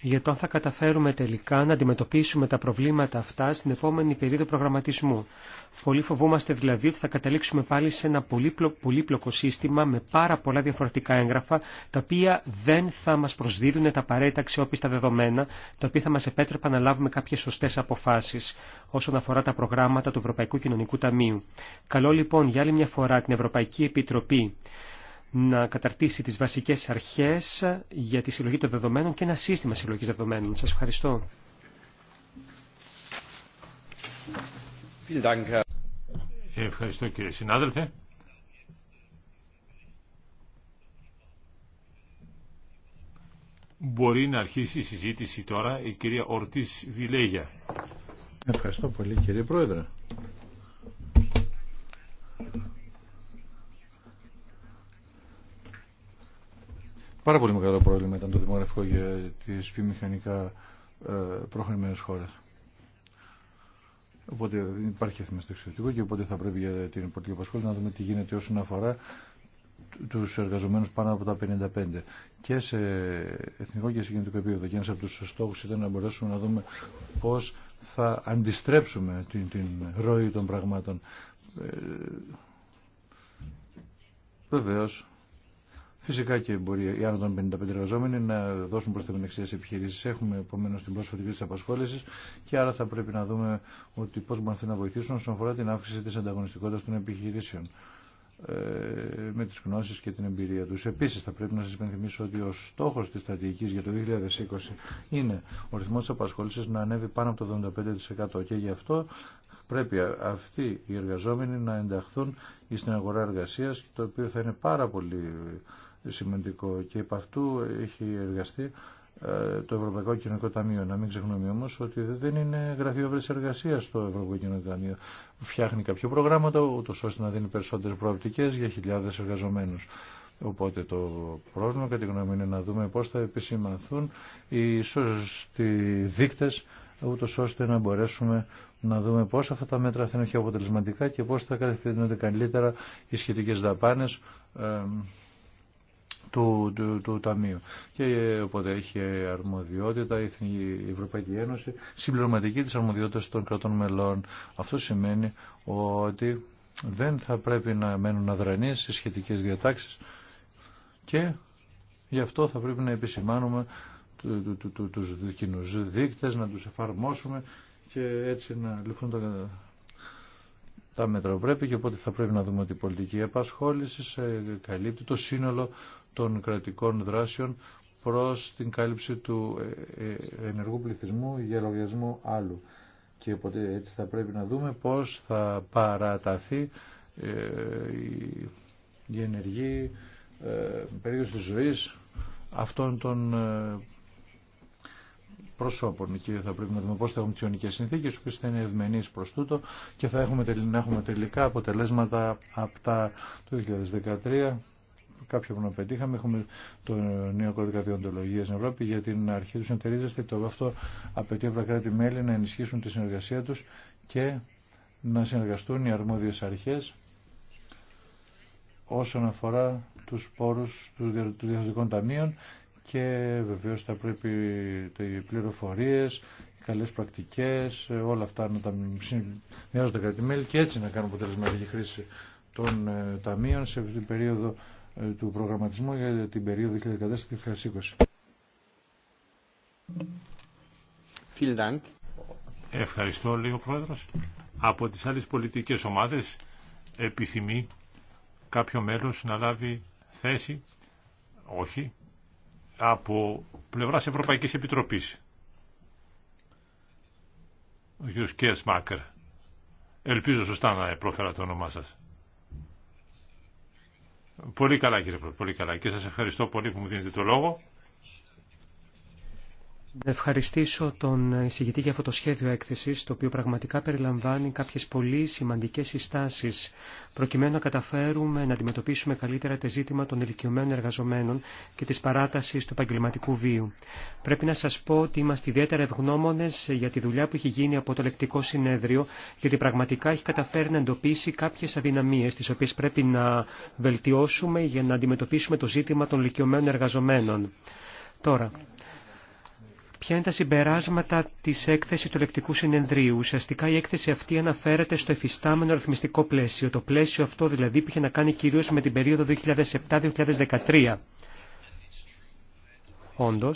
για το αν θα καταφέρουμε τελικά να αντιμετωπίσουμε τα προβλήματα αυτά στην επόμενη περίοδο προγραμματισμού. Πολύ φοβούμαστε δηλαδή ότι θα καταλήξουμε πάλι σε ένα πολύπλοκο σύστημα με πάρα πολλά διαφορετικά έγγραφα, τα οποία δεν θα μας προσδίδουν τα απαραίτητα αξιόπιστα δεδομένα, τα οποία θα μας επέτρεπαν να λάβουμε κάποιες σωστές αποφάσεις όσον αφορά τα προγράμματα του Ευρωπαϊκού Κοινωνικού Ταμείου. Καλό λοιπόν για άλλη μια φορά την Ευρωπαϊκή Επιτροπή να καταρτήσει τις βασικές αρχές για τη συλλογή των δεδομένων και ένα σύστημα συλλογής δεδομένων. Σας ευχαριστώ. Ευχαριστώ κύριε συνάδελφε. Μπορεί να αρχίσει η συζήτηση τώρα η κυρία Ορτής Βιλέγια. Ευχαριστώ πολύ κύριε Πρόεδρε. Πάρα πολύ μεγάλο πρόβλημα ήταν το δημογραφικό για τις βιομηχανικά ε, προχωρημένες χώρες. Οπότε υπάρχει έθιμα στο εξωτερικό και οπότε θα πρέπει για την πολιτική απασχόληση να δούμε τι γίνεται όσον αφορά του εργαζομένου πάνω από τα 55 και σε εθνικό και σε γενικό επίπεδο. Και ένα από του στόχου ήταν να μπορέσουμε να δούμε πώ θα αντιστρέψουμε την, την ροή των πραγμάτων. Ε, Βεβαίω, Φυσικά και μπορεί οι άνω των 55 εργαζόμενοι να δώσουν προ την αξία σε επιχειρήσει. Έχουμε επομένω την πρόσφατη κρίση τη απασχόληση και άρα θα πρέπει να δούμε ότι πώ μπορούν να βοηθήσουν όσον αφορά την αύξηση τη ανταγωνιστικότητα των επιχειρήσεων ε, με τις γνώσεις και την εμπειρία τους. Επίσης θα πρέπει να σας υπενθυμίσω ότι ο στόχος της στρατηγικής για το 2020 είναι ο ρυθμός της απασχόλησης να ανέβει πάνω από το 75% και γι' αυτό πρέπει αυτοί οι εργαζόμενοι να ενταχθούν στην αγορά εργασίας το οποίο θα είναι πάρα πολύ σημαντικό και επ' αυτού έχει εργαστεί ε, το Ευρωπαϊκό Κοινωνικό Ταμείο. Να μην ξεχνούμε όμω ότι δεν είναι γραφείο εργασία το Ευρωπαϊκό Κοινωνικό Ταμείο. Φτιάχνει κάποια προγράμματα ούτω ώστε να δίνει περισσότερε προοπτικέ για χιλιάδε εργαζομένου. Οπότε το πρόβλημα κατά τη γνώμη είναι να δούμε πώ θα επισημανθούν οι σωστοί δείκτε ούτω ώστε να μπορέσουμε να δούμε πώ αυτά τα μέτρα θα είναι πιο αποτελεσματικά και πώ θα κατευθύνονται καλύτερα οι σχετικέ δαπάνε. Ε, του, Ταμείου. Και οπότε έχει αρμοδιότητα η Ευρωπαϊκή Ένωση, συμπληρωματική της αρμοδιότητας των κρατών μελών. Αυτό σημαίνει ότι δεν θα πρέπει να μένουν αδρανείς σε σχετικές διατάξεις και γι' αυτό θα πρέπει να επισημάνουμε τους κοινούς δείκτες, να τους εφαρμόσουμε και έτσι να ληφθούν τα, τα μέτρα πρέπει και οπότε θα πρέπει να δούμε ότι η πολιτική επασχόληση καλύπτει το σύνολο των κρατικών δράσεων προς την κάλυψη του ε, ε, ενεργού πληθυσμού για λογαριασμό άλλου. Και οπότε έτσι θα πρέπει να δούμε πώς θα παραταθεί ε, η ενεργή περίοδος της ζωής αυτών των προσώπων και θα πρέπει να δούμε πώς θα έχουμε κοινωνικές συνθήκες που θα είναι ευμενείς προς τούτο και θα έχουμε, να έχουμε τελικά αποτελέσματα από τα 2013 κάποιο που να πετύχαμε. Έχουμε το νέο κώδικα διοντολογία στην Ευρώπη για την αρχή του συνεταιρίζεστε. Το αυτό απαιτεί από τα κράτη-μέλη να ενισχύσουν τη συνεργασία του και να συνεργαστούν οι αρμόδιες αρχές όσον αφορά τους πόρους του διαδικών ταμείων και βεβαίως θα πρέπει οι πληροφορίες, οι καλές πρακτικές, όλα αυτά να τα μοιάζουν τα κράτη-μέλη και έτσι να κάνουν αποτελεσματική χρήση των ε, ταμείων σε την περίοδο του προγραμματισμού για την περίοδο 2014-2020. Ευχαριστώ, λέει ο Πρόεδρος. Από τις άλλες πολιτικές ομάδες επιθυμεί κάποιο μέλος να λάβει θέση, όχι, από πλευράς Ευρωπαϊκής Επιτροπής. Ο κ. Κέρσμακερ. Ελπίζω σωστά να προφέρα το όνομά σας. Πολύ καλά κύριε Πρόεδρε, πολύ καλά. Και σας ευχαριστώ πολύ που μου δίνετε το λόγο. Να ευχαριστήσω τον εισηγητή για αυτό το σχέδιο έκθεσης, το οποίο πραγματικά περιλαμβάνει κάποιες πολύ σημαντικές συστάσεις, προκειμένου να καταφέρουμε να αντιμετωπίσουμε καλύτερα το ζήτημα των ηλικιωμένων εργαζομένων και της παράτασης του επαγγελματικού βίου. Πρέπει να σας πω ότι είμαστε ιδιαίτερα ευγνώμονες για τη δουλειά που έχει γίνει από το λεκτικό συνέδριο, γιατί πραγματικά έχει καταφέρει να εντοπίσει κάποιες αδυναμίες, τι οποίε πρέπει να βελτιώσουμε για να αντιμετωπίσουμε το ζήτημα των ηλικιωμένων εργαζομένων. Τώρα, ποια είναι τα συμπεράσματα τη έκθεση του λεκτικού συνεδρίου. Ουσιαστικά η έκθεση αυτή αναφέρεται στο εφιστάμενο ρυθμιστικό πλαίσιο. Το πλαίσιο αυτό δηλαδή που είχε να κάνει κυρίω με την περίοδο 2007-2013. Όντω,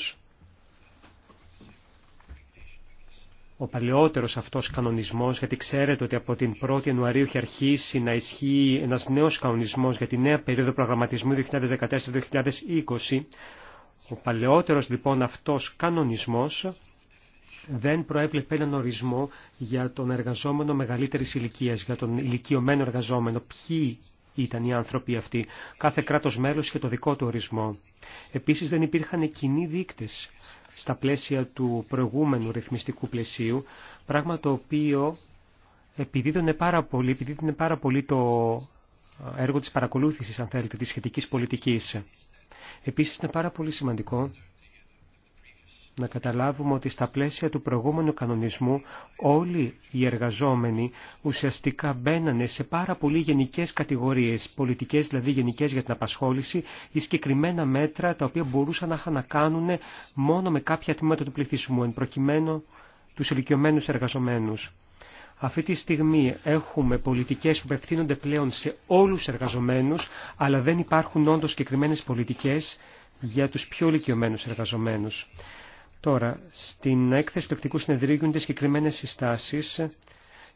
ο παλαιότερος αυτός κανονισμός, γιατί ξέρετε ότι από την 1η Ιανουαρίου έχει αρχίσει να ισχύει ένας νέος κανονισμός για τη νέα περίοδο προγραμματισμού 2014-2020, ο παλαιότερος λοιπόν αυτός κανονισμός δεν προέβλεπε έναν ορισμό για τον εργαζόμενο μεγαλύτερης ηλικίας, για τον ηλικιωμένο εργαζόμενο. Ποιοι ήταν οι άνθρωποι αυτοί. Κάθε κράτος μέλος είχε το δικό του ορισμό. Επίσης δεν υπήρχαν κοινοί δείκτες στα πλαίσια του προηγούμενου ρυθμιστικού πλαισίου, πράγμα το οποίο επιδίδωνε πάρα πολύ, επιδίδωνε πάρα πολύ το έργο της παρακολούθησης, αν θέλετε, της σχετικής πολιτικής. Επίσης είναι πάρα πολύ σημαντικό να καταλάβουμε ότι στα πλαίσια του προηγούμενου κανονισμού όλοι οι εργαζόμενοι ουσιαστικά μπαίνανε σε πάρα πολύ γενικές κατηγορίες, πολιτικές δηλαδή γενικές για την απασχόληση ή συγκεκριμένα μέτρα τα οποία μπορούσαν να είχαν να κάνουν μόνο με κάποια τμήματα του πληθυσμού, εν προκειμένου τους ηλικιωμένους εργαζομένους. Αυτή τη στιγμή έχουμε πολιτικές που απευθύνονται πλέον σε όλους τους εργαζομένους, αλλά δεν υπάρχουν όντως συγκεκριμένε πολιτικές για τους πιο ηλικιωμένους εργαζομένους. Τώρα, στην έκθεση του εκτικού συνεδρίου γίνονται συγκεκριμένε συστάσεις,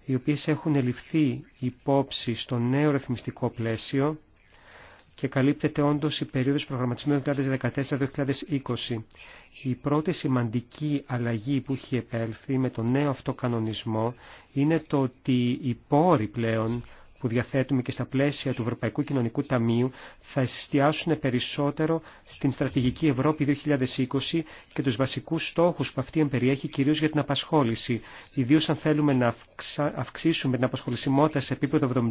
οι οποίες έχουν ληφθεί υπόψη στο νέο ρυθμιστικό πλαίσιο, και καλύπτεται όντως η περίοδος προγραμματισμού 2014-2020. Η πρώτη σημαντική αλλαγή που έχει επέλθει με τον νέο αυτοκανονισμό... είναι το ότι οι πόροι πλέον που διαθέτουμε και στα πλαίσια του Ευρωπαϊκού Κοινωνικού Ταμείου θα εστιάσουν περισσότερο στην στρατηγική Ευρώπη 2020 και τους βασικούς στόχους που αυτή εμπεριέχει κυρίως για την απασχόληση, ιδίως αν θέλουμε να αυξήσουμε την απασχολησιμότητα σε επίπεδο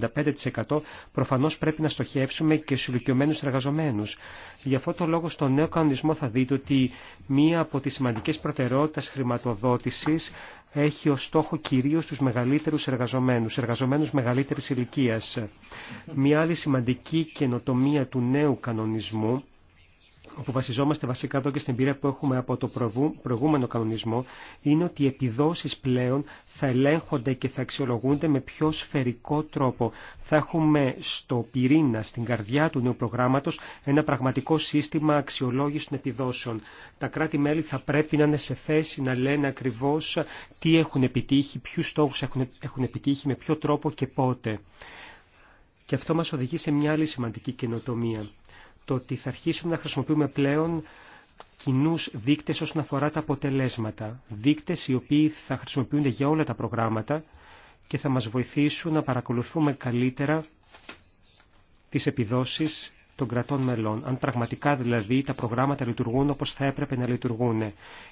75%, προφανώς πρέπει να στοχεύσουμε και στους ηλικιωμένους εργαζομένους. Γι' αυτό το λόγο στο νέο κανονισμό θα δείτε ότι μία από τις σημαντικές προτεραιότητες χρηματοδότησης έχει ως στόχο κυρίως τους μεγαλύτερους εργαζομένους, εργαζομένους μεγαλύτερης ηλικίας. Μια άλλη σημαντική καινοτομία του νέου κανονισμού όπου βασιζόμαστε βασικά εδώ και στην εμπειρία που έχουμε από το προηγούμενο κανονισμό, είναι ότι οι επιδόσεις πλέον θα ελέγχονται και θα αξιολογούνται με πιο σφαιρικό τρόπο. Θα έχουμε στο πυρήνα, στην καρδιά του νέου προγράμματος, ένα πραγματικό σύστημα αξιολόγηση των επιδόσεων. Τα κράτη-μέλη θα πρέπει να είναι σε θέση να λένε ακριβώς τι έχουν επιτύχει, ποιους στόχους έχουν, επιτύχει, με ποιο τρόπο και πότε. Και αυτό μας οδηγεί σε μια άλλη σημαντική καινοτομία το ότι θα αρχίσουμε να χρησιμοποιούμε πλέον κοινού δείκτες όσον αφορά τα αποτελέσματα. Δείκτες οι οποίοι θα χρησιμοποιούνται για όλα τα προγράμματα και θα μας βοηθήσουν να παρακολουθούμε καλύτερα τις επιδόσεις των κρατών μελών. Αν πραγματικά δηλαδή τα προγράμματα λειτουργούν όπως θα έπρεπε να λειτουργούν.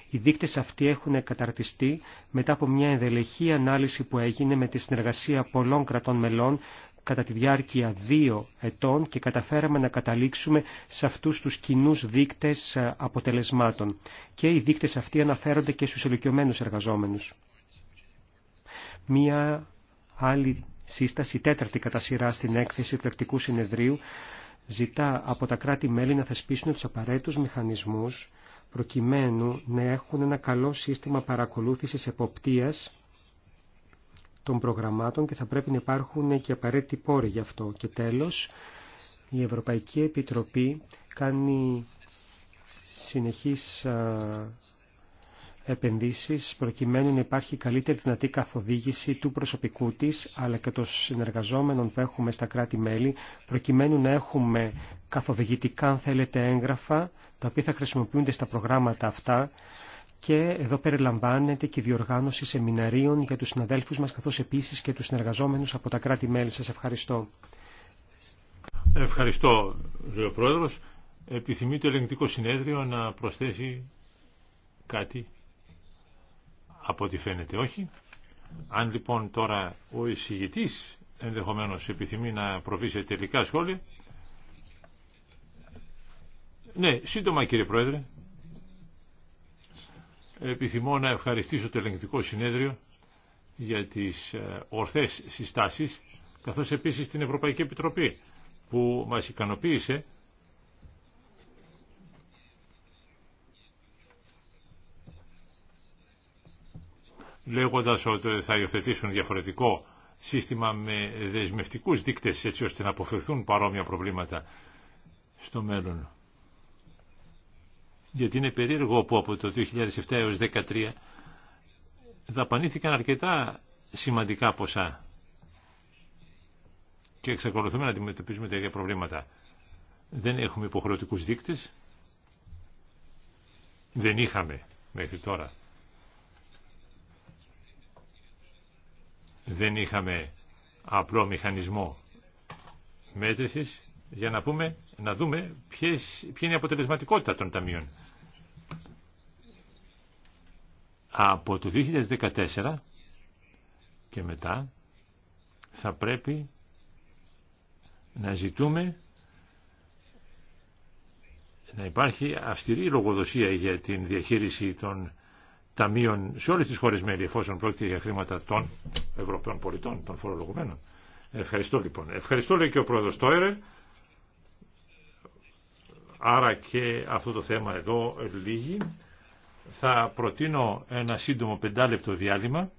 Οι δείκτες αυτοί έχουν καταρτιστεί μετά από μια ενδελεχή ανάλυση που έγινε με τη συνεργασία πολλών κρατών μελών κατά τη διάρκεια δύο ετών και καταφέραμε να καταλήξουμε σε αυτούς τους κοινού δείκτες ε, αποτελεσμάτων. Και οι δείκτες αυτοί αναφέρονται και στους ηλικιωμένους εργαζόμενους. Μία άλλη σύσταση, τέταρτη κατά σειρά στην έκθεση του Εκτικού Συνεδρίου, ζητά από τα κράτη-μέλη να θεσπίσουν τους απαραίτητους μηχανισμούς προκειμένου να έχουν ένα καλό σύστημα παρακολούθησης εποπτείας των προγραμμάτων και θα πρέπει να υπάρχουν και απαραίτητοι πόροι γι' αυτό. Και τέλος, η Ευρωπαϊκή Επιτροπή κάνει συνεχείς επενδύσεις προκειμένου να υπάρχει καλύτερη δυνατή καθοδήγηση του προσωπικού της αλλά και των συνεργαζόμενων που έχουμε στα κράτη-μέλη προκειμένου να έχουμε καθοδηγητικά αν θέλετε έγγραφα τα οποία θα χρησιμοποιούνται στα προγράμματα αυτά και εδώ περιλαμβάνεται και η διοργάνωση σεμιναρίων για τους συναδέλφους μας καθώς επίσης και τους συνεργαζόμενους από τα κράτη-μέλη. Σας ευχαριστώ. Ευχαριστώ, λέει Πρόεδρος. Επιθυμεί το ελεγκτικό συνέδριο να προσθέσει κάτι από ό,τι φαίνεται όχι. Αν λοιπόν τώρα ο εισηγητής ενδεχομένως επιθυμεί να προβεί σε τελικά σχόλια. Ναι, σύντομα κύριε Πρόεδρε. Επιθυμώ να ευχαριστήσω το ελεγκτικό συνέδριο για τις ε, ορθές συστάσεις, καθώς επίσης την Ευρωπαϊκή Επιτροπή που μας ικανοποίησε λέγοντας ότι θα υιοθετήσουν διαφορετικό σύστημα με δεσμευτικούς δείκτες έτσι ώστε να αποφευθούν παρόμοια προβλήματα στο μέλλον γιατί είναι περίεργο που από το 2007 έως 2013 δαπανήθηκαν αρκετά σημαντικά ποσά και εξακολουθούμε να αντιμετωπίζουμε τα ίδια προβλήματα. Δεν έχουμε υποχρεωτικούς δείκτες, δεν είχαμε μέχρι τώρα. Δεν είχαμε απλό μηχανισμό μέτρησης για να, πούμε, να δούμε ποιες, ποια είναι η αποτελεσματικότητα των ταμείων. Από το 2014 και μετά θα πρέπει να ζητούμε να υπάρχει αυστηρή λογοδοσία για την διαχείριση των ταμείων σε όλες τις χώρες μέλη εφόσον πρόκειται για χρήματα των Ευρωπαίων πολιτών, των φορολογουμένων. Ευχαριστώ λοιπόν. Ευχαριστώ λέει και ο πρόεδρος Τόερελ Άρα και αυτό το θέμα εδώ λύγει. Θα προτείνω ένα σύντομο πεντάλεπτο διάλειμμα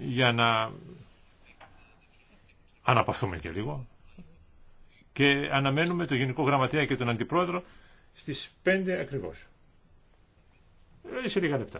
για να αναπαυθούμε και λίγο και αναμένουμε το Γενικό Γραμματέα και τον Αντιπρόεδρο στις 5 ακριβώς. Ε, σε λίγα λεπτά.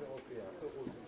Européen.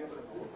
Yes, sir.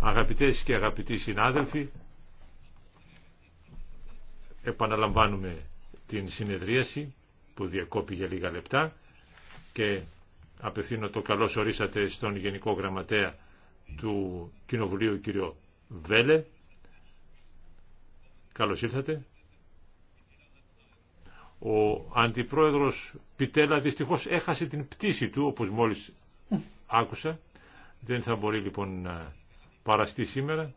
Αγαπητές και αγαπητοί συνάδελφοι, επαναλαμβάνουμε την συνεδρίαση που διακόπη για λίγα λεπτά και απευθύνω το καλώς ορίσατε στον Γενικό Γραμματέα του Κοινοβουλίου κύριο Βέλε. Καλώς ήρθατε. Ο Αντιπρόεδρος Πιτέλα δυστυχώς έχασε την πτήση του, όπως μόλις άκουσα δεν θα μπορεί λοιπόν να παραστεί σήμερα.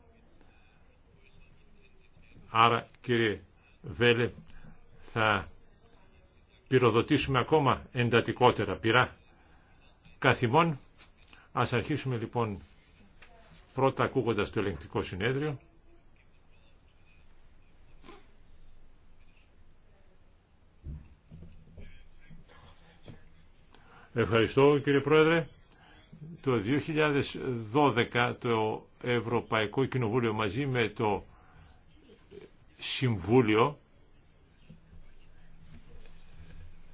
Άρα κύριε Βέλε θα πυροδοτήσουμε ακόμα εντατικότερα πυρά καθημών. Ας αρχίσουμε λοιπόν πρώτα ακούγοντας το ελεγκτικό συνέδριο. Ευχαριστώ κύριε Πρόεδρε. Το 2012 το Ευρωπαϊκό Κοινοβούλιο μαζί με το Συμβούλιο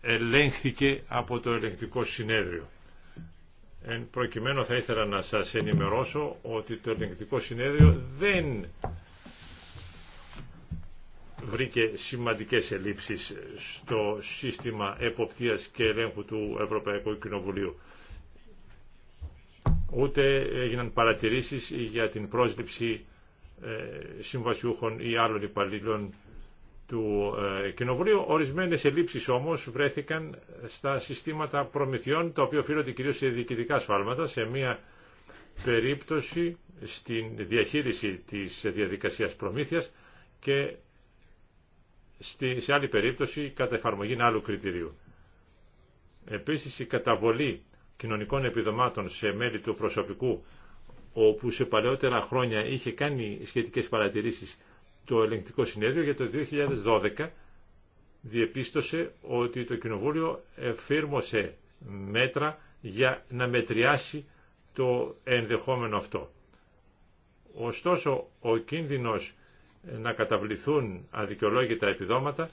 ελέγχθηκε από το ελεγκτικό συνέδριο. Εν προκειμένου θα ήθελα να σας ενημερώσω ότι το ελεγκτικό συνέδριο δεν βρήκε σημαντικές ελλείψεις στο σύστημα εποπτείας και ελέγχου του Ευρωπαϊκού Κοινοβουλίου ούτε έγιναν παρατηρήσεις για την πρόσληψη ε, συμβασιούχων ή άλλων υπαλλήλων του ε, Κοινοβουλίου. Ορισμένες ελλείψεις όμως βρέθηκαν στα συστήματα προμηθειών, τα οποία οφείλονται κυρίως σε διοικητικά σφάλματα, σε μια περίπτωση στην διαχείριση της διαδικασίας προμήθειας και σε άλλη περίπτωση κατά εφαρμογή άλλου κριτηρίου. Επίσης η καταβολή κοινωνικών επιδομάτων σε μέλη του προσωπικού, όπου σε παλαιότερα χρόνια είχε κάνει σχετικές παρατηρήσεις το ελεγκτικό συνέδριο, για το 2012 διεπίστωσε ότι το Κοινοβούλιο εφήρμοσε μέτρα για να μετριάσει το ενδεχόμενο αυτό. Ωστόσο, ο κίνδυνος να καταβληθούν αδικαιολόγητα επιδόματα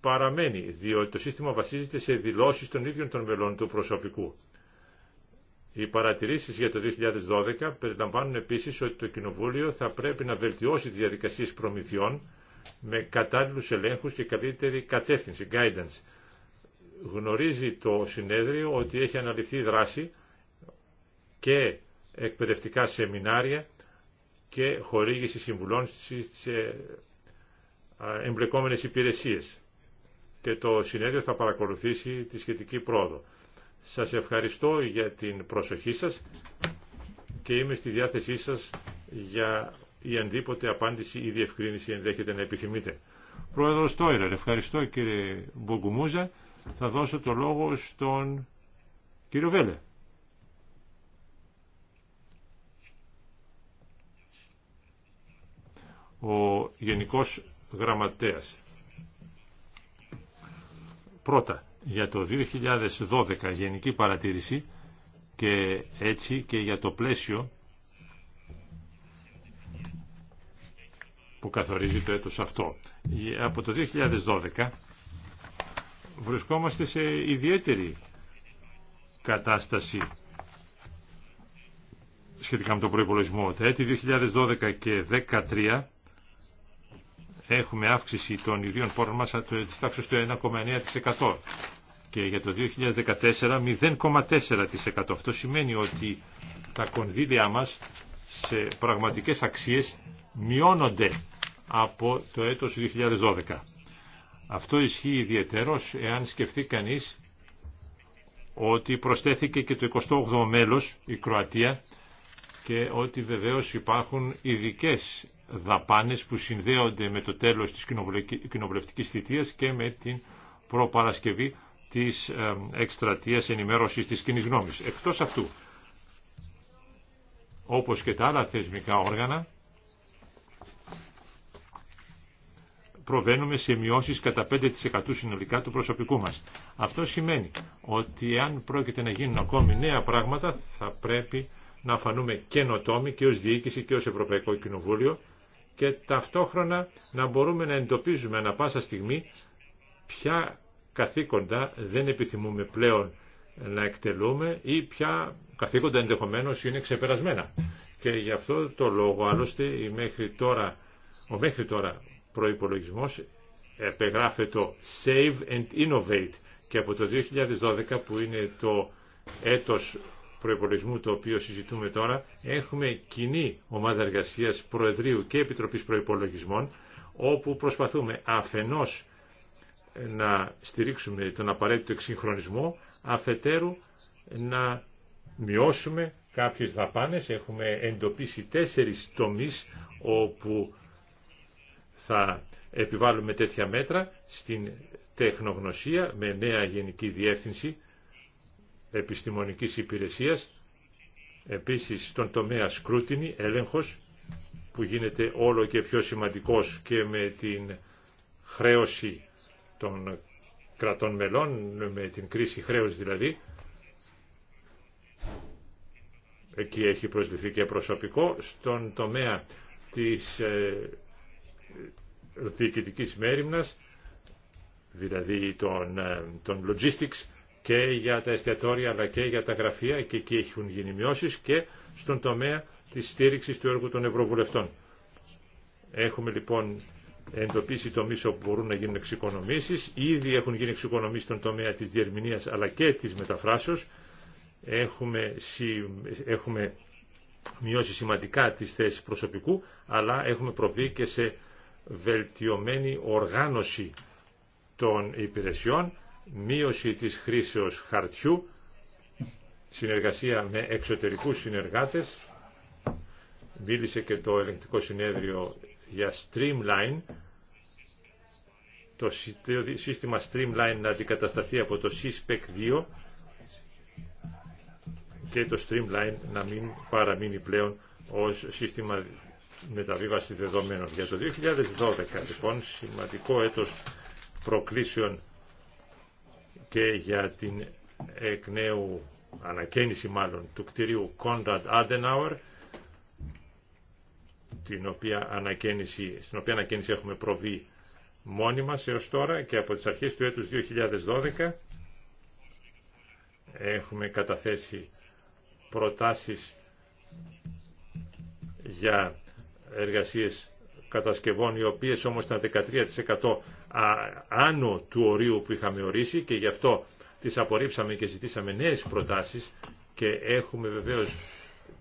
παραμένει, διότι το σύστημα βασίζεται σε δηλώσεις των ίδιων των μελών του προσωπικού. Οι παρατηρήσεις για το 2012 περιλαμβάνουν επίσης ότι το Κοινοβούλιο θα πρέπει να βελτιώσει τις διαδικασίες προμηθειών με κατάλληλους ελέγχους και καλύτερη κατεύθυνση, guidance. Γνωρίζει το συνέδριο ότι έχει αναλυθεί δράση και εκπαιδευτικά σεμινάρια και χορήγηση συμβουλών στις ε, εμπλεκόμενες υπηρεσίες και το συνέδριο θα παρακολουθήσει τη σχετική πρόοδο. Σας ευχαριστώ για την προσοχή σας και είμαι στη διάθεσή σας για η αντίποτε απάντηση ή διευκρίνηση ενδέχεται να επιθυμείτε. Πρόεδρος Τόιρερ, ευχαριστώ κύριε Μπογκουμούζα. Θα δώσω το λόγο στον κύριο Βέλε. Ο Γενικός Γραμματέας. Πρώτα, για το 2012 γενική παρατήρηση και έτσι και για το πλαίσιο που καθορίζει το έτος αυτό. Από το 2012 βρισκόμαστε σε ιδιαίτερη κατάσταση σχετικά με τον προϋπολογισμό. Τα έτη 2012 και 2013 έχουμε αύξηση των ιδίων πόρων μας της τάξης του 1,9% και για το 2014 0,4%. Αυτό σημαίνει ότι τα κονδύλια μας σε πραγματικές αξίες μειώνονται από το έτος 2012. Αυτό ισχύει ιδιαίτερος εάν σκεφτεί κανείς ότι προσθέθηκε και το 28ο μέλος, η Κροατία, και ότι βεβαίως υπάρχουν ειδικέ δαπάνες που συνδέονται με το τέλος της κοινοβουλευτικής θητείας και με την προπαρασκευή της ε, εκστρατείας ενημέρωσης της κοινή γνώμης. Εκτός αυτού, όπως και τα άλλα θεσμικά όργανα, προβαίνουμε σε μειώσεις κατά 5% συνολικά του προσωπικού μας. Αυτό σημαίνει ότι αν πρόκειται να γίνουν ακόμη νέα πράγματα θα πρέπει να φανούμε καινοτόμοι και ως διοίκηση και ως Ευρωπαϊκό Κοινοβούλιο και ταυτόχρονα να μπορούμε να εντοπίζουμε ανα πάσα στιγμή ποια καθήκοντα δεν επιθυμούμε πλέον να εκτελούμε ή ποια καθήκοντα ενδεχομένω είναι ξεπερασμένα. Και γι' αυτό το λόγο άλλωστε η μέχρι τώρα, ο μέχρι τώρα προϋπολογισμός επεγράφεται Save and Innovate και από το 2012 που είναι το έτος προπολογισμού το οποίο συζητούμε τώρα, έχουμε κοινή ομάδα εργασίας προεδρίου και Επιτροπής Προϋπολογισμών, όπου προσπαθούμε αφενός να στηρίξουμε τον απαραίτητο εξυγχρονισμό, αφετέρου να μειώσουμε κάποιες δαπάνες. Έχουμε εντοπίσει τέσσερις τομείς όπου θα επιβάλλουμε τέτοια μέτρα στην τεχνογνωσία με νέα γενική διεύθυνση επιστημονικής υπηρεσίας, επίσης στον τομέα σκρούτινη, έλεγχος, που γίνεται όλο και πιο σημαντικός και με την χρέωση των κρατών μελών, με την κρίση χρέους δηλαδή. Εκεί έχει προσληφθεί και προσωπικό. Στον τομέα της ε, διοικητικής μέρημνας, δηλαδή των, ε, των logistics, και για τα εστιατόρια αλλά και για τα γραφεία και εκεί έχουν γίνει μειώσεις και στον τομέα της στήριξης του έργου των Ευρωβουλευτών. Έχουμε λοιπόν εντοπίσει μίσο που μπορούν να γίνουν εξοικονομήσεις. Ήδη έχουν γίνει εξοικονομήσεις στον τομέα της διερμηνίας αλλά και της μεταφράσεως. Έχουμε, έχουμε μειώσει σημαντικά τι θέσεις προσωπικού αλλά έχουμε προβεί και σε βελτιωμένη οργάνωση των υπηρεσιών μείωση της χρήσεως χαρτιού, συνεργασία με εξωτερικούς συνεργάτες, μίλησε και το ελεγκτικό συνέδριο για Streamline, το σύστημα Streamline να αντικατασταθεί από το C-Spec 2 και το Streamline να μην παραμείνει πλέον ως σύστημα μεταβίβαση δεδομένων. Για το 2012, λοιπόν, σημαντικό έτος προκλήσεων και για την εκ νέου ανακαίνιση μάλλον του κτηρίου Conrad Adenauer την οποία ανακαίνιση, στην οποία ανακαίνιση έχουμε προβεί μόνοι μας έως τώρα και από τις αρχές του έτους 2012 έχουμε καταθέσει προτάσεις για εργασίες κατασκευών οι οποίες όμως ήταν 13% άνω του ορίου που είχαμε ορίσει και γι' αυτό τις απορρίψαμε και ζητήσαμε νέες προτάσεις και έχουμε βεβαίως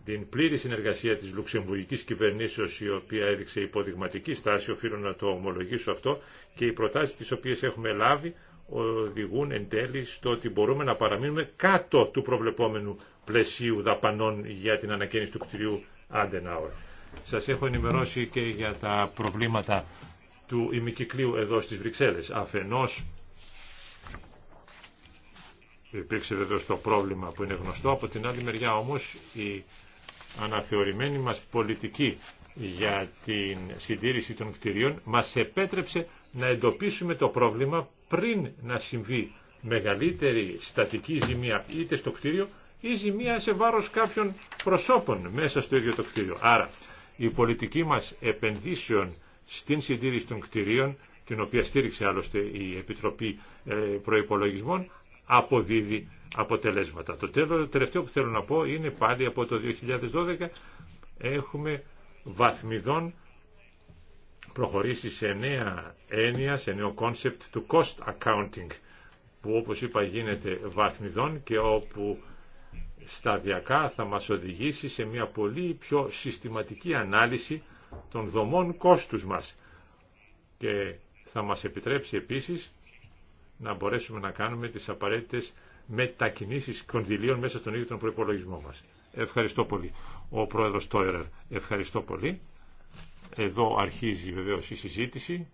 την πλήρη συνεργασία της Λουξεμβουργικής Κυβερνήσεως η οποία έδειξε υποδειγματική στάση, οφείλω να το ομολογήσω αυτό και οι προτάσεις τις οποίες έχουμε λάβει οδηγούν εν τέλει στο ότι μπορούμε να παραμείνουμε κάτω του προβλεπόμενου πλαισίου δαπανών για την ανακαίνιση του κτηρίου Αντενάουρ. Σας έχω ενημερώσει και για τα προβλήματα του ημικυκλίου εδώ στις Βρυξέλλες. Αφενός υπήρξε βεβαίως το πρόβλημα που είναι γνωστό, από την άλλη μεριά όμως η αναθεωρημένη μας πολιτική για την συντήρηση των κτηρίων μας επέτρεψε να εντοπίσουμε το πρόβλημα πριν να συμβεί μεγαλύτερη στατική ζημία είτε στο κτίριο ή ζημία σε βάρος κάποιων προσώπων μέσα στο ίδιο το κτίριο. Άρα η πολιτική μας επενδύσεων στην συντήρηση των κτηρίων, την οποία στήριξε άλλωστε η Επιτροπή ε, Προϋπολογισμών, αποδίδει αποτελέσματα. Το τελευταίο που θέλω να πω είναι πάλι από το 2012 έχουμε βαθμιδών προχωρήσει σε νέα έννοια, σε νέο κόνσεπτ του cost accounting που όπως είπα γίνεται βαθμιδών και όπου σταδιακά θα μας οδηγήσει σε μια πολύ πιο συστηματική ανάλυση των δομών κόστους μας και θα μας επιτρέψει επίσης να μπορέσουμε να κάνουμε τις απαραίτητες μετακινήσεις κονδυλίων μέσα στον ίδιο τον προϋπολογισμό μας. Ευχαριστώ πολύ. Ο πρόεδρος Τόιρερ, ευχαριστώ πολύ. Εδώ αρχίζει βεβαίως η συζήτηση.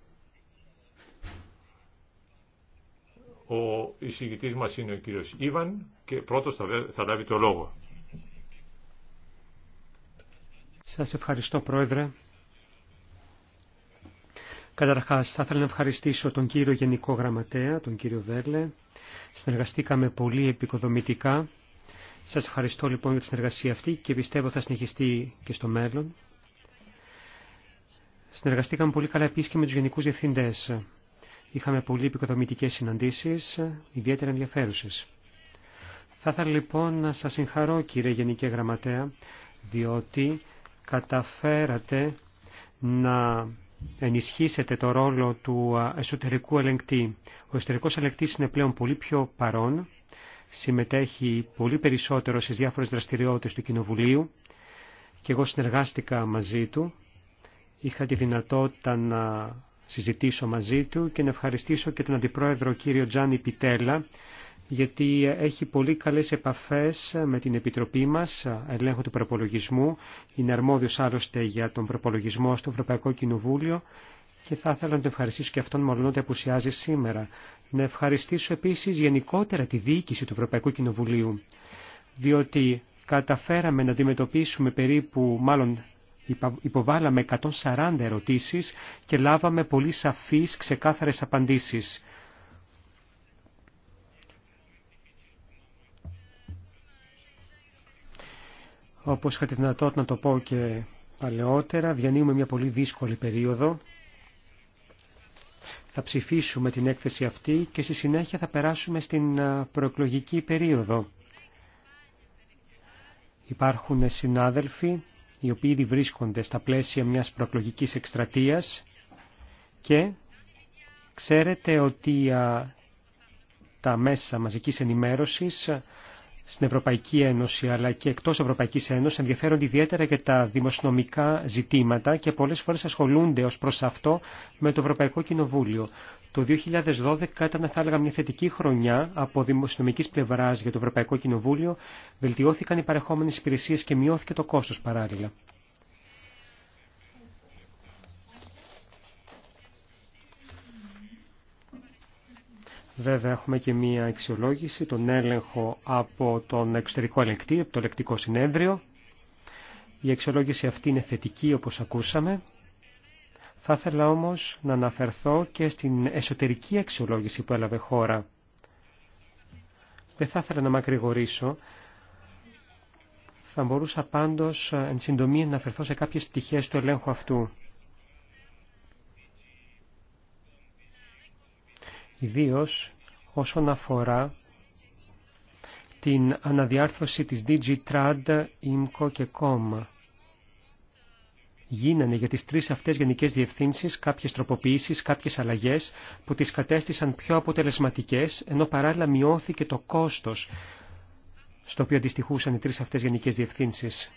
Ο εισηγητής μας είναι ο κύριος Ήβαν και πρώτος θα, λάβει το λόγο. Σας ευχαριστώ Πρόεδρε. Καταρχάς θα ήθελα να ευχαριστήσω τον κύριο Γενικό Γραμματέα, τον κύριο Βέρλε. Συνεργαστήκαμε πολύ επικοδομητικά. Σας ευχαριστώ λοιπόν για τη συνεργασία αυτή και πιστεύω θα συνεχιστεί και στο μέλλον. Συνεργαστήκαμε πολύ καλά επίσης και με τους Γενικούς Διευθυντές. Είχαμε πολύ επικοδομητικές συναντήσεις, ιδιαίτερα ενδιαφέρουσες. Θα ήθελα λοιπόν να σας συγχαρώ κύριε Γενική Γραμματέα, διότι καταφέρατε να ενισχύσετε το ρόλο του εσωτερικού ελεγκτή. Ο εσωτερικός ελεγκτής είναι πλέον πολύ πιο παρόν, συμμετέχει πολύ περισσότερο στις διάφορες δραστηριότητες του Κοινοβουλίου και εγώ συνεργάστηκα μαζί του. Είχα τη δυνατότητα να συζητήσω μαζί του και να ευχαριστήσω και τον Αντιπρόεδρο κύριο Τζάνι Πιτέλα γιατί έχει πολύ καλές επαφές με την Επιτροπή μας, Ελέγχο του προπολογισμού, είναι αρμόδιος άλλωστε για τον προπολογισμό στο Ευρωπαϊκό Κοινοβούλιο και θα ήθελα να τον ευχαριστήσω και αυτόν μόνο ότι απουσιάζει σήμερα. Να ευχαριστήσω επίσης γενικότερα τη διοίκηση του Ευρωπαϊκού Κοινοβουλίου, διότι καταφέραμε να αντιμετωπίσουμε περίπου, μάλλον υποβάλαμε 140 ερωτήσεις και λάβαμε πολύ σαφείς ξεκάθαρες απαντήσεις. Όπως είχα τη δυνατότητα να το πω και παλαιότερα, διανύουμε μια πολύ δύσκολη περίοδο. Θα ψηφίσουμε την έκθεση αυτή και στη συνέχεια θα περάσουμε στην προεκλογική περίοδο. Υπάρχουν συνάδελφοι οι οποίοι ήδη βρίσκονται στα πλαίσια μιας προεκλογικής εκστρατείας και ξέρετε ότι τα μέσα μαζικής ενημέρωσης στην Ευρωπαϊκή Ένωση αλλά και εκτός Ευρωπαϊκής Ένωσης ενδιαφέρονται ιδιαίτερα για τα δημοσιονομικά ζητήματα και πολλές φορές ασχολούνται ως προς αυτό με το Ευρωπαϊκό Κοινοβούλιο. Το 2012 ήταν θα έλεγα μια θετική χρονιά από δημοσιονομικής πλευράς για το Ευρωπαϊκό Κοινοβούλιο, βελτιώθηκαν οι παρεχόμενε υπηρεσίε και μειώθηκε το κόστο παράλληλα. Βέβαια έχουμε και μία αξιολόγηση, τον έλεγχο από τον εξωτερικό ελεκτή, από το ελεκτικό συνέδριο. Η αξιολόγηση αυτή είναι θετική όπως ακούσαμε. Θα ήθελα όμως να αναφερθώ και στην εσωτερική αξιολόγηση που έλαβε χώρα. Δεν θα ήθελα να μακρηγορήσω. Θα μπορούσα πάντως εν συντομία να αναφερθώ σε κάποιες πτυχές του ελέγχου αυτού. ιδίως όσον αφορά την αναδιάρθρωση της DigiTrad, IMCO και COM. Γίνανε για τις τρεις αυτές γενικές διευθύνσεις κάποιες τροποποιήσεις, κάποιες αλλαγές που τις κατέστησαν πιο αποτελεσματικές, ενώ παράλληλα μειώθηκε το κόστος στο οποίο αντιστοιχούσαν οι τρεις αυτές γενικές διευθύνσεις.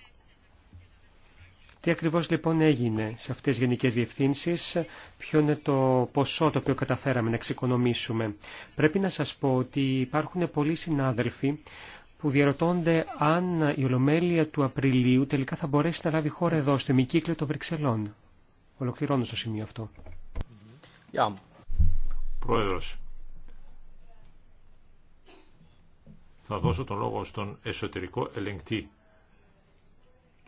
Τι ακριβώς λοιπόν έγινε σε αυτές τις γενικές διευθύνσεις, ποιο είναι το ποσό το οποίο καταφέραμε να εξοικονομήσουμε. Πρέπει να σας πω ότι υπάρχουν πολλοί συνάδελφοι που διαρωτώνται αν η Ολομέλεια του Απριλίου τελικά θα μπορέσει να λάβει χώρα εδώ, στο Μικύκλιο των Βρυξελών. Ολοκληρώνω στο σημείο αυτό. Yeah. θα δώσω τον λόγο στον εσωτερικό ελεγκτή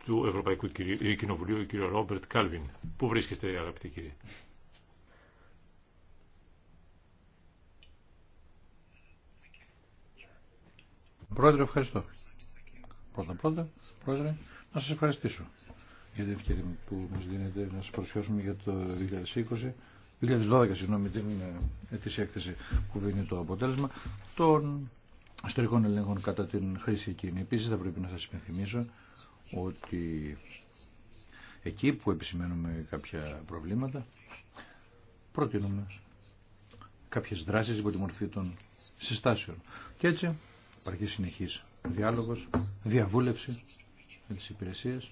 του Ευρωπαϊκού ε, Κοινοβουλίου, ο κύριο Ρόμπερτ Κάλβιν. Πού βρίσκεστε, αγαπητοί κύριοι. Πρόεδρε, ευχαριστώ. Πρώτα πρώτα, πρόεδρε, να σας ευχαριστήσω για την ευκαιρία που μας δίνετε να σας παρουσιάσουμε για το 2020 2012, συγγνώμη, την ε, ετήσια έκθεση που δίνει το αποτέλεσμα των εσωτερικών ελέγχων κατά την χρήση εκείνη. Επίση, θα πρέπει να σα υπενθυμίσω ότι εκεί που επισημαίνουμε κάποια προβλήματα προτείνουμε κάποιες δράσεις υπό τη μορφή των συστάσεων. Και έτσι υπάρχει συνεχής διάλογος, διαβούλευση με τις υπηρεσίες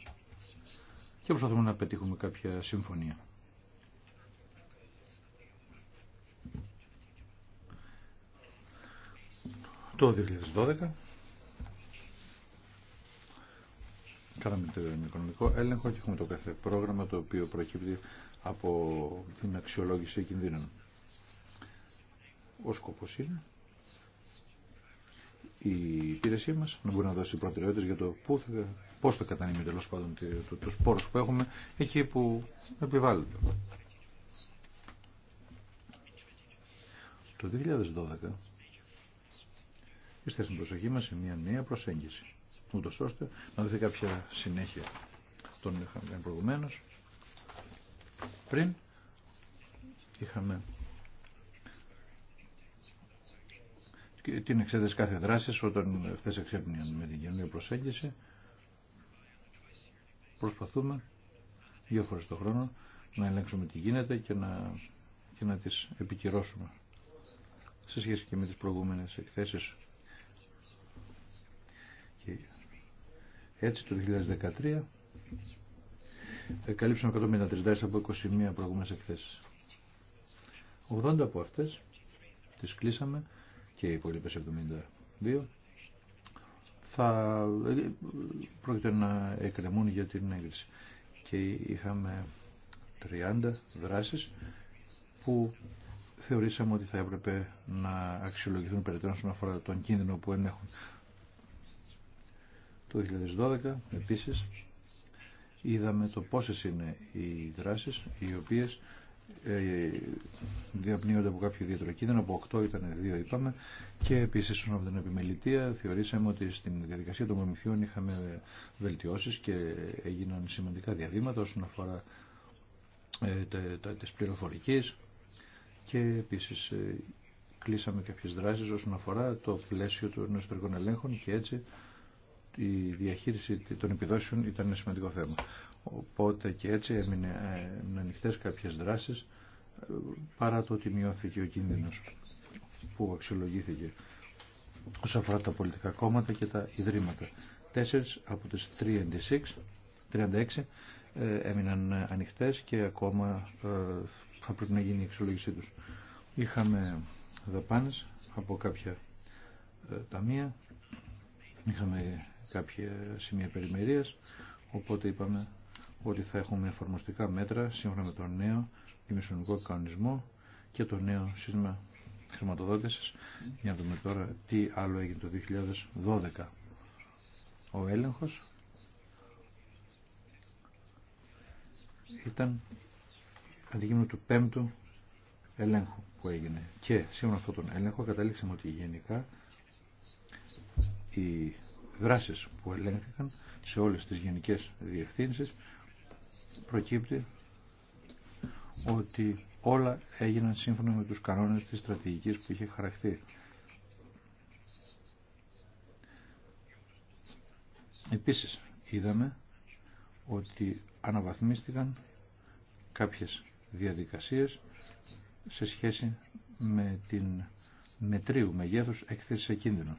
και προσπαθούμε να πετύχουμε κάποια συμφωνία. Το 2012 Κάναμε τον οικονομικό έλεγχο και έχουμε το κάθε πρόγραμμα το οποίο προκύπτει από την αξιολόγηση κινδύνων. Ο σκοπός είναι η υπηρεσία μας να μπορεί να δώσει προτεραιότητες για το πού θα, πώς θα κατανείμει τέλο πάντων το, τους που έχουμε εκεί που επιβάλλεται. Το 2012 στην προσοχή μας σε μια νέα προσέγγιση ούτως ώστε να δοθεί κάποια συνέχεια τον είχαμε προηγουμένω. πριν είχαμε την εξέδεση κάθε δράση όταν χθε εξέπνιαν με την καινούργια προσέγγιση προσπαθούμε δύο φορές το χρόνο να ελέγξουμε τι γίνεται και να, και να τις επικυρώσουμε σε σχέση και με τις προηγούμενες εκθέσεις και έτσι το 2013 ε, καλύψαμε 153 από 21 προηγούμενες εκθέσεις. 80 από αυτές τις κλείσαμε και οι υπόλοιπες 72 θα ε, πρόκειται να εκκρεμούν για την έγκριση. Και είχαμε 30 δράσεις που θεωρήσαμε ότι θα έπρεπε να αξιολογηθούν περαιτέρω όσον αφορά τον κίνδυνο που ενέχουν. Το 2012 επίσης είδαμε το πόσε είναι οι δράσεις οι οποίες ε, διαπνύονται από κάποιο ιδιαίτερο κίνδυνο, από 8 ήταν 2 είπαμε και επίσης από την επιμελητία θεωρήσαμε ότι στην διαδικασία των προμηθειών είχαμε βελτιώσεις και έγιναν σημαντικά διαβήματα όσον αφορά ε, τα, της και επίσης ε, κλείσαμε κάποιες δράσεις όσον αφορά το πλαίσιο των εσωτερικών ελέγχων και έτσι η διαχείριση των επιδόσεων ήταν ένα σημαντικό θέμα. Οπότε και έτσι έμεινε ε, ανοιχτέ κάποιες δράσεις ε, παρά το ότι μειώθηκε ο κίνδυνος που αξιολογήθηκε όσον αφορά τα πολιτικά κόμματα και τα ιδρύματα. Τέσσερις από τις 36, ε, έμειναν ανοιχτέ και ακόμα θα πρέπει να γίνει η αξιολόγησή τους. Είχαμε δαπάνες από κάποια ταμεία Είχαμε κάποια σημεία περιμερία οπότε είπαμε ότι θα έχουμε εφαρμοστικά μέτρα σύμφωνα με τον νέο δημιουργικό κανονισμό και το νέο σύστημα χρηματοδότησης. Για να δούμε τώρα τι άλλο έγινε το 2012. Ο ελεγχο ήταν αντικείμενο του πέμπτου ελέγχου που έγινε. Και σύμφωνα αυτόν τον έλεγχο καταλήξαμε ότι γενικά οι δράσεις που ελέγχθηκαν σε όλες τις γενικές διευθύνσεις προκύπτει ότι όλα έγιναν σύμφωνα με τους κανόνες της στρατηγικής που είχε χαραχθεί. Επίσης είδαμε ότι αναβαθμίστηκαν κάποιες διαδικασίες σε σχέση με την μετρίου μεγέθους εκθέσεις σε κίνδυνο.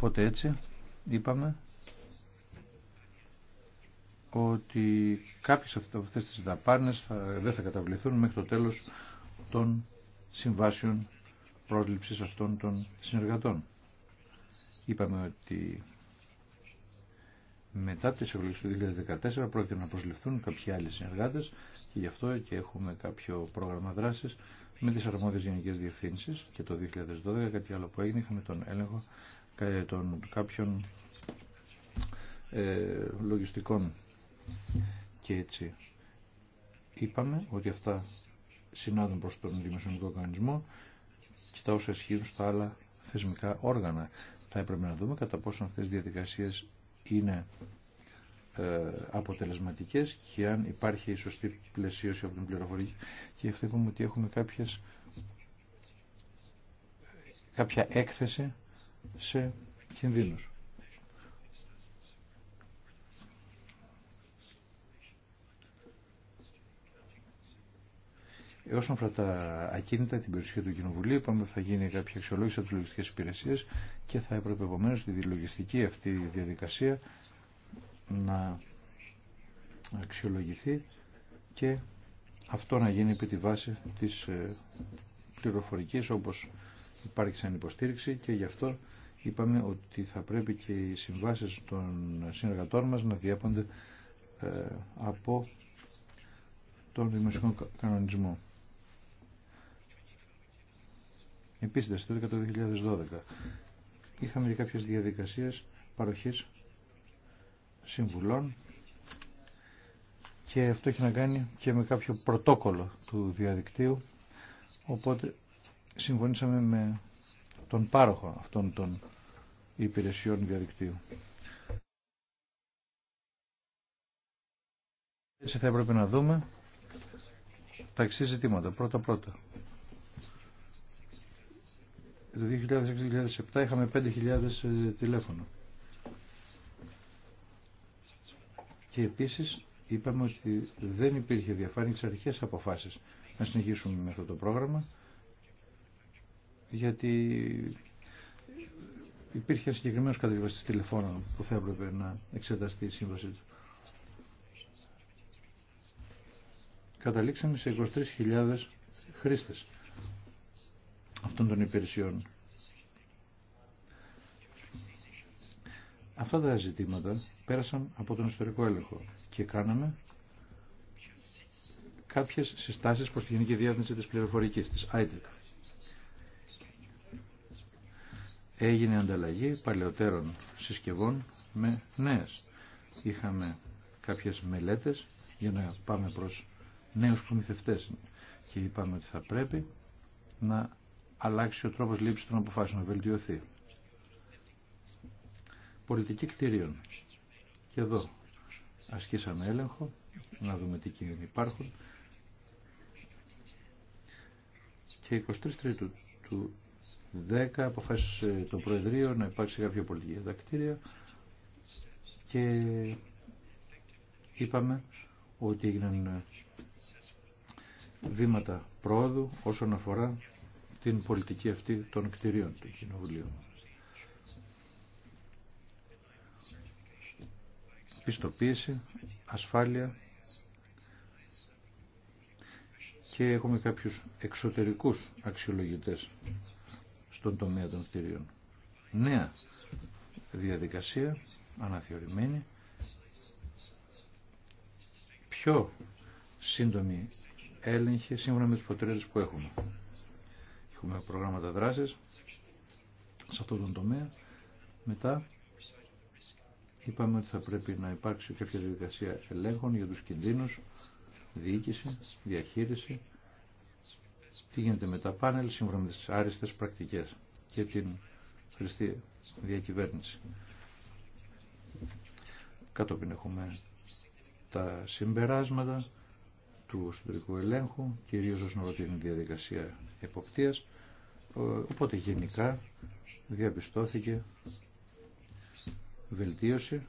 Οπότε έτσι είπαμε ότι κάποιες από αυτές τις δαπάνες θα, δεν θα καταβληθούν μέχρι το τέλος των συμβάσεων πρόσληψης αυτών των συνεργατών. Είπαμε ότι μετά τις εκλογές του 2014 πρόκειται να προσληφθούν κάποιοι άλλοι συνεργάτες και γι' αυτό και έχουμε κάποιο πρόγραμμα δράσης με τις αρμόδιες γενικές διευθύνσεις και το 2012 κάτι άλλο που έγινε είχαμε τον έλεγχο ε, των κάποιων ε, λογιστικών. Και έτσι είπαμε ότι αυτά συνάδουν προς τον δημοσιονομικό οργανισμό και τα όσα ισχύουν στα άλλα θεσμικά όργανα. Θα έπρεπε να δούμε κατά πόσο αυτές οι διαδικασίες είναι ε, αποτελεσματικές και αν υπάρχει η σωστή πλαισίωση από την πληροφορία και αυτό είπαμε ότι έχουμε κάποιες κάποια έκθεση σε κινδύνους. Όσον αφορά τα ακίνητα, την περιουσία του Κοινοβουλίου, είπαμε ότι θα γίνει κάποια αξιολόγηση από τι λογιστικέ υπηρεσίε και θα έπρεπε επομένω τη λογιστική αυτή διαδικασία να αξιολογηθεί και αυτό να γίνει επί τη βάση της ε, πληροφορικής όπως υπάρχει σαν υποστήριξη και γι' αυτό είπαμε ότι θα πρέπει και οι συμβάσεις των συνεργατών μας να διέπονται ε, από τον δημοσιον κανονισμό. Επίσης, το 2012 είχαμε και κάποιες διαδικασίες παροχής συμβουλών και αυτό έχει να κάνει και με κάποιο πρωτόκολλο του διαδικτύου οπότε συμφωνήσαμε με τον πάροχο αυτών των υπηρεσιών διαδικτύου. Έτσι θα έπρεπε να δούμε τα εξή ζητήματα. Πρώτα πρώτα. Το 2006-2007 είχαμε 5.000 ε, τηλέφωνα. Και επίσης είπαμε ότι δεν υπήρχε διαφάνεια στι αρχές αποφάσεις να συνεχίσουμε με αυτό το πρόγραμμα γιατί υπήρχε συγκεκριμένο κατασκευαστή τηλεφώνων που θα έπρεπε να εξεταστεί η σύμβασή του. Καταλήξαμε σε 23.000 χρήστες αυτών των υπηρεσιών. Αυτά τα ζητήματα πέρασαν από τον ιστορικό έλεγχο και κάναμε κάποιες συστάσεις προς τη Γενική Διεύθυνση της Πληροφορικής, της ITEC. έγινε ανταλλαγή παλαιότερων συσκευών με νέες. Είχαμε κάποιες μελέτες για να πάμε προς νέους προμηθευτές και είπαμε ότι θα πρέπει να αλλάξει ο τρόπος λήψης των αποφάσεων, να βελτιωθεί. Πολιτική κτηρίων. Και εδώ ασκήσαμε έλεγχο, να δούμε τι κίνδυνοι υπάρχουν. Και 23 Τρίτου του 10 αποφάσισε το Προεδρείο να υπάρξει κάποια πολιτική διδακτήρια και είπαμε ότι έγιναν βήματα πρόοδου όσον αφορά την πολιτική αυτή των κτηρίων του Κοινοβουλίου. Πιστοποίηση, ασφάλεια και έχουμε κάποιους εξωτερικούς αξιολογητές στον τομέα των κτηρίων. Νέα διαδικασία, αναθεωρημένη, πιο σύντομη έλεγχη σύμφωνα με τις προτεραιότητες που έχουμε. Έχουμε προγράμματα δράσης σε αυτόν τον τομέα. Μετά είπαμε ότι θα πρέπει να υπάρξει κάποια διαδικασία ελέγχων για τους κινδύνους, διοίκηση, διαχείριση, τι γίνεται με τα πάνελ σύμφωνα με τις άριστες πρακτικές και την χρηστή διακυβέρνηση. Κατόπιν έχουμε τα συμπεράσματα του εσωτερικού ελέγχου, κυρίως όσον αφορά την διαδικασία εποπτείας, οπότε γενικά διαπιστώθηκε βελτίωση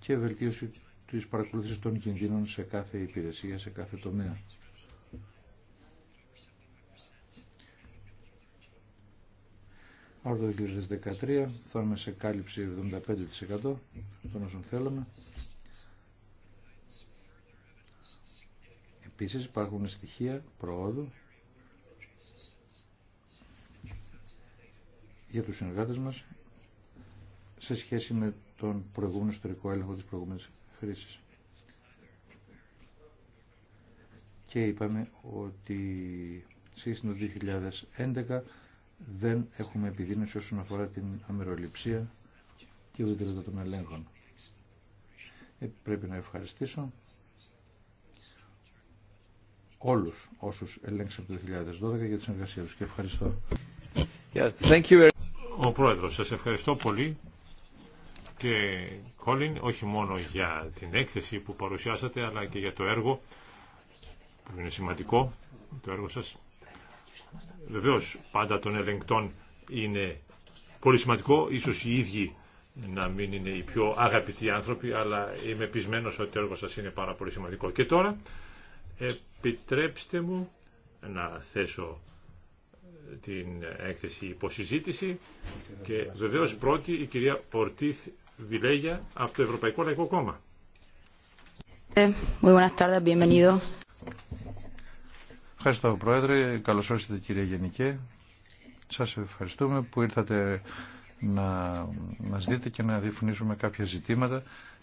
και βελτίωση της παρακολούθησης των κινδύνων σε κάθε υπηρεσία, σε κάθε τομέα. Άρα το 2013 θα σε κάλυψη 75% των όσων θέλαμε. Επίσης υπάρχουν στοιχεία προόδου για τους συνεργάτες μας σε σχέση με τον προηγούμενο ιστορικό έλεγχο της προηγούμενης χρήσης. Και είπαμε ότι σύστημα 2011 δεν έχουμε επιδείνωση όσον αφορά την αμεροληψία και το των ελέγχων. Ε, πρέπει να ευχαριστήσω όλους όσους ελέγξαν το 2012 για τις συνεργασία τους και ευχαριστώ. thank you very... Ο Πρόεδρος, σας ευχαριστώ πολύ και Colin, όχι μόνο για την έκθεση που παρουσιάσατε αλλά και για το έργο που είναι σημαντικό, το έργο σας. Βεβαίω, πάντα των ελεγκτών είναι πολύ σημαντικό, ίσως οι ίδιοι να μην είναι οι πιο αγαπητοί άνθρωποι, αλλά είμαι πεισμένος ότι το έργο σα είναι πάρα πολύ σημαντικό. Και τώρα επιτρέψτε μου να θέσω ε, την έκθεση υποσυζήτηση και βεβαίω πρώτη η κυρία Πορτίθ Βιλέγια από το Ευρωπαϊκό Λαϊκό Κόμμα. Ε, Ευχαριστώ Πρόεδρε, καλώς όρισατε κυρία Γενικέ. Σας ευχαριστούμε που ήρθατε να μας δείτε και να διευθυνήσουμε κάποια ζητήματα.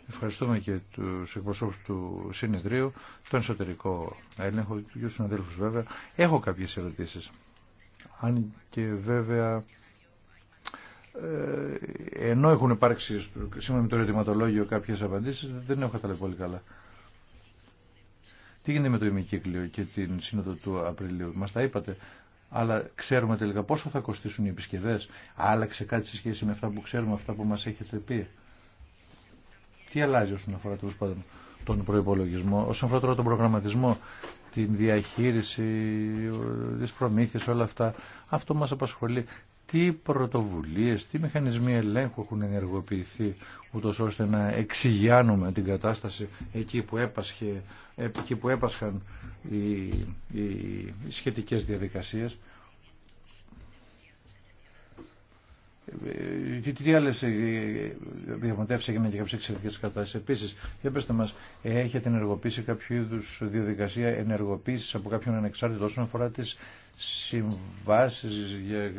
Ευχαριστούμε και τους εκπροσώπους του συνεδρίου, τον εσωτερικό έλεγχο και τους συναδέλφους βέβαια. Έχω κάποιες ερωτήσεις. Αν και βέβαια ε, ενώ έχουν υπάρξει σήμερα με το ερωτηματολόγιο κάποιες απαντήσεις δεν έχω καταλάβει πολύ καλά. Τι γίνεται με το ημικύκλιο και την σύνοδο του Απριλίου. Μας τα είπατε. Αλλά ξέρουμε τελικά πόσο θα κοστίσουν οι επισκευέ. Άλλαξε κάτι σε σχέση με αυτά που ξέρουμε, αυτά που μας έχετε πει. Τι αλλάζει όσον αφορά πάντων τον προπολογισμό, όσον αφορά τον προγραμματισμό, την διαχείριση, τις προμήθειε, όλα αυτά. Αυτό μα απασχολεί τι πρωτοβουλίες, τι μηχανισμοί ελέγχου έχουν ενεργοποιηθεί ούτως ώστε να εξηγιάνουμε την κατάσταση εκεί που, έπασχε, ε, εκεί που έπασχαν οι, οι, οι σχετικές διαδικασίες Ε, τι τι άλλε ε, ε, διαπραγματεύσει έγιναν για κάποιε εξαιρετικέ καταστάσει. Επίση, για πετε μα, έχετε ενεργοποιήσει κάποιο είδου διαδικασία ενεργοποίηση από κάποιον ανεξάρτητο όσον αφορά τι συμβάσει για,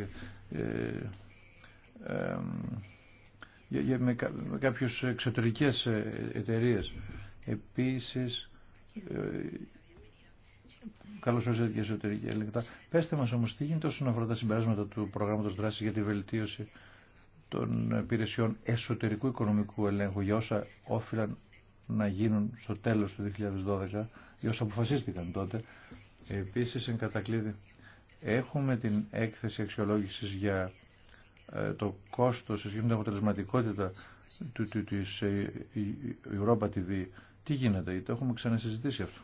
για, με, με κάποιου εξωτερικέ εταιρείε. Επίση, Καλώ ήρθατε και εσωτερική ελεγκτά. Πέστε μα όμω, τι γίνεται όσον αφορά τα συμπεράσματα του προγράμματο δράση για τη βελτίωση των υπηρεσιών εσωτερικού οικονομικού ελέγχου για όσα όφυλαν να γίνουν στο τέλο του 2012 για όσα αποφασίστηκαν τότε. Επίση, εν κατακλείδη, έχουμε την έκθεση αξιολόγηση για ε, το κόστο σε σχέση την αποτελεσματικότητα του, της ε, Europa TV. Τι γίνεται, το έχουμε ξανασυζητήσει αυτό.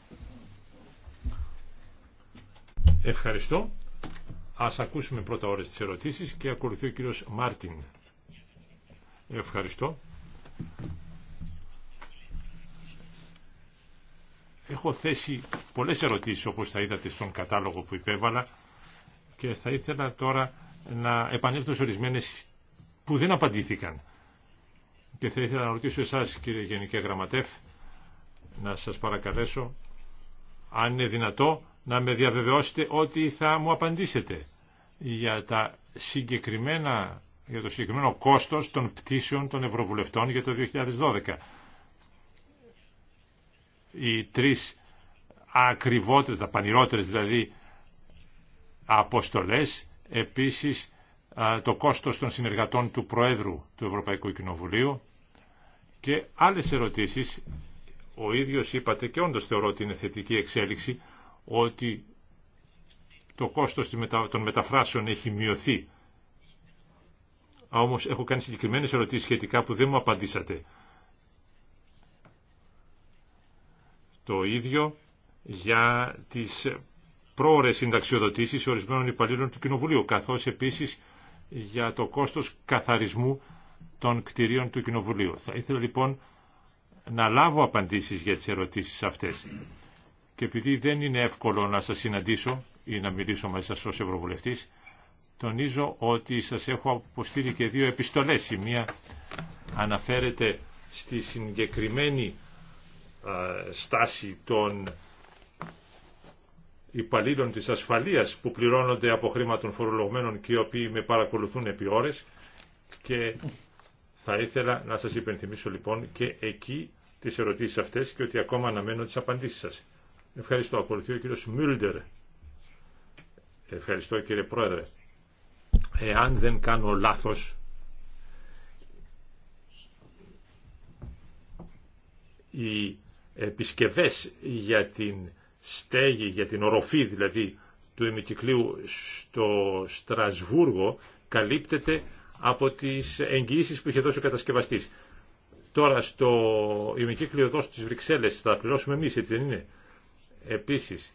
Ευχαριστώ. Ας ακούσουμε πρώτα ώρες τις ερωτήσεις και ακολουθεί ο κύριος Μάρτιν. Ευχαριστώ. Έχω θέσει πολλές ερωτήσεις όπως θα είδατε στον κατάλογο που υπέβαλα και θα ήθελα τώρα να επανέλθω σε ορισμένες που δεν απαντήθηκαν. Και θα ήθελα να ρωτήσω εσάς κύριε Γενική Γραμματεύ να σας παρακαλέσω αν είναι δυνατό να με διαβεβαιώσετε ότι θα μου απαντήσετε για, τα συγκεκριμένα, για το συγκεκριμένο κόστος των πτήσεων των Ευρωβουλευτών για το 2012. Οι τρεις ακριβότερες, τα πανηρότερες δηλαδή αποστολές, επίσης το κόστος των συνεργατών του Προέδρου του Ευρωπαϊκού Κοινοβουλίου και άλλες ερωτήσεις ο ίδιος είπατε και όντως θεωρώ ότι είναι θετική εξέλιξη ότι το κόστος των μεταφράσεων έχει μειωθεί. Όμως έχω κάνει συγκεκριμένες ερωτήσεις σχετικά που δεν μου απαντήσατε. Το ίδιο για τις πρόορες συνταξιοδοτήσεις ορισμένων υπαλλήλων του Κοινοβουλίου, καθώς επίσης για το κόστος καθαρισμού των κτηρίων του Κοινοβουλίου. Θα ήθελα λοιπόν να λάβω απαντήσεις για τις ερωτήσεις αυτές. Και επειδή δεν είναι εύκολο να σας συναντήσω ή να μιλήσω μαζί σας ως Ευρωβουλευτής, τονίζω ότι σας έχω αποστείλει και δύο επιστολές. Η μία αναφέρεται στη συγκεκριμένη στάση των υπαλλήλων της ασφαλείας που πληρώνονται από χρήμα των φορολογμένων και οι οποίοι με παρακολουθούν επί ώρες και θα ήθελα να σας υπενθυμίσω λοιπόν και εκεί τις ερωτήσεις αυτές και ότι ακόμα αναμένω τις απαντήσεις σας. Ευχαριστώ. Ακολουθεί ο κύριος Μιλντερ. Ευχαριστώ κύριε Πρόεδρε. Εάν δεν κάνω λάθος, οι επισκευές για την στέγη, για την οροφή δηλαδή του ημικυκλίου στο Στρασβούργο καλύπτεται από τις εγγυήσεις που είχε δώσει ο κατασκευαστής. Τώρα στο ημικύκλιο εδώ της Βρυξέλλες θα πληρώσουμε εμείς, έτσι δεν είναι. Επίσης,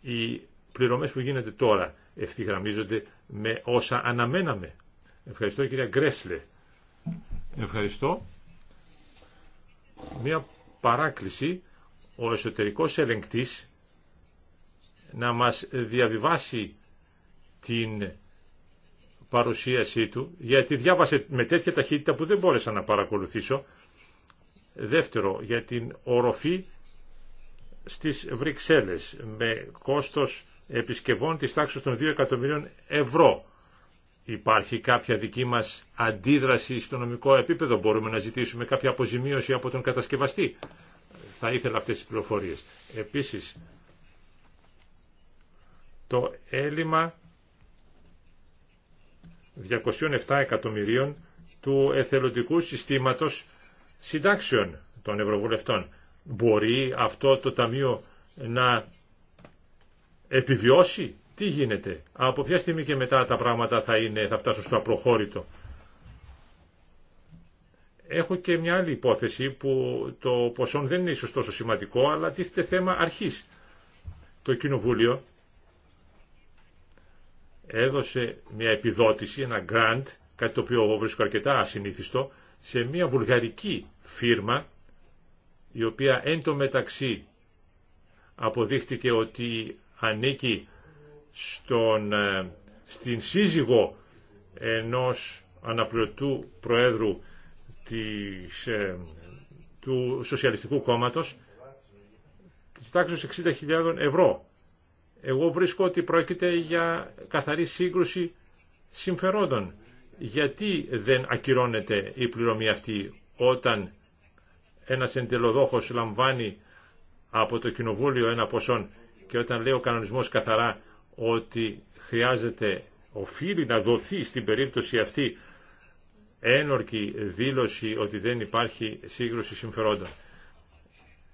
οι πληρωμές που γίνεται τώρα ευθυγραμμίζονται με όσα αναμέναμε. Ευχαριστώ κυρία Γκρέσλε. Ευχαριστώ. Μία παράκληση ο εσωτερικός ελεγκτής να μας διαβιβάσει την παρουσίασή του, γιατί διάβασε με τέτοια ταχύτητα που δεν μπόρεσα να παρακολουθήσω. Δεύτερο, για την οροφή στις Βρυξέλλες με κόστος επισκευών της τάξης των 2 εκατομμυρίων ευρώ. Υπάρχει κάποια δική μας αντίδραση στο νομικό επίπεδο, μπορούμε να ζητήσουμε κάποια αποζημίωση από τον κατασκευαστή. Θα ήθελα αυτές τις πληροφορίες. Επίσης, το έλλειμμα 207 εκατομμυρίων του εθελοντικού συστήματος συντάξεων των Ευρωβουλευτών. Μπορεί αυτό το Ταμείο να επιβιώσει. Τι γίνεται. Από ποια στιγμή και μετά τα πράγματα θα, είναι, θα φτάσουν στο απροχώρητο. Έχω και μια άλλη υπόθεση που το ποσόν δεν είναι ίσως τόσο σημαντικό, αλλά τίθεται θέμα αρχής. Το Κοινοβούλιο έδωσε μια επιδότηση, ένα grant, κάτι το οποίο βρίσκω αρκετά ασυνήθιστο, σε μια βουλγαρική φύρμα, η οποία εν τω μεταξύ αποδείχτηκε ότι ανήκει στον, ε, στην σύζυγο ενός αναπληρωτού προέδρου της, ε, του Σοσιαλιστικού Κόμματος της τάξης 60.000 ευρώ. Εγώ βρίσκω ότι πρόκειται για καθαρή σύγκρουση συμφερόντων. Γιατί δεν ακυρώνεται η πληρωμή αυτή όταν ένας εντελοδόχος λαμβάνει από το Κοινοβούλιο ένα ποσό και όταν λέει ο κανονισμός καθαρά ότι χρειάζεται, οφείλει να δοθεί στην περίπτωση αυτή ένορκη δήλωση ότι δεν υπάρχει σύγκρουση συμφερόντων.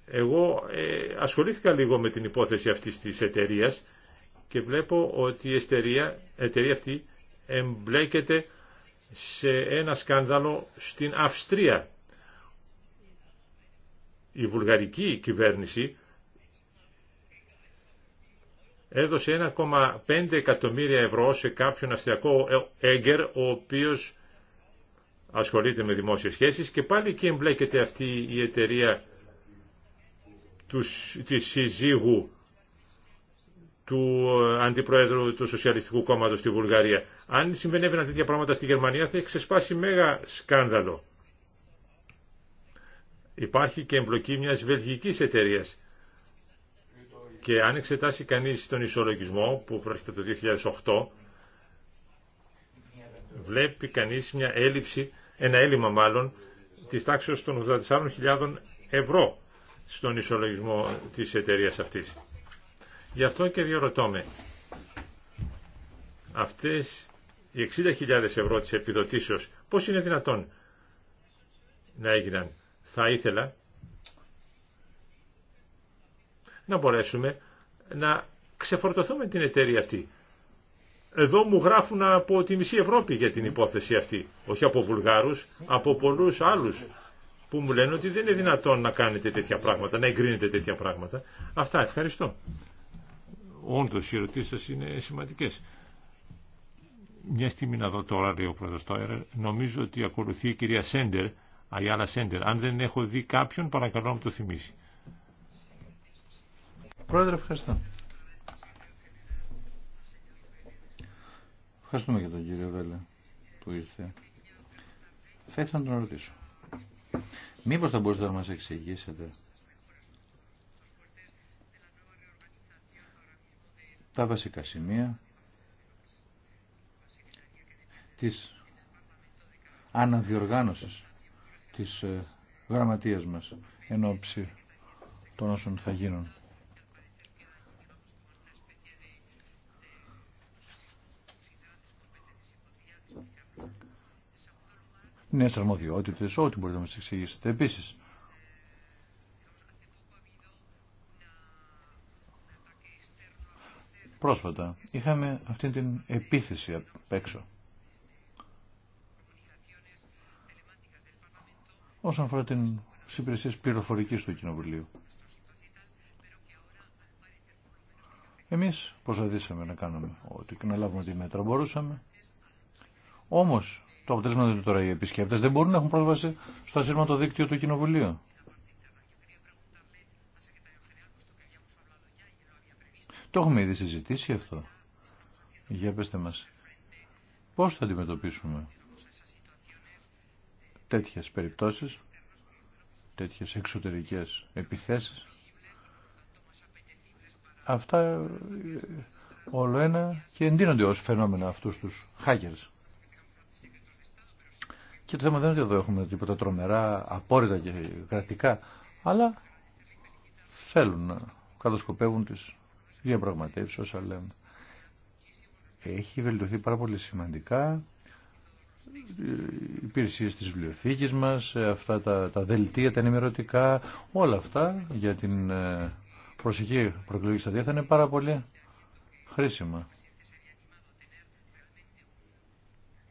Εγώ ε, ασχολήθηκα λίγο με την υπόθεση αυτής της εταιρεία και βλέπω ότι η εταιρεία, αυτή εμπλέκεται σε ένα σκάνδαλο στην Αυστρία. Η βουλγαρική κυβέρνηση έδωσε 1,5 εκατομμύρια ευρώ σε κάποιον αυστριακό έγκερ ο οποίος ασχολείται με δημόσιες σχέσεις και πάλι εκεί εμπλέκεται αυτή η εταιρεία τους, της συζύγου του ε, αντιπρόεδρου του Σοσιαλιστικού Κόμματος στη Βουλγαρία. Αν να τέτοια πράγματα στη Γερμανία θα ξεσπάσει μέγα σκάνδαλο. Υπάρχει και εμπλοκή μιας βελγικής εταιρείας. Και αν εξετάσει κανείς τον ισολογισμό που προέρχεται το 2008, βλέπει κανείς μια έλλειψη, ένα έλλειμμα μάλλον, της τάξης των 84.000 ευρώ στον ισολογισμό της εταιρείας αυτής. Γι' αυτό και διαρωτώ Αυτές οι 60.000 ευρώ της επιδοτήσεως πώς είναι δυνατόν να έγιναν. Θα ήθελα να μπορέσουμε να ξεφορτωθούμε την εταιρεία αυτή. Εδώ μου γράφουν από τη μισή Ευρώπη για την υπόθεση αυτή. Όχι από Βουλγάρους, από πολλούς άλλους που μου λένε ότι δεν είναι δυνατόν να κάνετε τέτοια πράγματα, να εγκρίνετε τέτοια πράγματα. Αυτά, ευχαριστώ. Όντω οι ερωτήσει σα είναι σημαντικέ. Μια στιγμή να δω τώρα, λέει ο πρόεδρο Νομίζω ότι ακολουθεί η κυρία Σέντερ, Αγιάλα Σέντερ. Αν δεν έχω δει κάποιον, παρακαλώ να μου το θυμίσει. Πρόεδρε, ευχαριστώ. Ευχαριστούμε για τον κύριο Βέλε που ήρθε. Θα ήθελα να τον ρωτήσω. Μήπως θα μπορούσατε να μας εξηγήσετε τα βασικά σημεία της αναδιοργάνωσης της ε, γραμματείας μας εν ώψη των όσων θα γίνουν. νέε αρμοδιότητε, ό,τι μπορείτε να μα εξηγήσετε. Επίση, πρόσφατα είχαμε αυτή την επίθεση απ' έξω. όσον αφορά την υπηρεσία πληροφορική του Κοινοβουλίου. Εμεί προσπαθήσαμε να κάνουμε ό,τι και να λάβουμε τη μέτρα μπορούσαμε. Όμω, το αποτέλεσμα είναι τώρα οι επισκέπτες δεν μπορούν να έχουν πρόσβαση στο ασύρματο δίκτυο του Κοινοβουλίου. Το έχουμε ήδη συζητήσει αυτό. Για πέστε μας. Πώς θα αντιμετωπίσουμε τέτοιες περιπτώσεις, τέτοιες εξωτερικές επιθέσεις. Αυτά ε, όλο ένα και εντείνονται ως φαινόμενα αυτούς τους hackers. Και το θέμα δεν είναι ότι εδώ έχουμε τίποτα τρομερά, απόρριτα και κρατικά, αλλά θέλουν να κατασκοπεύουν τις διαπραγματεύσεις όσα λέμε. Έχει βελτιωθεί πάρα πολύ σημαντικά οι υπηρεσίε της βιβλιοθήκης μας, αυτά τα, τα δελτία, τα ενημερωτικά, όλα αυτά για την ε, προσεχή προεκλογική στα θα είναι πάρα πολύ χρήσιμα.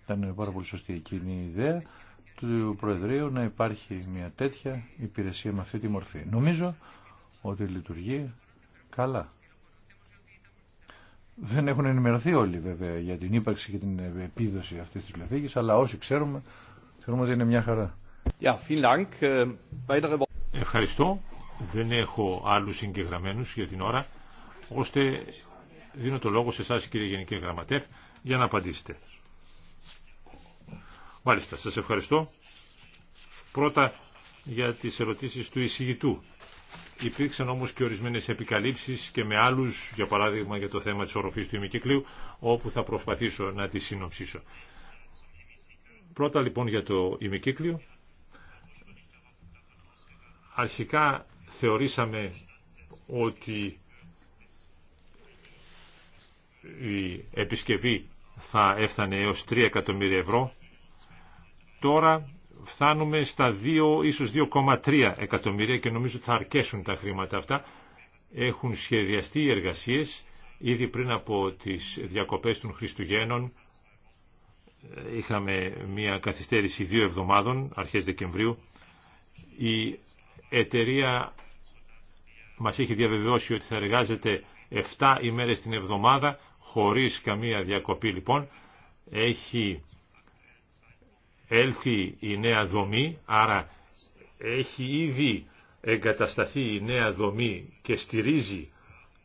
Ήταν πάρα πολύ σωστή εκείνη η ιδέα του Προεδρείου να υπάρχει μια τέτοια υπηρεσία με αυτή τη μορφή. Νομίζω ότι λειτουργεί καλά. Δεν έχουν ενημερωθεί όλοι βέβαια για την ύπαρξη και την επίδοση αυτή τη βιβλιοθήκη, αλλά όσοι ξέρουμε, ξέρουμε ότι είναι μια χαρά. Äh, Ευχαριστώ. Δεν έχω άλλου εγγεγραμμένου για την ώρα, ώστε δίνω το λόγο σε εσά κύριε Γενική Γραμματεύ για να απαντήσετε. Μάλιστα, σας ευχαριστώ. Πρώτα για τις ερωτήσεις του εισηγητού. Υπήρξαν όμως και ορισμένες επικαλύψεις και με άλλους, για παράδειγμα για το θέμα της οροφής του ημικυκλίου, όπου θα προσπαθήσω να τις συνοψίσω. Πρώτα λοιπόν για το ημικύκλιο. Αρχικά θεωρήσαμε ότι η επισκευή θα έφτανε έως 3 εκατομμύρια ευρώ Τώρα φτάνουμε στα 2, ίσως 2,3 εκατομμύρια και νομίζω ότι θα αρκέσουν τα χρήματα αυτά. Έχουν σχεδιαστεί οι εργασίες ήδη πριν από τις διακοπές των Χριστουγέννων. Ε, είχαμε μια καθυστέρηση δύο εβδομάδων, αρχές Δεκεμβρίου. Η εταιρεία μας έχει διαβεβαιώσει ότι θα εργάζεται 7 ημέρες την εβδομάδα, χωρίς καμία διακοπή λοιπόν. Έχει έλθει η νέα δομή, άρα έχει ήδη εγκατασταθεί η νέα δομή και στηρίζει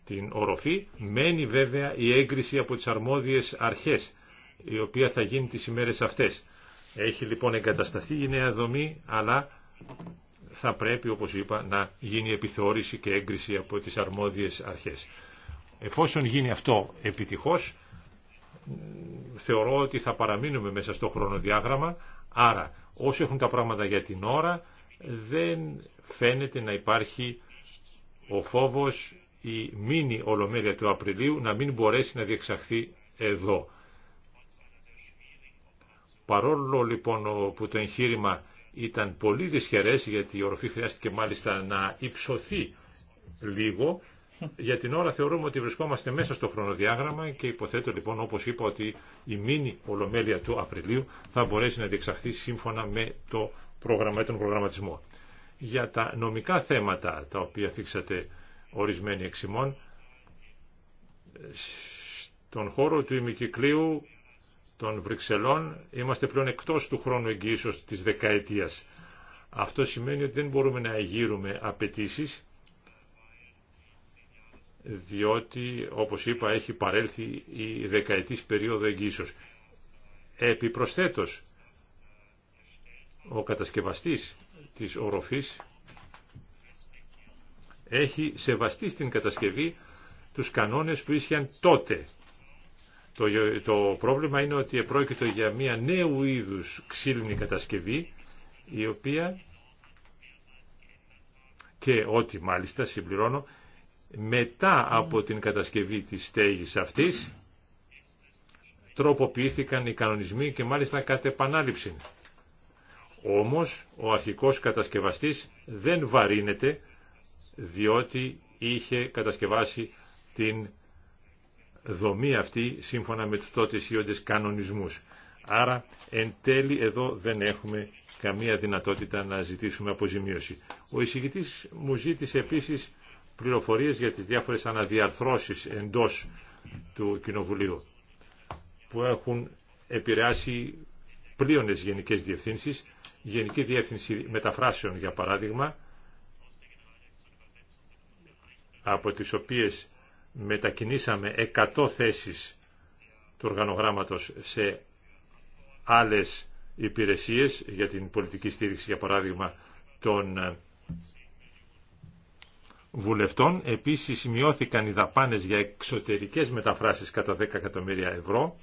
την οροφή, μένει βέβαια η έγκριση από τις αρμόδιες αρχές, η οποία θα γίνει τις ημέρες αυτές. Έχει λοιπόν εγκατασταθεί η νέα δομή, αλλά θα πρέπει, όπως είπα, να γίνει επιθεώρηση και έγκριση από τις αρμόδιες αρχές. Εφόσον γίνει αυτό επιτυχώς, θεωρώ ότι θα παραμείνουμε μέσα στο χρονοδιάγραμμα, Άρα, όσοι έχουν τα πράγματα για την ώρα, δεν φαίνεται να υπάρχει ο φόβος η μήνυ ολομέλεια του Απριλίου να μην μπορέσει να διεξαχθεί εδώ. Παρόλο λοιπόν που το εγχείρημα ήταν πολύ δυσχερές γιατί η οροφή χρειάστηκε μάλιστα να υψωθεί λίγο για την ώρα θεωρούμε ότι βρισκόμαστε μέσα στο χρονοδιάγραμμα και υποθέτω λοιπόν όπως είπα ότι η μήνυ ολομέλεια του Απριλίου θα μπορέσει να διεξαχθεί σύμφωνα με το πρόγραμμα τον προγραμματισμό. Για τα νομικά θέματα τα οποία θίξατε ορισμένοι εξημών, στον χώρο του ημικυκλίου των Βρυξελών είμαστε πλέον εκτός του χρόνου εγγύησεως της δεκαετίας. Αυτό σημαίνει ότι δεν μπορούμε να εγείρουμε απαιτήσει διότι όπως είπα έχει παρέλθει η δεκαετής περίοδο εγγύσεως. Επιπροσθέτως, ο κατασκευαστής της οροφής έχει σεβαστεί στην κατασκευή τους κανόνες που ίσχυαν τότε. Το, το πρόβλημα είναι ότι επρόκειτο για μια νέου είδους ξύλινη κατασκευή η οποία και ό,τι μάλιστα συμπληρώνω μετά ναι. από την κατασκευή της στέγης αυτής, τροποποιήθηκαν οι κανονισμοί και μάλιστα κατ' επανάληψη. Όμως, ο αρχικός κατασκευαστής δεν βαρύνεται, διότι είχε κατασκευάσει την δομή αυτή σύμφωνα με τους τότε ισχύοντες κανονισμούς. Άρα εν τέλει εδώ δεν έχουμε καμία δυνατότητα να ζητήσουμε αποζημίωση. Ο εισηγητής μου ζήτησε επίσης πληροφορίες για τις διάφορες αναδιαρθρώσεις εντός του Κοινοβουλίου που έχουν επηρεάσει πλήονες γενικές διευθύνσεις, Γενική Διεύθυνση Μεταφράσεων για παράδειγμα, από τις οποίες μετακινήσαμε 100 θέσεις του οργανογράμματος σε άλλες υπηρεσίες για την πολιτική στήριξη, για παράδειγμα, των βουλευτών. Επίσης σημειώθηκαν οι δαπάνες για εξωτερικές μεταφράσεις κατά 10 εκατομμύρια ευρώ.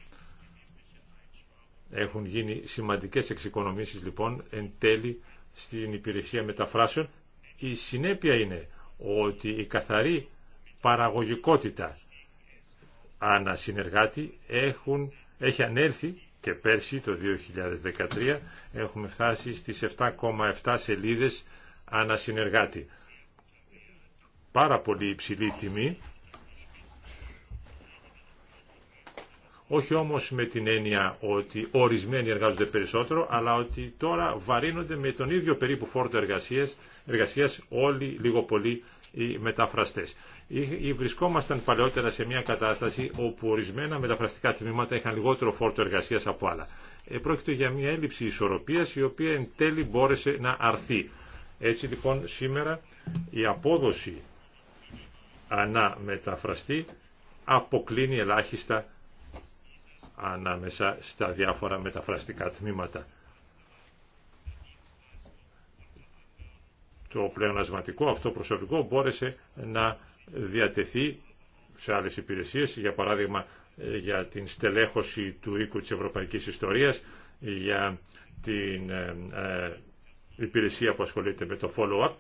Έχουν γίνει σημαντικές εξοικονομήσεις λοιπόν εν τέλει στην υπηρεσία μεταφράσεων. Η συνέπεια είναι ότι η καθαρή παραγωγικότητα ανασυνεργάτη έχει ανέλθει και πέρσι το 2013 έχουμε φτάσει στις 7,7 σελίδες ανασυνεργάτη πάρα πολύ υψηλή τιμή, όχι όμως με την έννοια ότι ορισμένοι εργάζονται περισσότερο, αλλά ότι τώρα βαρύνονται με τον ίδιο περίπου φόρτο εργασίας, εργασίας όλοι λίγο πολύ οι μεταφραστές. Ή, βρισκόμασταν παλαιότερα σε μια κατάσταση όπου ορισμένα μεταφραστικά τμήματα είχαν λιγότερο φόρτο εργασίας από άλλα. Ε, πρόκειται για μια έλλειψη ισορροπίας η οποία εν τέλει μπόρεσε να αρθεί. Έτσι λοιπόν σήμερα η απόδοση αναμεταφραστεί αποκλίνει ελάχιστα ανάμεσα στα διάφορα μεταφραστικά τμήματα. Το πλεονασματικό αυτό προσωπικό μπόρεσε να διατεθεί σε άλλες υπηρεσίες, για παράδειγμα για την στελέχωση του οίκου της Ευρωπαϊκής Ιστορίας, για την ε, ε, υπηρεσία που ασχολείται με το follow-up.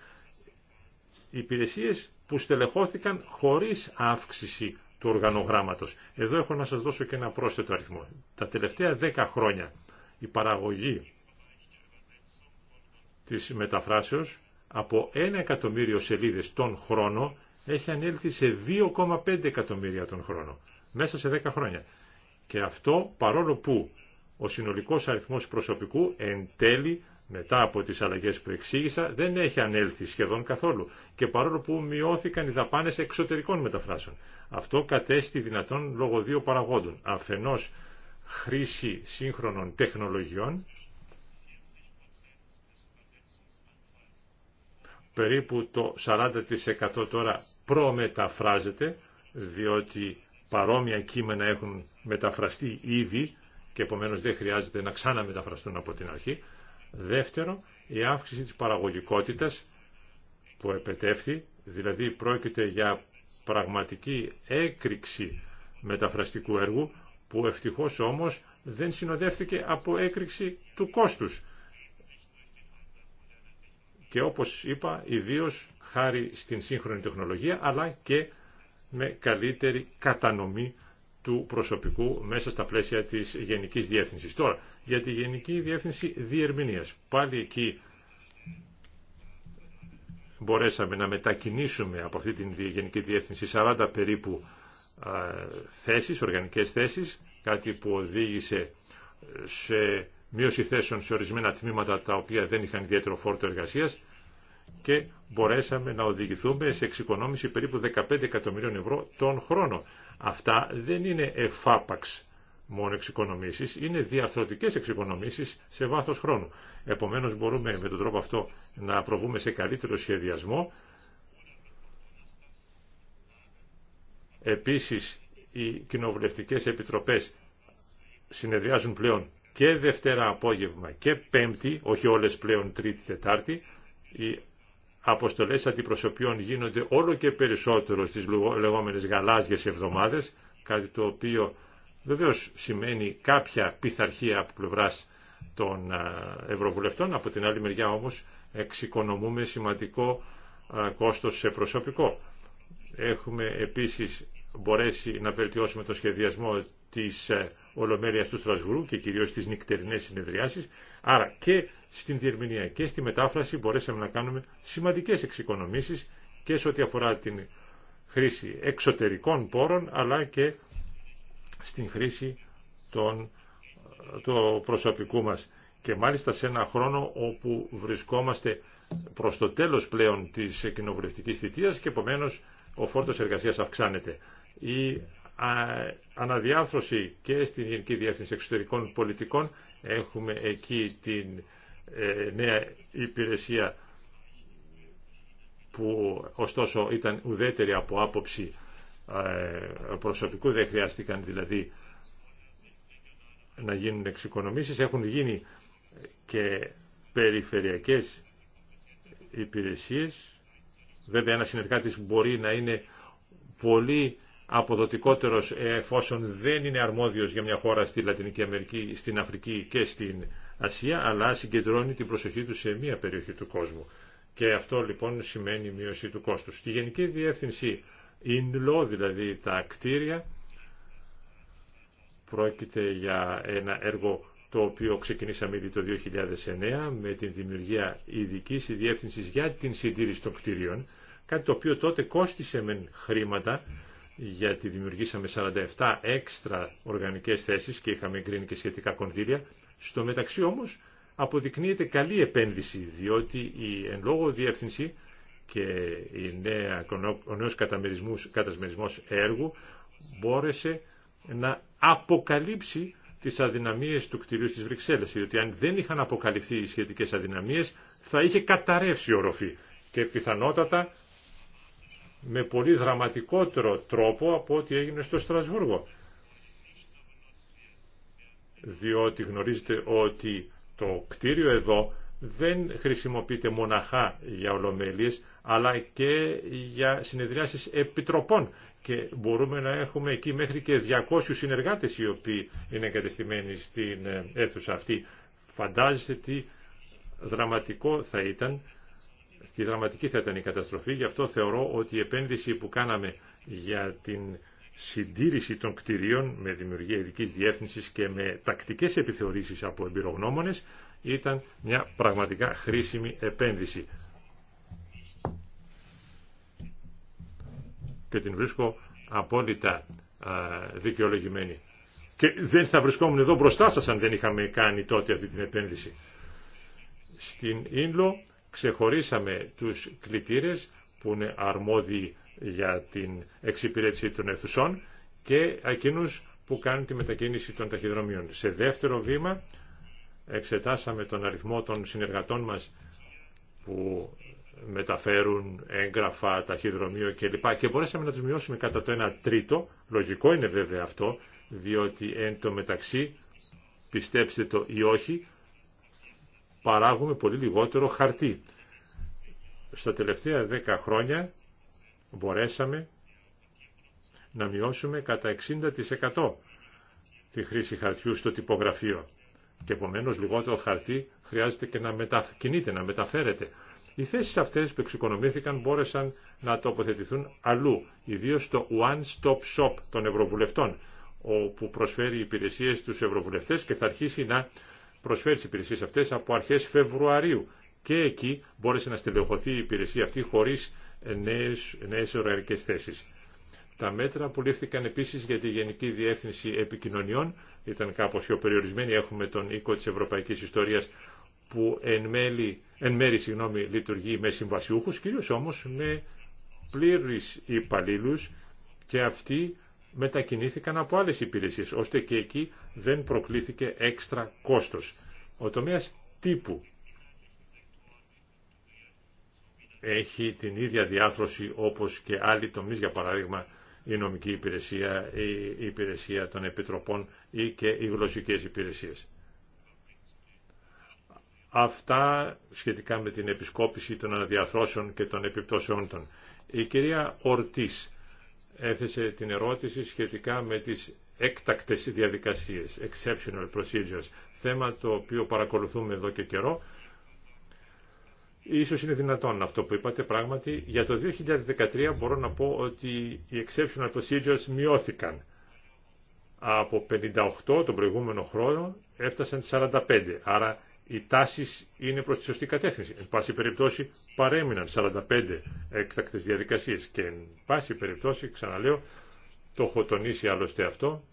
υπηρεσίες που στελεχώθηκαν χωρίς αύξηση του οργανογράμματος. Εδώ έχω να σας δώσω και ένα πρόσθετο αριθμό. Τα τελευταία 10 χρόνια η παραγωγή της μεταφράσεως από 1 εκατομμύριο σελίδες τον χρόνο έχει ανέλθει σε 2,5 εκατομμύρια τον χρόνο μέσα σε 10 χρόνια. Και αυτό παρόλο που ο συνολικός αριθμός προσωπικού εν τέλει μετά από τις αλλαγές που εξήγησα δεν έχει ανέλθει σχεδόν καθόλου και παρόλο που μειώθηκαν οι δαπάνες εξωτερικών μεταφράσεων. Αυτό κατέστη δυνατόν λόγω δύο παραγόντων. Αφενός χρήση σύγχρονων τεχνολογιών περίπου το 40% τώρα προμεταφράζεται διότι παρόμοια κείμενα έχουν μεταφραστεί ήδη και επομένως δεν χρειάζεται να ξαναμεταφραστούν από την αρχή Δεύτερο, η αύξηση της παραγωγικότητας που επετεύθη, δηλαδή πρόκειται για πραγματική έκρηξη μεταφραστικού έργου, που ευτυχώς όμως δεν συνοδεύτηκε από έκρηξη του κόστους. Και όπως είπα, ιδίως χάρη στην σύγχρονη τεχνολογία, αλλά και με καλύτερη κατανομή του προσωπικού μέσα στα πλαίσια της Γενικής Διεύθυνσης. Τώρα, για τη Γενική Διεύθυνση Διερμηνίας. Πάλι εκεί μπορέσαμε να μετακινήσουμε από αυτή την Γενική Διεύθυνση 40 περίπου θέσεις, οργανικές θέσεις, κάτι που οδήγησε σε μείωση θέσεων σε ορισμένα τμήματα τα οποία δεν είχαν ιδιαίτερο φόρτο εργασίας και μπορέσαμε να οδηγηθούμε σε εξοικονόμηση περίπου 15 εκατομμυρίων ευρώ τον χρόνο. Αυτά δεν είναι εφάπαξ μόνο εξοικονομήσεις, είναι διαρθρωτικές εξοικονομήσεις σε βάθος χρόνου. Επομένως μπορούμε με τον τρόπο αυτό να προβούμε σε καλύτερο σχεδιασμό. Επίσης οι κοινοβουλευτικές επιτροπές συνεδριάζουν πλέον και Δευτέρα απόγευμα και Πέμπτη, όχι όλες πλέον Τρίτη, Τετάρτη αποστολές αντιπροσωπιών γίνονται όλο και περισσότερο στις λεγόμενες γαλάζιες εβδομάδες, κάτι το οποίο βεβαίως σημαίνει κάποια πειθαρχία από πλευράς των Ευρωβουλευτών, από την άλλη μεριά όμως εξοικονομούμε σημαντικό κόστος σε προσωπικό. Έχουμε επίσης μπορέσει να βελτιώσουμε το σχεδιασμό της ε, Ολομέλειας του Στρασβουρού και κυρίως τις νυκτερινές συνεδριάσεις, άρα και στην διερμηνία και στη μετάφραση μπορέσαμε να κάνουμε σημαντικές εξοικονομήσεις και σε ό,τι αφορά την χρήση εξωτερικών πόρων αλλά και στην χρήση των, του προσωπικού μας και μάλιστα σε ένα χρόνο όπου βρισκόμαστε προς το τέλος πλέον της κοινοβουλευτική θητείας και επομένω ο φόρτος εργασίας αυξάνεται. Η αναδιάρθρωση και στην Γενική Διεύθυνση Εξωτερικών Πολιτικών έχουμε εκεί την ε, νέα υπηρεσία που ωστόσο ήταν ουδέτερη από άποψη ε, προσωπικού, δεν χρειάστηκαν δηλαδή να γίνουν εξοικονομήσεις. Έχουν γίνει και περιφερειακές υπηρεσίες. Βέβαια ένα συνεργάτης μπορεί να είναι πολύ αποδοτικότερος ε, εφόσον δεν είναι αρμόδιος για μια χώρα στη Λατινική Αμερική, στην Αφρική και στην Ασία, αλλά συγκεντρώνει την προσοχή του σε μία περιοχή του κόσμου. Και αυτό λοιπόν σημαίνει μείωση του κόστου. Στη Γενική Διεύθυνση ΙΝΛΟ, δηλαδή τα κτίρια, πρόκειται για ένα έργο το οποίο ξεκινήσαμε ήδη το 2009 με την δημιουργία ειδική διεύθυνση για την συντήρηση των κτίριων, κάτι το οποίο τότε κόστησε με χρήματα, γιατί δημιουργήσαμε 47 έξτρα οργανικές θέσεις και είχαμε εγκρίνει και σχετικά κονδύλια, στο μεταξύ όμως αποδεικνύεται καλή επένδυση, διότι η εν λόγω διεύθυνση και η νέα, ο νέος κατασμερισμός έργου μπόρεσε να αποκαλύψει τις αδυναμίες του κτηρίου της Βρυξέλλες, διότι αν δεν είχαν αποκαλυφθεί οι σχετικές αδυναμίες θα είχε καταρρεύσει η οροφή και πιθανότατα με πολύ δραματικότερο τρόπο από ό,τι έγινε στο Στρασβούργο διότι γνωρίζετε ότι το κτίριο εδώ δεν χρησιμοποιείται μοναχά για ολομέλειες, αλλά και για συνεδριάσεις επιτροπών. Και μπορούμε να έχουμε εκεί μέχρι και 200 συνεργάτες οι οποίοι είναι εγκατεστημένοι στην ε, αίθουσα αυτή. Φαντάζεστε τι δραματικό θα ήταν, τι δραματική θα ήταν η καταστροφή, γι' αυτό θεωρώ ότι η επένδυση που κάναμε για την συντήρηση των κτηρίων με δημιουργία ειδική διεύθυνση και με τακτικές επιθεωρήσεις από εμπειρογνώμονες ήταν μια πραγματικά χρήσιμη επένδυση. Και την βρίσκω απόλυτα δικαιολογημένη. Και δεν θα βρισκόμουν εδώ μπροστά σας αν δεν είχαμε κάνει τότε αυτή την επένδυση. Στην Ίνλο ξεχωρίσαμε τους κλητήρες που είναι αρμόδιοι για την εξυπηρέτηση των αιθουσών και εκείνου που κάνουν τη μετακίνηση των ταχυδρομείων. Σε δεύτερο βήμα εξετάσαμε τον αριθμό των συνεργατών μας που μεταφέρουν έγγραφα, ταχυδρομείο κλπ. Και μπορέσαμε να τους μειώσουμε κατά το 1 τρίτο. Λογικό είναι βέβαια αυτό, διότι εν τω μεταξύ, πιστέψτε το ή όχι, παράγουμε πολύ λιγότερο χαρτί. Στα τελευταία 10 χρόνια μπορέσαμε να μειώσουμε κατά 60% τη χρήση χαρτιού στο τυπογραφείο. Και επομένω λιγότερο χαρτί χρειάζεται και να μετακινείται, να μεταφέρεται. Οι θέσει αυτέ που εξοικονομήθηκαν μπόρεσαν να τοποθετηθούν αλλού, ιδίω στο One Stop Shop των Ευρωβουλευτών, όπου προσφέρει υπηρεσίε στου Ευρωβουλευτέ και θα αρχίσει να προσφέρει τι υπηρεσίε αυτέ από αρχέ Φεβρουαρίου και εκεί μπόρεσε να στελεχωθεί η υπηρεσία αυτή χωρίς νέες, νέες θέσει. Τα μέτρα που λήφθηκαν επίσης για τη Γενική Διεύθυνση Επικοινωνιών ήταν κάπως πιο περιορισμένοι. Έχουμε τον οίκο της Ευρωπαϊκής Ιστορίας που εν, μέρη συγγνώμη, λειτουργεί με συμβασιούχους, κυρίως όμως με πλήρεις υπαλλήλου και αυτοί μετακινήθηκαν από άλλες υπηρεσίες, ώστε και εκεί δεν προκλήθηκε έξτρα κόστος. Ο τομέας τύπου έχει την ίδια διάθρωση όπως και άλλοι τομείς, για παράδειγμα η νομική υπηρεσία, η υπηρεσία των επιτροπών ή και οι γλωσσικές υπηρεσίες. Αυτά σχετικά με την επισκόπηση των αναδιαθρώσεων και των επιπτώσεών των. Η κυρία Ορτής έθεσε την ερώτηση σχετικά με τις έκτακτες διαδικασίες, exceptional procedures, θέμα το οποίο παρακολουθούμε εδώ και καιρό Ίσως είναι δυνατόν αυτό που είπατε πράγματι. Για το 2013 μπορώ να πω ότι οι exceptional procedures μειώθηκαν. Από 58 τον προηγούμενο χρόνο έφτασαν 45. Άρα οι τάσεις είναι προς τη σωστή κατεύθυνση. Εν πάση περιπτώσει παρέμειναν 45 έκτακτες διαδικασίες. Και εν πάση περιπτώσει, ξαναλέω, το έχω τονίσει άλλωστε αυτό,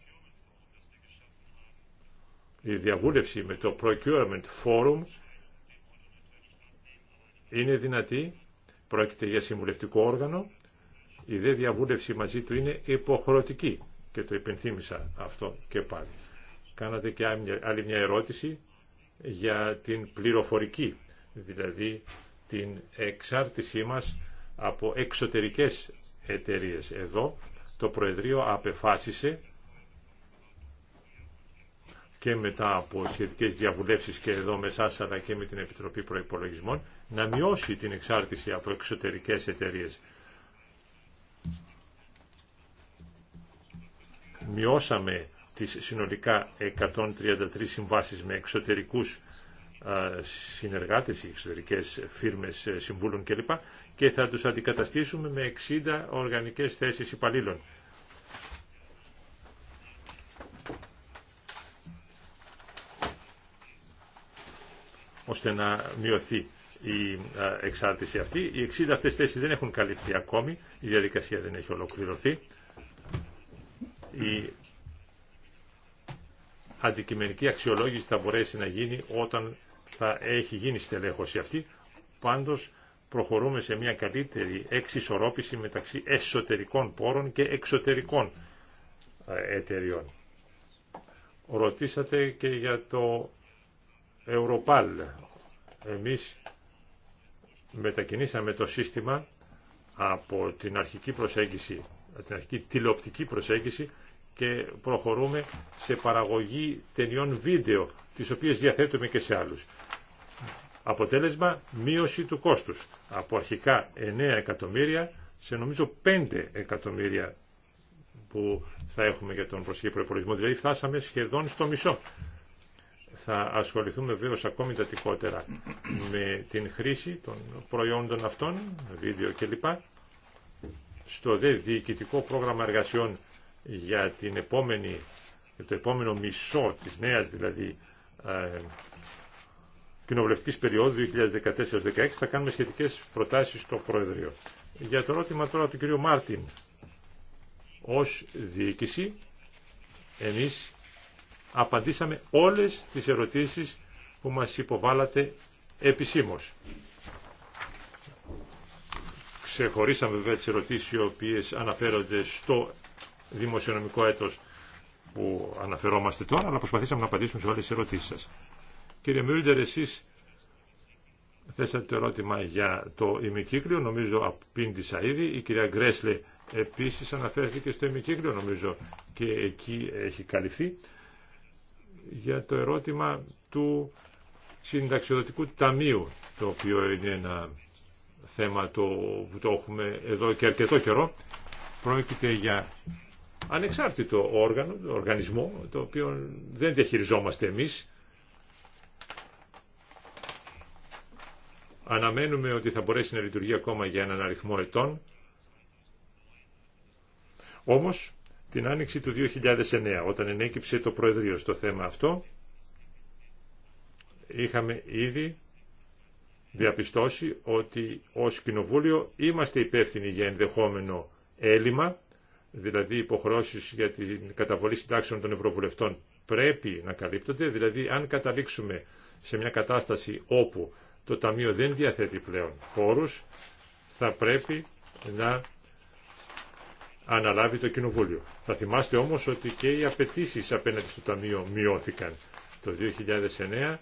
η διαβούλευση με το Procurement Forum είναι δυνατή, πρόκειται για συμβουλευτικό όργανο, η δε διαβούλευση μαζί του είναι υποχρεωτική και το υπενθύμησα αυτό και πάλι. Κάνατε και άλλη μια ερώτηση για την πληροφορική, δηλαδή την εξάρτησή μας από εξωτερικές εταιρείες. Εδώ το Προεδρείο απεφάσισε και μετά από σχετικές διαβουλεύσεις και εδώ με εσάς αλλά και με την Επιτροπή Προϋπολογισμών να μειώσει την εξάρτηση από εξωτερικές εταιρείες. Μειώσαμε τις συνολικά 133 συμβάσεις με εξωτερικούς συνεργάτες, εξωτερικές φίρμε, ε, συμβούλων κλπ. και θα τους αντικαταστήσουμε με 60 οργανικές θέσεις υπαλλήλων. ώστε να μειωθεί η εξάρτηση αυτή. Οι 60 αυτές θέσεις δεν έχουν καλυφθεί ακόμη, η διαδικασία δεν έχει ολοκληρωθεί. Η αντικειμενική αξιολόγηση θα μπορέσει να γίνει όταν θα έχει γίνει στελέχωση αυτή. Πάντως προχωρούμε σε μια καλύτερη εξισορρόπηση μεταξύ εσωτερικών πόρων και εξωτερικών εταιριών. Ρωτήσατε και για το Ευρωπάλ. Εμείς μετακινήσαμε το σύστημα από την αρχική προσέγγιση, την αρχική τηλεοπτική προσέγγιση και προχωρούμε σε παραγωγή ταινιών βίντεο, τις οποίες διαθέτουμε και σε άλλους. Αποτέλεσμα, μείωση του κόστους από αρχικά 9 εκατομμύρια σε νομίζω 5 εκατομμύρια που θα έχουμε για τον προσχή προπολογισμό. Δηλαδή φτάσαμε σχεδόν στο μισό θα ασχοληθούμε βέβαια ακόμη δατικότερα με την χρήση των προϊόντων αυτών, βίντεο κλπ. Στο δε διοικητικό πρόγραμμα εργασιών για την επόμενη, το επόμενο μισό της νέας δηλαδή ε, κοινοβουλευτικής περίοδου 2014-2016 θα κάνουμε σχετικές προτάσεις στο προεδρείο Για το ερώτημα τώρα του κ. Μάρτιν, ως διοίκηση εμείς απαντήσαμε όλες τις ερωτήσεις που μας υποβάλατε επισήμως. Ξεχωρίσαμε βέβαια τις ερωτήσεις οι οποίες αναφέρονται στο δημοσιονομικό έτος που αναφερόμαστε τώρα, αλλά προσπαθήσαμε να απαντήσουμε σε όλες τις ερωτήσεις σας. Κύριε Μιούλτερ, εσείς θέσατε το ερώτημα για το ημικύκλιο, νομίζω απήντησα ήδη. Η κυρία Γκρέσλε επίσης αναφέρθηκε στο ημικύκλιο, νομίζω και εκεί έχει καλυφθεί για το ερώτημα του συνταξιοδοτικού ταμείου, το οποίο είναι ένα θέμα το, που το έχουμε εδώ και αρκετό καιρό. Πρόκειται για ανεξάρτητο όργανο, οργανισμό, το οποίο δεν διαχειριζόμαστε εμείς. Αναμένουμε ότι θα μπορέσει να λειτουργεί ακόμα για έναν αριθμό ετών. Όμως, την άνοιξη του 2009, όταν ενέκυψε το Προεδρείο στο θέμα αυτό, είχαμε ήδη διαπιστώσει ότι ως Κοινοβούλιο είμαστε υπεύθυνοι για ενδεχόμενο έλλειμμα, δηλαδή υποχρώσεις για την καταβολή συντάξεων των Ευρωβουλευτών πρέπει να καλύπτονται, δηλαδή αν καταλήξουμε σε μια κατάσταση όπου το Ταμείο δεν διαθέτει πλέον πόρους, θα πρέπει να αναλάβει το Κοινοβούλιο. Θα θυμάστε όμως ότι και οι απαιτήσει απέναντι στο Ταμείο μειώθηκαν. Το 2009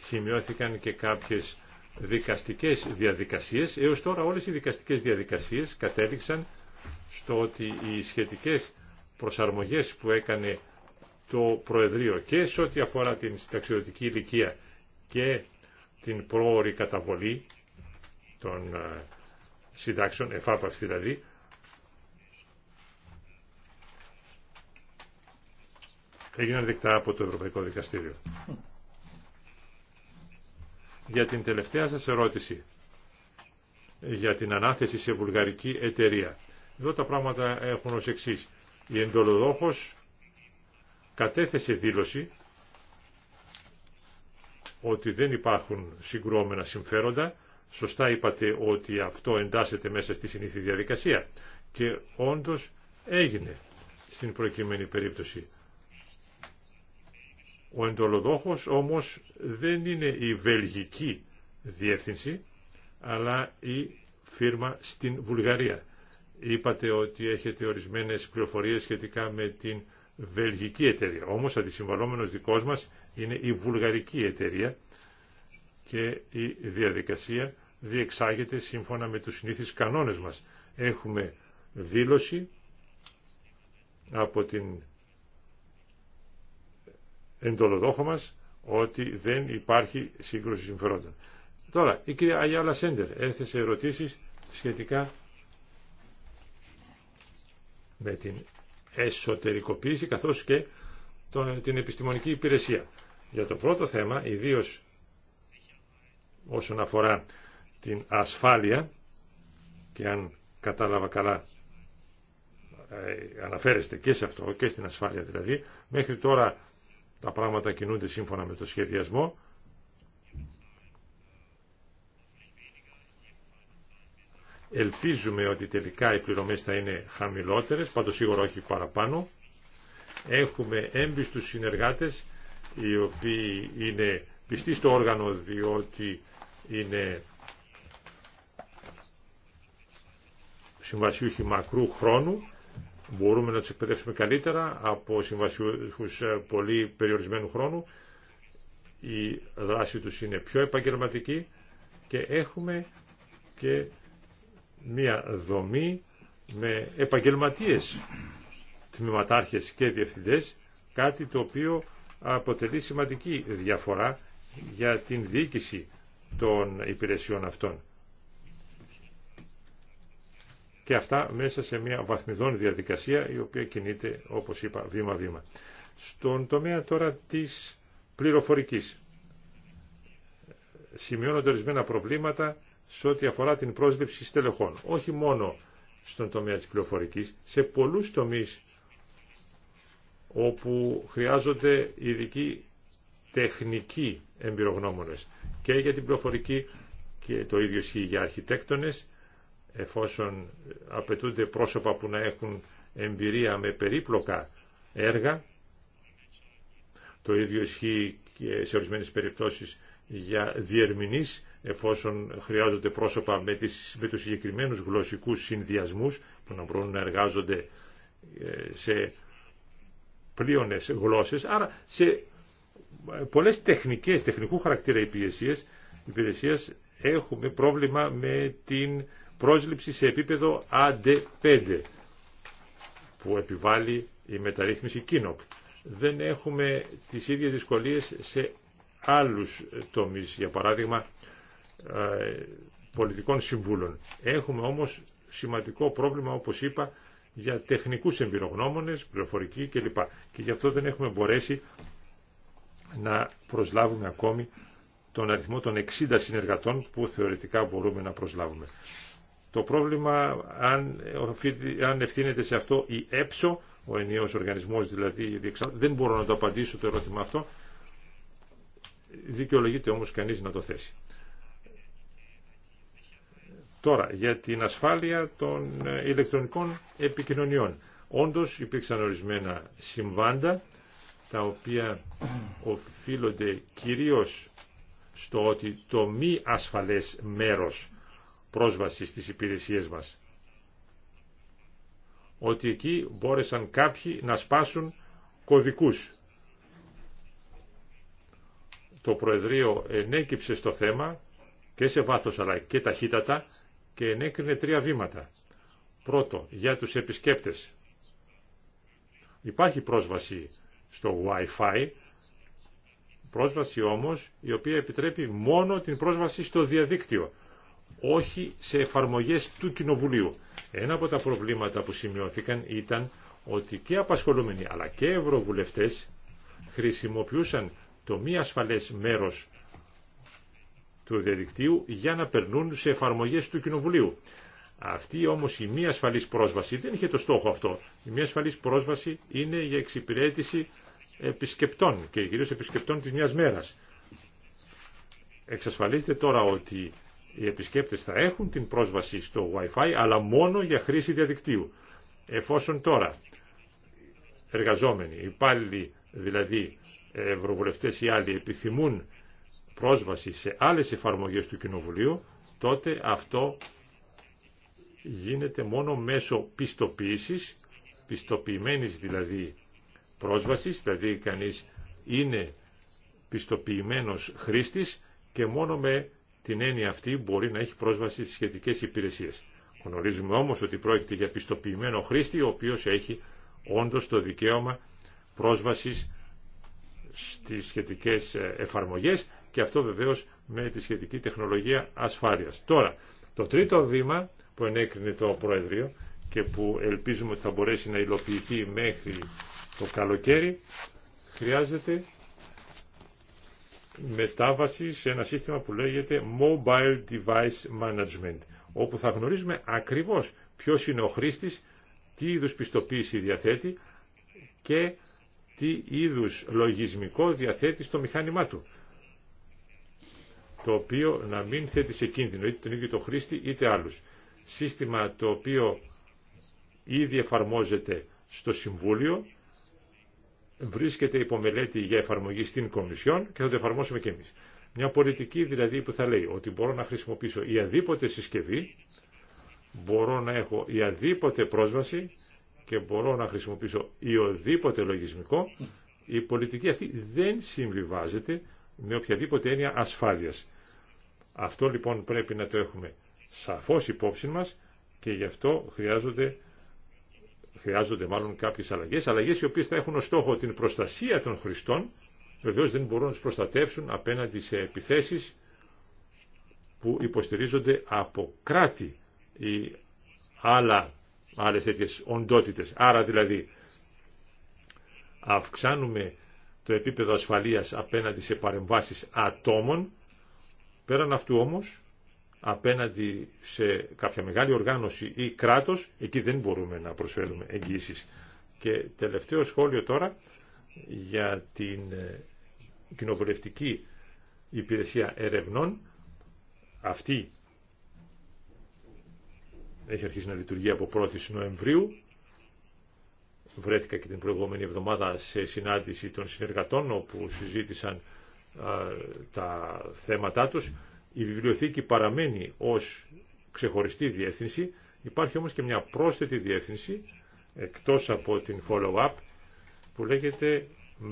σημειώθηκαν και κάποιες δικαστικές διαδικασίες. Έως τώρα όλες οι δικαστικές διαδικασίες κατέληξαν στο ότι οι σχετικές προσαρμογές που έκανε το Προεδρείο και σε ό,τι αφορά την συνταξιδοτική ηλικία και την πρόορη καταβολή των ε, συντάξεων, εφάπαυση δηλαδή, έγιναν δεκτά από το Ευρωπαϊκό Δικαστήριο. Για την τελευταία σας ερώτηση για την ανάθεση σε βουλγαρική εταιρεία. Εδώ τα πράγματα έχουν ως εξής. Η εντολοδόχος κατέθεσε δήλωση ότι δεν υπάρχουν συγκρουόμενα συμφέροντα. Σωστά είπατε ότι αυτό εντάσσεται μέσα στη συνήθεια διαδικασία. Και όντως έγινε στην προκειμένη περίπτωση. Ο εντολοδόχος όμως δεν είναι η βελγική διεύθυνση, αλλά η φύρμα στην Βουλγαρία. Είπατε ότι έχετε ορισμένες πληροφορίες σχετικά με την βελγική εταιρεία. Όμως αντισυμβαλόμενος δικός μας είναι η βουλγαρική εταιρεία και η διαδικασία διεξάγεται σύμφωνα με τους συνήθεις κανόνες μας. Έχουμε δήλωση από την εντολοδόχο μας ότι δεν υπάρχει σύγκρουση συμφερόντων. Τώρα, η κυρία Αγιάλα Σέντερ έθεσε ερωτήσεις σχετικά με την εσωτερικοποίηση καθώς και την επιστημονική υπηρεσία. Για το πρώτο θέμα, ιδίω όσον αφορά την ασφάλεια και αν κατάλαβα καλά ε, αναφέρεστε και σε αυτό και στην ασφάλεια δηλαδή μέχρι τώρα τα πράγματα κινούνται σύμφωνα με το σχεδιασμό. Ελπίζουμε ότι τελικά οι πληρωμές θα είναι χαμηλότερες, πάντως σίγουρα όχι παραπάνω. Έχουμε έμπιστους συνεργάτες οι οποίοι είναι πιστοί στο όργανο διότι είναι συμβασιούχοι μακρού χρόνου μπορούμε να του εκπαιδεύσουμε καλύτερα από συμβασιούχου ε, πολύ περιορισμένου χρόνου. Η δράση τους είναι πιο επαγγελματική και έχουμε και μία δομή με επαγγελματίες τμήματάρχες και διευθυντές, κάτι το οποίο αποτελεί σημαντική διαφορά για την διοίκηση των υπηρεσιών αυτών και αυτά μέσα σε μια βαθμιδόν διαδικασία η οποία κινείται όπως είπα βήμα-βήμα. Στον τομέα τώρα της πληροφορικής σημειώνονται ορισμένα προβλήματα σε ό,τι αφορά την πρόσληψη στελεχών. Όχι μόνο στον τομέα της πληροφορικής, σε πολλούς τομείς όπου χρειάζονται ειδικοί τεχνικοί εμπειρογνώμονες και για την πληροφορική και το ίδιο ισχύει για αρχιτέκτονες εφόσον απαιτούνται πρόσωπα που να έχουν εμπειρία με περίπλοκα έργα. Το ίδιο ισχύει και σε ορισμένες περιπτώσεις για διερμηνείς, εφόσον χρειάζονται πρόσωπα με, τις, με τους συγκεκριμένους γλωσσικούς συνδυασμούς που να μπορούν να εργάζονται ε, σε πλήονες γλώσσες. Άρα σε ε, πολλές τεχνικές, τεχνικού χαρακτήρα υπηρεσίες, υπηρεσίες έχουμε πρόβλημα με την πρόσληψη σε επίπεδο AD5 που επιβάλλει η μεταρρύθμιση Κίνοκ. Δεν έχουμε τις ίδιες δυσκολίες σε άλλους τομείς, για παράδειγμα ε, πολιτικών συμβούλων. Έχουμε όμως σημαντικό πρόβλημα, όπως είπα, για τεχνικούς εμπειρογνώμονες, πληροφορική κλπ. Και γι' αυτό δεν έχουμε μπορέσει να προσλάβουμε ακόμη τον αριθμό των 60 συνεργατών που θεωρητικά μπορούμε να προσλάβουμε. Το πρόβλημα αν, αν ευθύνεται σε αυτό η έψο, ο ενιαίος οργανισμός δηλαδή, δεν μπορώ να το απαντήσω το ερώτημα αυτό, δικαιολογείται όμως κανείς να το θέσει. Τώρα, για την ασφάλεια των ηλεκτρονικών επικοινωνιών. Όντως υπήρξαν ορισμένα συμβάντα, τα οποία οφείλονται κυρίως στο ότι το μη ασφαλές μέρος πρόσβαση στις υπηρεσίες μας. Ότι εκεί μπόρεσαν κάποιοι να σπάσουν κωδικούς. Το Προεδρείο ενέκυψε στο θέμα και σε βάθος αλλά και ταχύτατα και ενέκρινε τρία βήματα. Πρώτο, για τους επισκέπτες. Υπάρχει πρόσβαση στο Wi-Fi, πρόσβαση όμως η οποία επιτρέπει μόνο την πρόσβαση στο διαδίκτυο όχι σε εφαρμογές του Κοινοβουλίου. Ένα από τα προβλήματα που σημειώθηκαν ήταν ότι και απασχολούμενοι αλλά και ευρωβουλευτές χρησιμοποιούσαν το μη ασφαλές μέρος του διαδικτύου για να περνούν σε εφαρμογές του Κοινοβουλίου. Αυτή όμως η μη ασφαλής πρόσβαση δεν είχε το στόχο αυτό. Η μη ασφαλής πρόσβαση είναι για εξυπηρέτηση επισκεπτών και κυρίως επισκεπτών της μιας μέρας. Εξασφαλίζεται τώρα ότι οι επισκέπτες θα έχουν την πρόσβαση στο Wi-Fi, αλλά μόνο για χρήση διαδικτύου. Εφόσον τώρα εργαζόμενοι, υπάλληλοι δηλαδή ευρωβουλευτές ή άλλοι επιθυμούν πρόσβαση σε άλλες εφαρμογές του Κοινοβουλίου, τότε αυτό γίνεται μόνο μέσω πιστοποίησης, πιστοποιημένης δηλαδή πρόσβασης, δηλαδή κανείς είναι πιστοποιημένος χρήστης και μόνο με την έννοια αυτή μπορεί να έχει πρόσβαση στις σχετικές υπηρεσίες. Γνωρίζουμε όμως ότι πρόκειται για πιστοποιημένο χρήστη, ο οποίος έχει όντως το δικαίωμα πρόσβασης στις σχετικές ε, εφαρμογές και αυτό βεβαίως με τη σχετική τεχνολογία ασφάλειας. Τώρα, το τρίτο βήμα που ενέκρινε το Προεδρείο και που ελπίζουμε ότι θα μπορέσει να υλοποιηθεί μέχρι το καλοκαίρι, χρειάζεται μετάβαση σε ένα σύστημα που λέγεται Mobile Device Management, όπου θα γνωρίζουμε ακριβώς ποιος είναι ο χρήστης, τι είδους πιστοποίηση διαθέτει και τι είδους λογισμικό διαθέτει στο μηχάνημά του το οποίο να μην θέτει σε κίνδυνο είτε τον ίδιο το χρήστη είτε άλλους. Σύστημα το οποίο ήδη εφαρμόζεται στο Συμβούλιο βρίσκεται υπό μελέτη για εφαρμογή στην Κομισιόν και θα το εφαρμόσουμε και εμείς. Μια πολιτική δηλαδή που θα λέει ότι μπορώ να χρησιμοποιήσω η αδίποτε συσκευή, μπορώ να έχω η αδίποτε πρόσβαση και μπορώ να χρησιμοποιήσω η λογισμικό, η πολιτική αυτή δεν συμβιβάζεται με οποιαδήποτε έννοια ασφάλειας. Αυτό λοιπόν πρέπει να το έχουμε σαφώς υπόψη μας και γι' αυτό χρειάζονται Χρειάζονται μάλλον κάποιες αλλαγές, αλλαγές οι οποίες θα έχουν ως στόχο την προστασία των χρηστών, βεβαίως δεν μπορούν να τους προστατεύσουν απέναντι σε επιθέσεις που υποστηρίζονται από κράτη ή άλλα, άλλες τέτοιες οντότητες. Άρα δηλαδή αυξάνουμε το επίπεδο ασφαλείας απέναντι σε παρεμβάσεις ατόμων, πέραν αυτού όμως απέναντι σε κάποια μεγάλη οργάνωση ή κράτος, εκεί δεν μπορούμε να προσφέρουμε εγγύσεις. Και τελευταίο σχόλιο τώρα για την ε, κοινοβουλευτική υπηρεσία ερευνών. Αυτή έχει αρχίσει να λειτουργεί από 1η Νοεμβρίου. Βρέθηκα και την προηγούμενη εβδομάδα σε συνάντηση των συνεργατών όπου συζήτησαν τα θέματα τους η βιβλιοθήκη παραμένει ως ξεχωριστή διεύθυνση, υπάρχει όμως και μια πρόσθετη διεύθυνση, εκτός από την follow-up, που λέγεται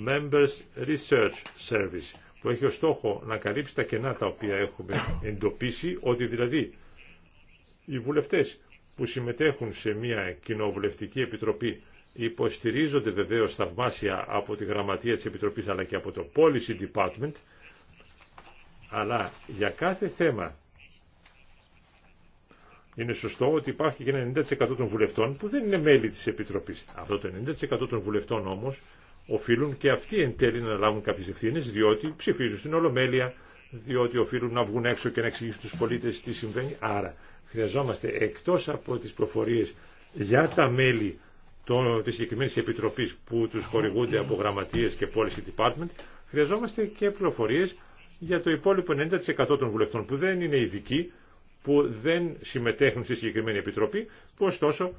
Members Research Service, που έχει ως στόχο να καλύψει τα κενά τα οποία έχουμε εντοπίσει, ότι δηλαδή οι βουλευτές που συμμετέχουν σε μια κοινοβουλευτική επιτροπή υποστηρίζονται βεβαίως θαυμάσια από τη γραμματεία της Επιτροπής αλλά και από το Policy Department αλλά για κάθε θέμα είναι σωστό ότι υπάρχει και ένα 90% των βουλευτών που δεν είναι μέλη της Επιτροπής. Αυτό το 90% των βουλευτών όμως οφείλουν και αυτοί εν τέλει να λάβουν κάποιες ευθύνες διότι ψηφίζουν στην Ολομέλεια, διότι οφείλουν να βγουν έξω και να εξηγήσουν τους πολίτες τι συμβαίνει. Άρα χρειαζόμαστε εκτός από τις προφορίες για τα μέλη της συγκεκριμένη επιτροπής που τους χορηγούνται από γραμματείες και policy department, χρειαζόμαστε και πληροφορίες για το υπόλοιπο 90% των βουλευτών που δεν είναι ειδικοί, που δεν συμμετέχουν στη συγκεκριμένη επιτροπή, που ωστόσο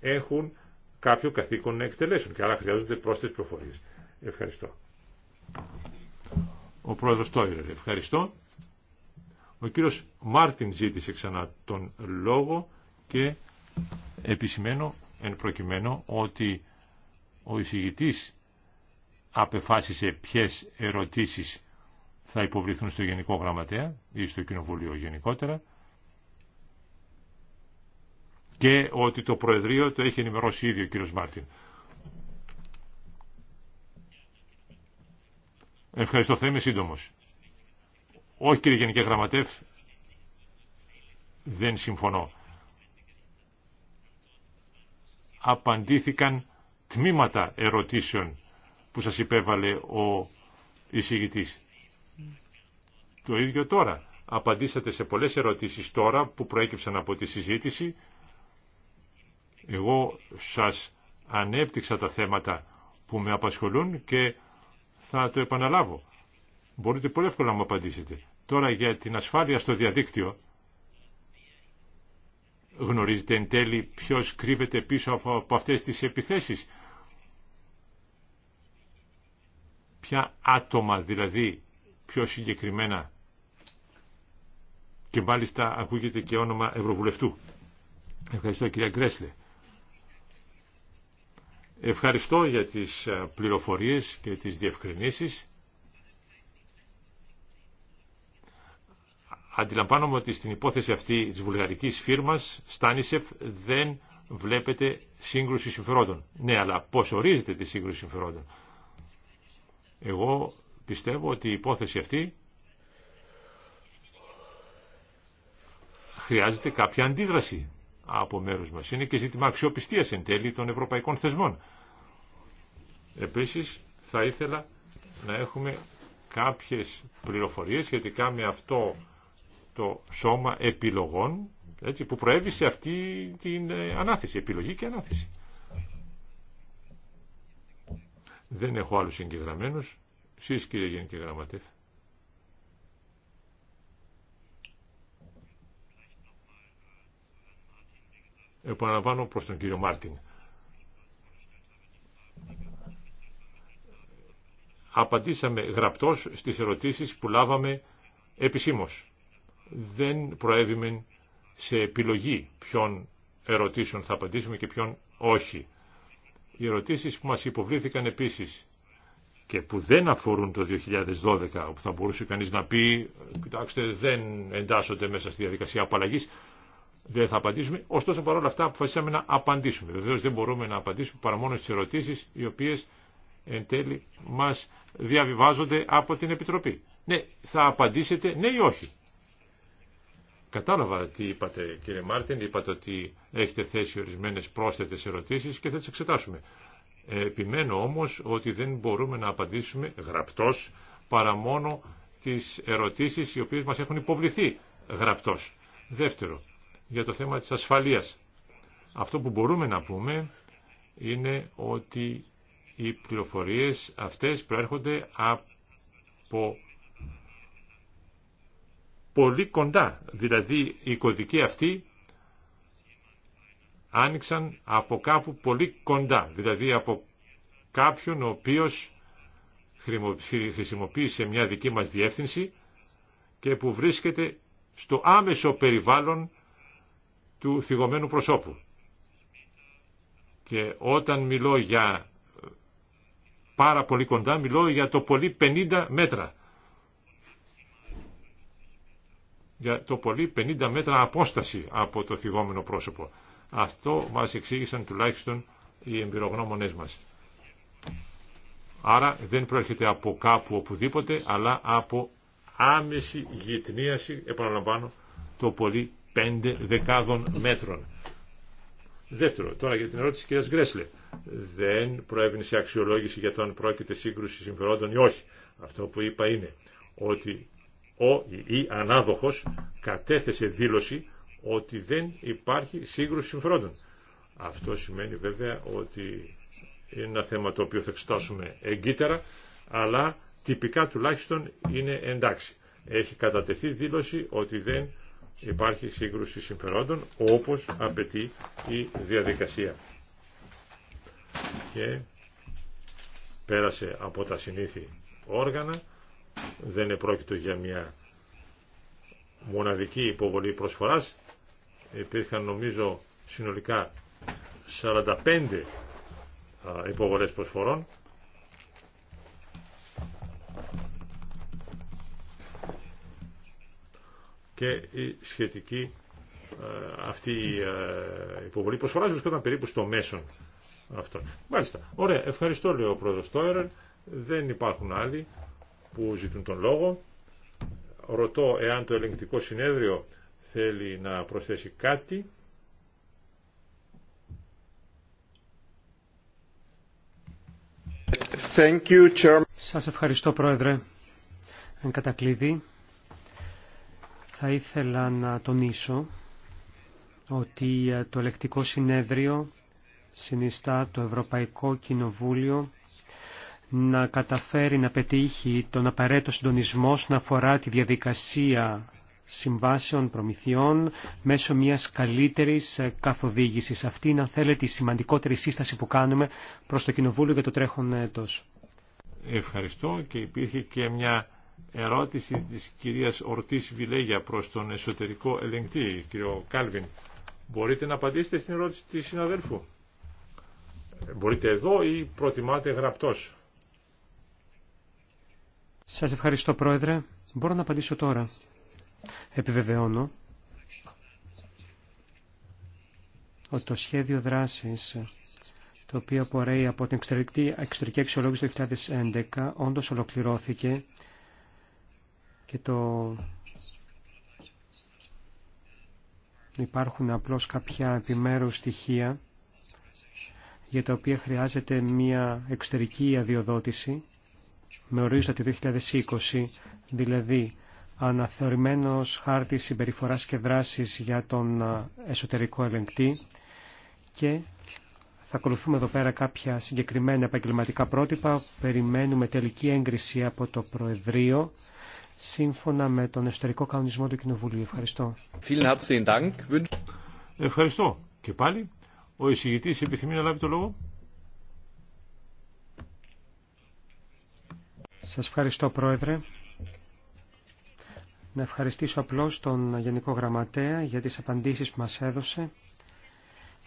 έχουν κάποιο καθήκον να εκτελέσουν και άρα χρειάζονται πρόσθετες προφορίες. Ευχαριστώ. Ο πρόεδρος Τόιρερ, ευχαριστώ. Ο κύριος Μάρτιν ζήτησε ξανά τον λόγο και επισημένω εν προκειμένου ότι ο εισηγητής απεφάσισε ποιες ερωτήσεις θα υποβληθούν στο Γενικό Γραμματέα ή στο Κοινοβούλιο γενικότερα και ότι το Προεδρείο το έχει ενημερώσει ήδη ο κύριος Μάρτιν. Ευχαριστώ, θα είμαι σύντομος. Όχι κύριε Γενικέ Γραμματεύ, δεν συμφωνώ. Απαντήθηκαν τμήματα ερωτήσεων που σας υπέβαλε ο εισηγητής. Το ίδιο τώρα. Απαντήσατε σε πολλές ερωτήσεις τώρα που προέκυψαν από τη συζήτηση. Εγώ σας ανέπτυξα τα θέματα που με απασχολούν και θα το επαναλάβω. Μπορείτε πολύ εύκολα να μου απαντήσετε. Τώρα για την ασφάλεια στο διαδίκτυο γνωρίζετε εν τέλει ποιος κρύβεται πίσω από αυτές τις επιθέσεις. Ποια άτομα δηλαδή πιο συγκεκριμένα και μάλιστα ακούγεται και όνομα Ευρωβουλευτού. Ευχαριστώ κυρία Γκρέσλε. Ευχαριστώ για τις ε, πληροφορίες και τις διευκρινήσεις. Αντιλαμβάνομαι ότι στην υπόθεση αυτή της βουλγαρικής φύρμας Στάνισεφ δεν βλέπετε σύγκρουση συμφερόντων. Ναι, αλλά πώς ορίζεται τη σύγκρουση συμφερόντων. Εγώ πιστεύω ότι η υπόθεση αυτή χρειάζεται κάποια αντίδραση από μέρους μας. Είναι και ζήτημα αξιοπιστίας εν τέλει των ευρωπαϊκών θεσμών. Επίσης θα ήθελα να έχουμε κάποιες πληροφορίες σχετικά με αυτό το σώμα επιλογών έτσι, που προέβησε αυτή την ε, ανάθεση, επιλογή και ανάθεση. Δεν έχω άλλους εγγεγραμμένους. Σεις κύριε Γενική Γραμματεύ. επαναλαμβάνω προς τον κύριο Μάρτιν. Απαντήσαμε γραπτός στις ερωτήσεις που λάβαμε επισήμως. Δεν προέβημε σε επιλογή ποιον ερωτήσεων θα απαντήσουμε και ποιον όχι. Οι ερωτήσεις που μας υποβλήθηκαν επίσης και που δεν αφορούν το 2012, που θα μπορούσε κανείς να πει, κοιτάξτε δεν εντάσσονται μέσα στη διαδικασία απαλλαγής, δεν θα απαντήσουμε. Ωστόσο παρόλα αυτά αποφασίσαμε να απαντήσουμε. Βεβαίω δεν μπορούμε να απαντήσουμε παρά μόνο στι ερωτήσει οι οποίε εν τέλει μα διαβιβάζονται από την Επιτροπή. Ναι, θα απαντήσετε ναι ή όχι. Κατάλαβα τι είπατε κύριε Μάρτιν, είπατε ότι έχετε θέσει ορισμένε πρόσθετε ερωτήσει και θα τι εξετάσουμε. Επιμένω όμω ότι δεν μπορούμε να απαντήσουμε γραπτώς παρά μόνο τι ερωτήσει οι οποίε μα έχουν υποβληθεί γραπτό. Δεύτερο, για το θέμα της ασφαλείας. Αυτό που μπορούμε να πούμε είναι ότι οι πληροφορίες αυτές προέρχονται από πολύ κοντά. Δηλαδή οι κωδικοί αυτοί άνοιξαν από κάπου πολύ κοντά. Δηλαδή από κάποιον ο οποίος χρησιμοποίησε μια δική μας διεύθυνση και που βρίσκεται στο άμεσο περιβάλλον του θυγωμένου προσώπου. Και όταν μιλώ για πάρα πολύ κοντά, μιλώ για το πολύ 50 μέτρα. Για το πολύ 50 μέτρα απόσταση από το θυγόμενο πρόσωπο. Αυτό μας εξήγησαν τουλάχιστον οι εμπειρογνώμονές μας. Άρα δεν προέρχεται από κάπου οπουδήποτε, αλλά από άμεση γυτνίαση, επαναλαμβάνω, το πολύ πέντε δεκάδων μέτρων. Δεύτερο, τώρα για την ερώτηση της κυρίας Γκρέσλε. Δεν προέβηνε σε αξιολόγηση για το αν πρόκειται σύγκρουση συμφερόντων ή όχι. Αυτό που είπα είναι ότι ο ή ανάδοχος κατέθεσε δήλωση ότι δεν υπάρχει σύγκρουση συμφερόντων. Αυτό σημαίνει βέβαια ότι είναι ένα θέμα το οποίο θα εξετάσουμε εγκύτερα, αλλά τυπικά τουλάχιστον είναι εντάξει. Έχει κατατεθεί δήλωση ότι δεν υπάρχει σύγκρουση συμφερόντων όπως απαιτεί η διαδικασία. Και πέρασε από τα συνήθη όργανα, δεν επρόκειτο για μια μοναδική υποβολή προσφοράς, υπήρχαν νομίζω συνολικά 45 υποβολές προσφορών και η σχετική ε, αυτή η ε, υποβολή προσφορά βρισκόταν περίπου στο μέσον αυτό. Μάλιστα. Ωραία. Ευχαριστώ λέει ο πρόεδρος Δεν υπάρχουν άλλοι που ζητούν τον λόγο. Ρωτώ εάν το ελεγκτικό συνέδριο θέλει να προσθέσει κάτι. Thank Σας ευχαριστώ Πρόεδρε. Εν κατακλείδη, θα ήθελα να τονίσω ότι ε, το ελεκτικό συνέδριο συνιστά το Ευρωπαϊκό Κοινοβούλιο να καταφέρει να πετύχει τον απαραίτητο συντονισμό να αφορά τη διαδικασία συμβάσεων προμηθειών μέσω μιας καλύτερης ε, καθοδήγησης. Αυτή είναι, αν θέλετε, η σημαντικότερη σύσταση που κάνουμε προς το Κοινοβούλιο για το τρέχον έτος. Ευχαριστώ και υπήρχε και μια ερώτηση της κυρίας Ορτής Βιλέγια προς τον εσωτερικό ελεγκτή, κύριο Κάλβιν. Μπορείτε να απαντήσετε στην ερώτηση της συναδέλφου. Ε, μπορείτε εδώ ή προτιμάτε γραπτός. Σας ευχαριστώ Πρόεδρε. Μπορώ να απαντήσω τώρα. Επιβεβαιώνω ότι το σχέδιο δράσης το οποίο απορρέει από την εξωτερική αξιολόγηση του 2011 όντως ολοκληρώθηκε και το υπάρχουν απλώς κάποια επιμέρους στοιχεία για τα οποία χρειάζεται μια εξωτερική αδειοδότηση με ορίζοντα το 2020, δηλαδή αναθεωρημένος χάρτης συμπεριφοράς και δράσης για τον εσωτερικό ελεγκτή και θα ακολουθούμε εδώ πέρα κάποια συγκεκριμένα επαγγελματικά πρότυπα. Περιμένουμε τελική έγκριση από το Προεδρείο σύμφωνα με τον εσωτερικό κανονισμό του Κοινοβουλίου. Ευχαριστώ. Ευχαριστώ. Και πάλι, ο επιθυμεί να λάβει το λόγο. Σας ευχαριστώ, Πρόεδρε. Να ευχαριστήσω απλώς τον Γενικό Γραμματέα για τις απαντήσεις που μας έδωσε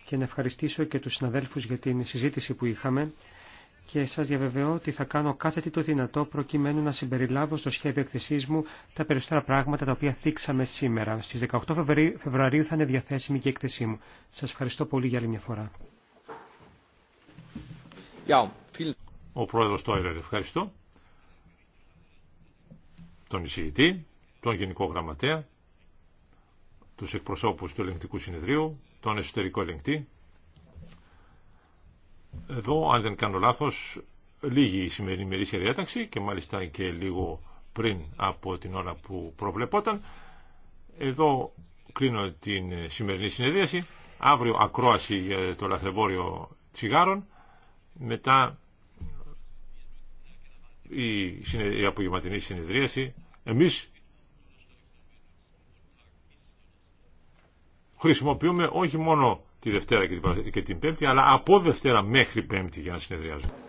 και να ευχαριστήσω και τους συναδέλφους για την συζήτηση που είχαμε και σας διαβεβαιώ ότι θα κάνω κάθε τι το δυνατό προκειμένου να συμπεριλάβω στο σχέδιο εκθεσή μου τα περισσότερα πράγματα τα οποία θίξαμε σήμερα. Στις 18 Φεβρουαρίου θα είναι διαθέσιμη και η εκθεσή μου. Σας ευχαριστώ πολύ για άλλη μια φορά. Ο πρόεδρος Τόιρερ, ευχαριστώ. Τον εισηγητή, τον Γενικό Γραμματέα, τους εκπροσώπους του Ελεγκτικού Συνεδρίου, τον Εσωτερικό Ελεγκτή, εδώ, αν δεν κάνω λάθος, λίγη η σημερινή ημερήσια διάταξη και μάλιστα και λίγο πριν από την ώρα που προβλεπόταν. Εδώ κλείνω την σημερινή συνεδρίαση. Αύριο ακρόαση για το λαθρεμπόριο τσιγάρων. Μετά η απογευματινή συνεδρίαση. Εμείς χρησιμοποιούμε όχι μόνο τη Δευτέρα και την Πέμπτη, αλλά από Δευτέρα μέχρι Πέμπτη για να συνεδριάζουμε.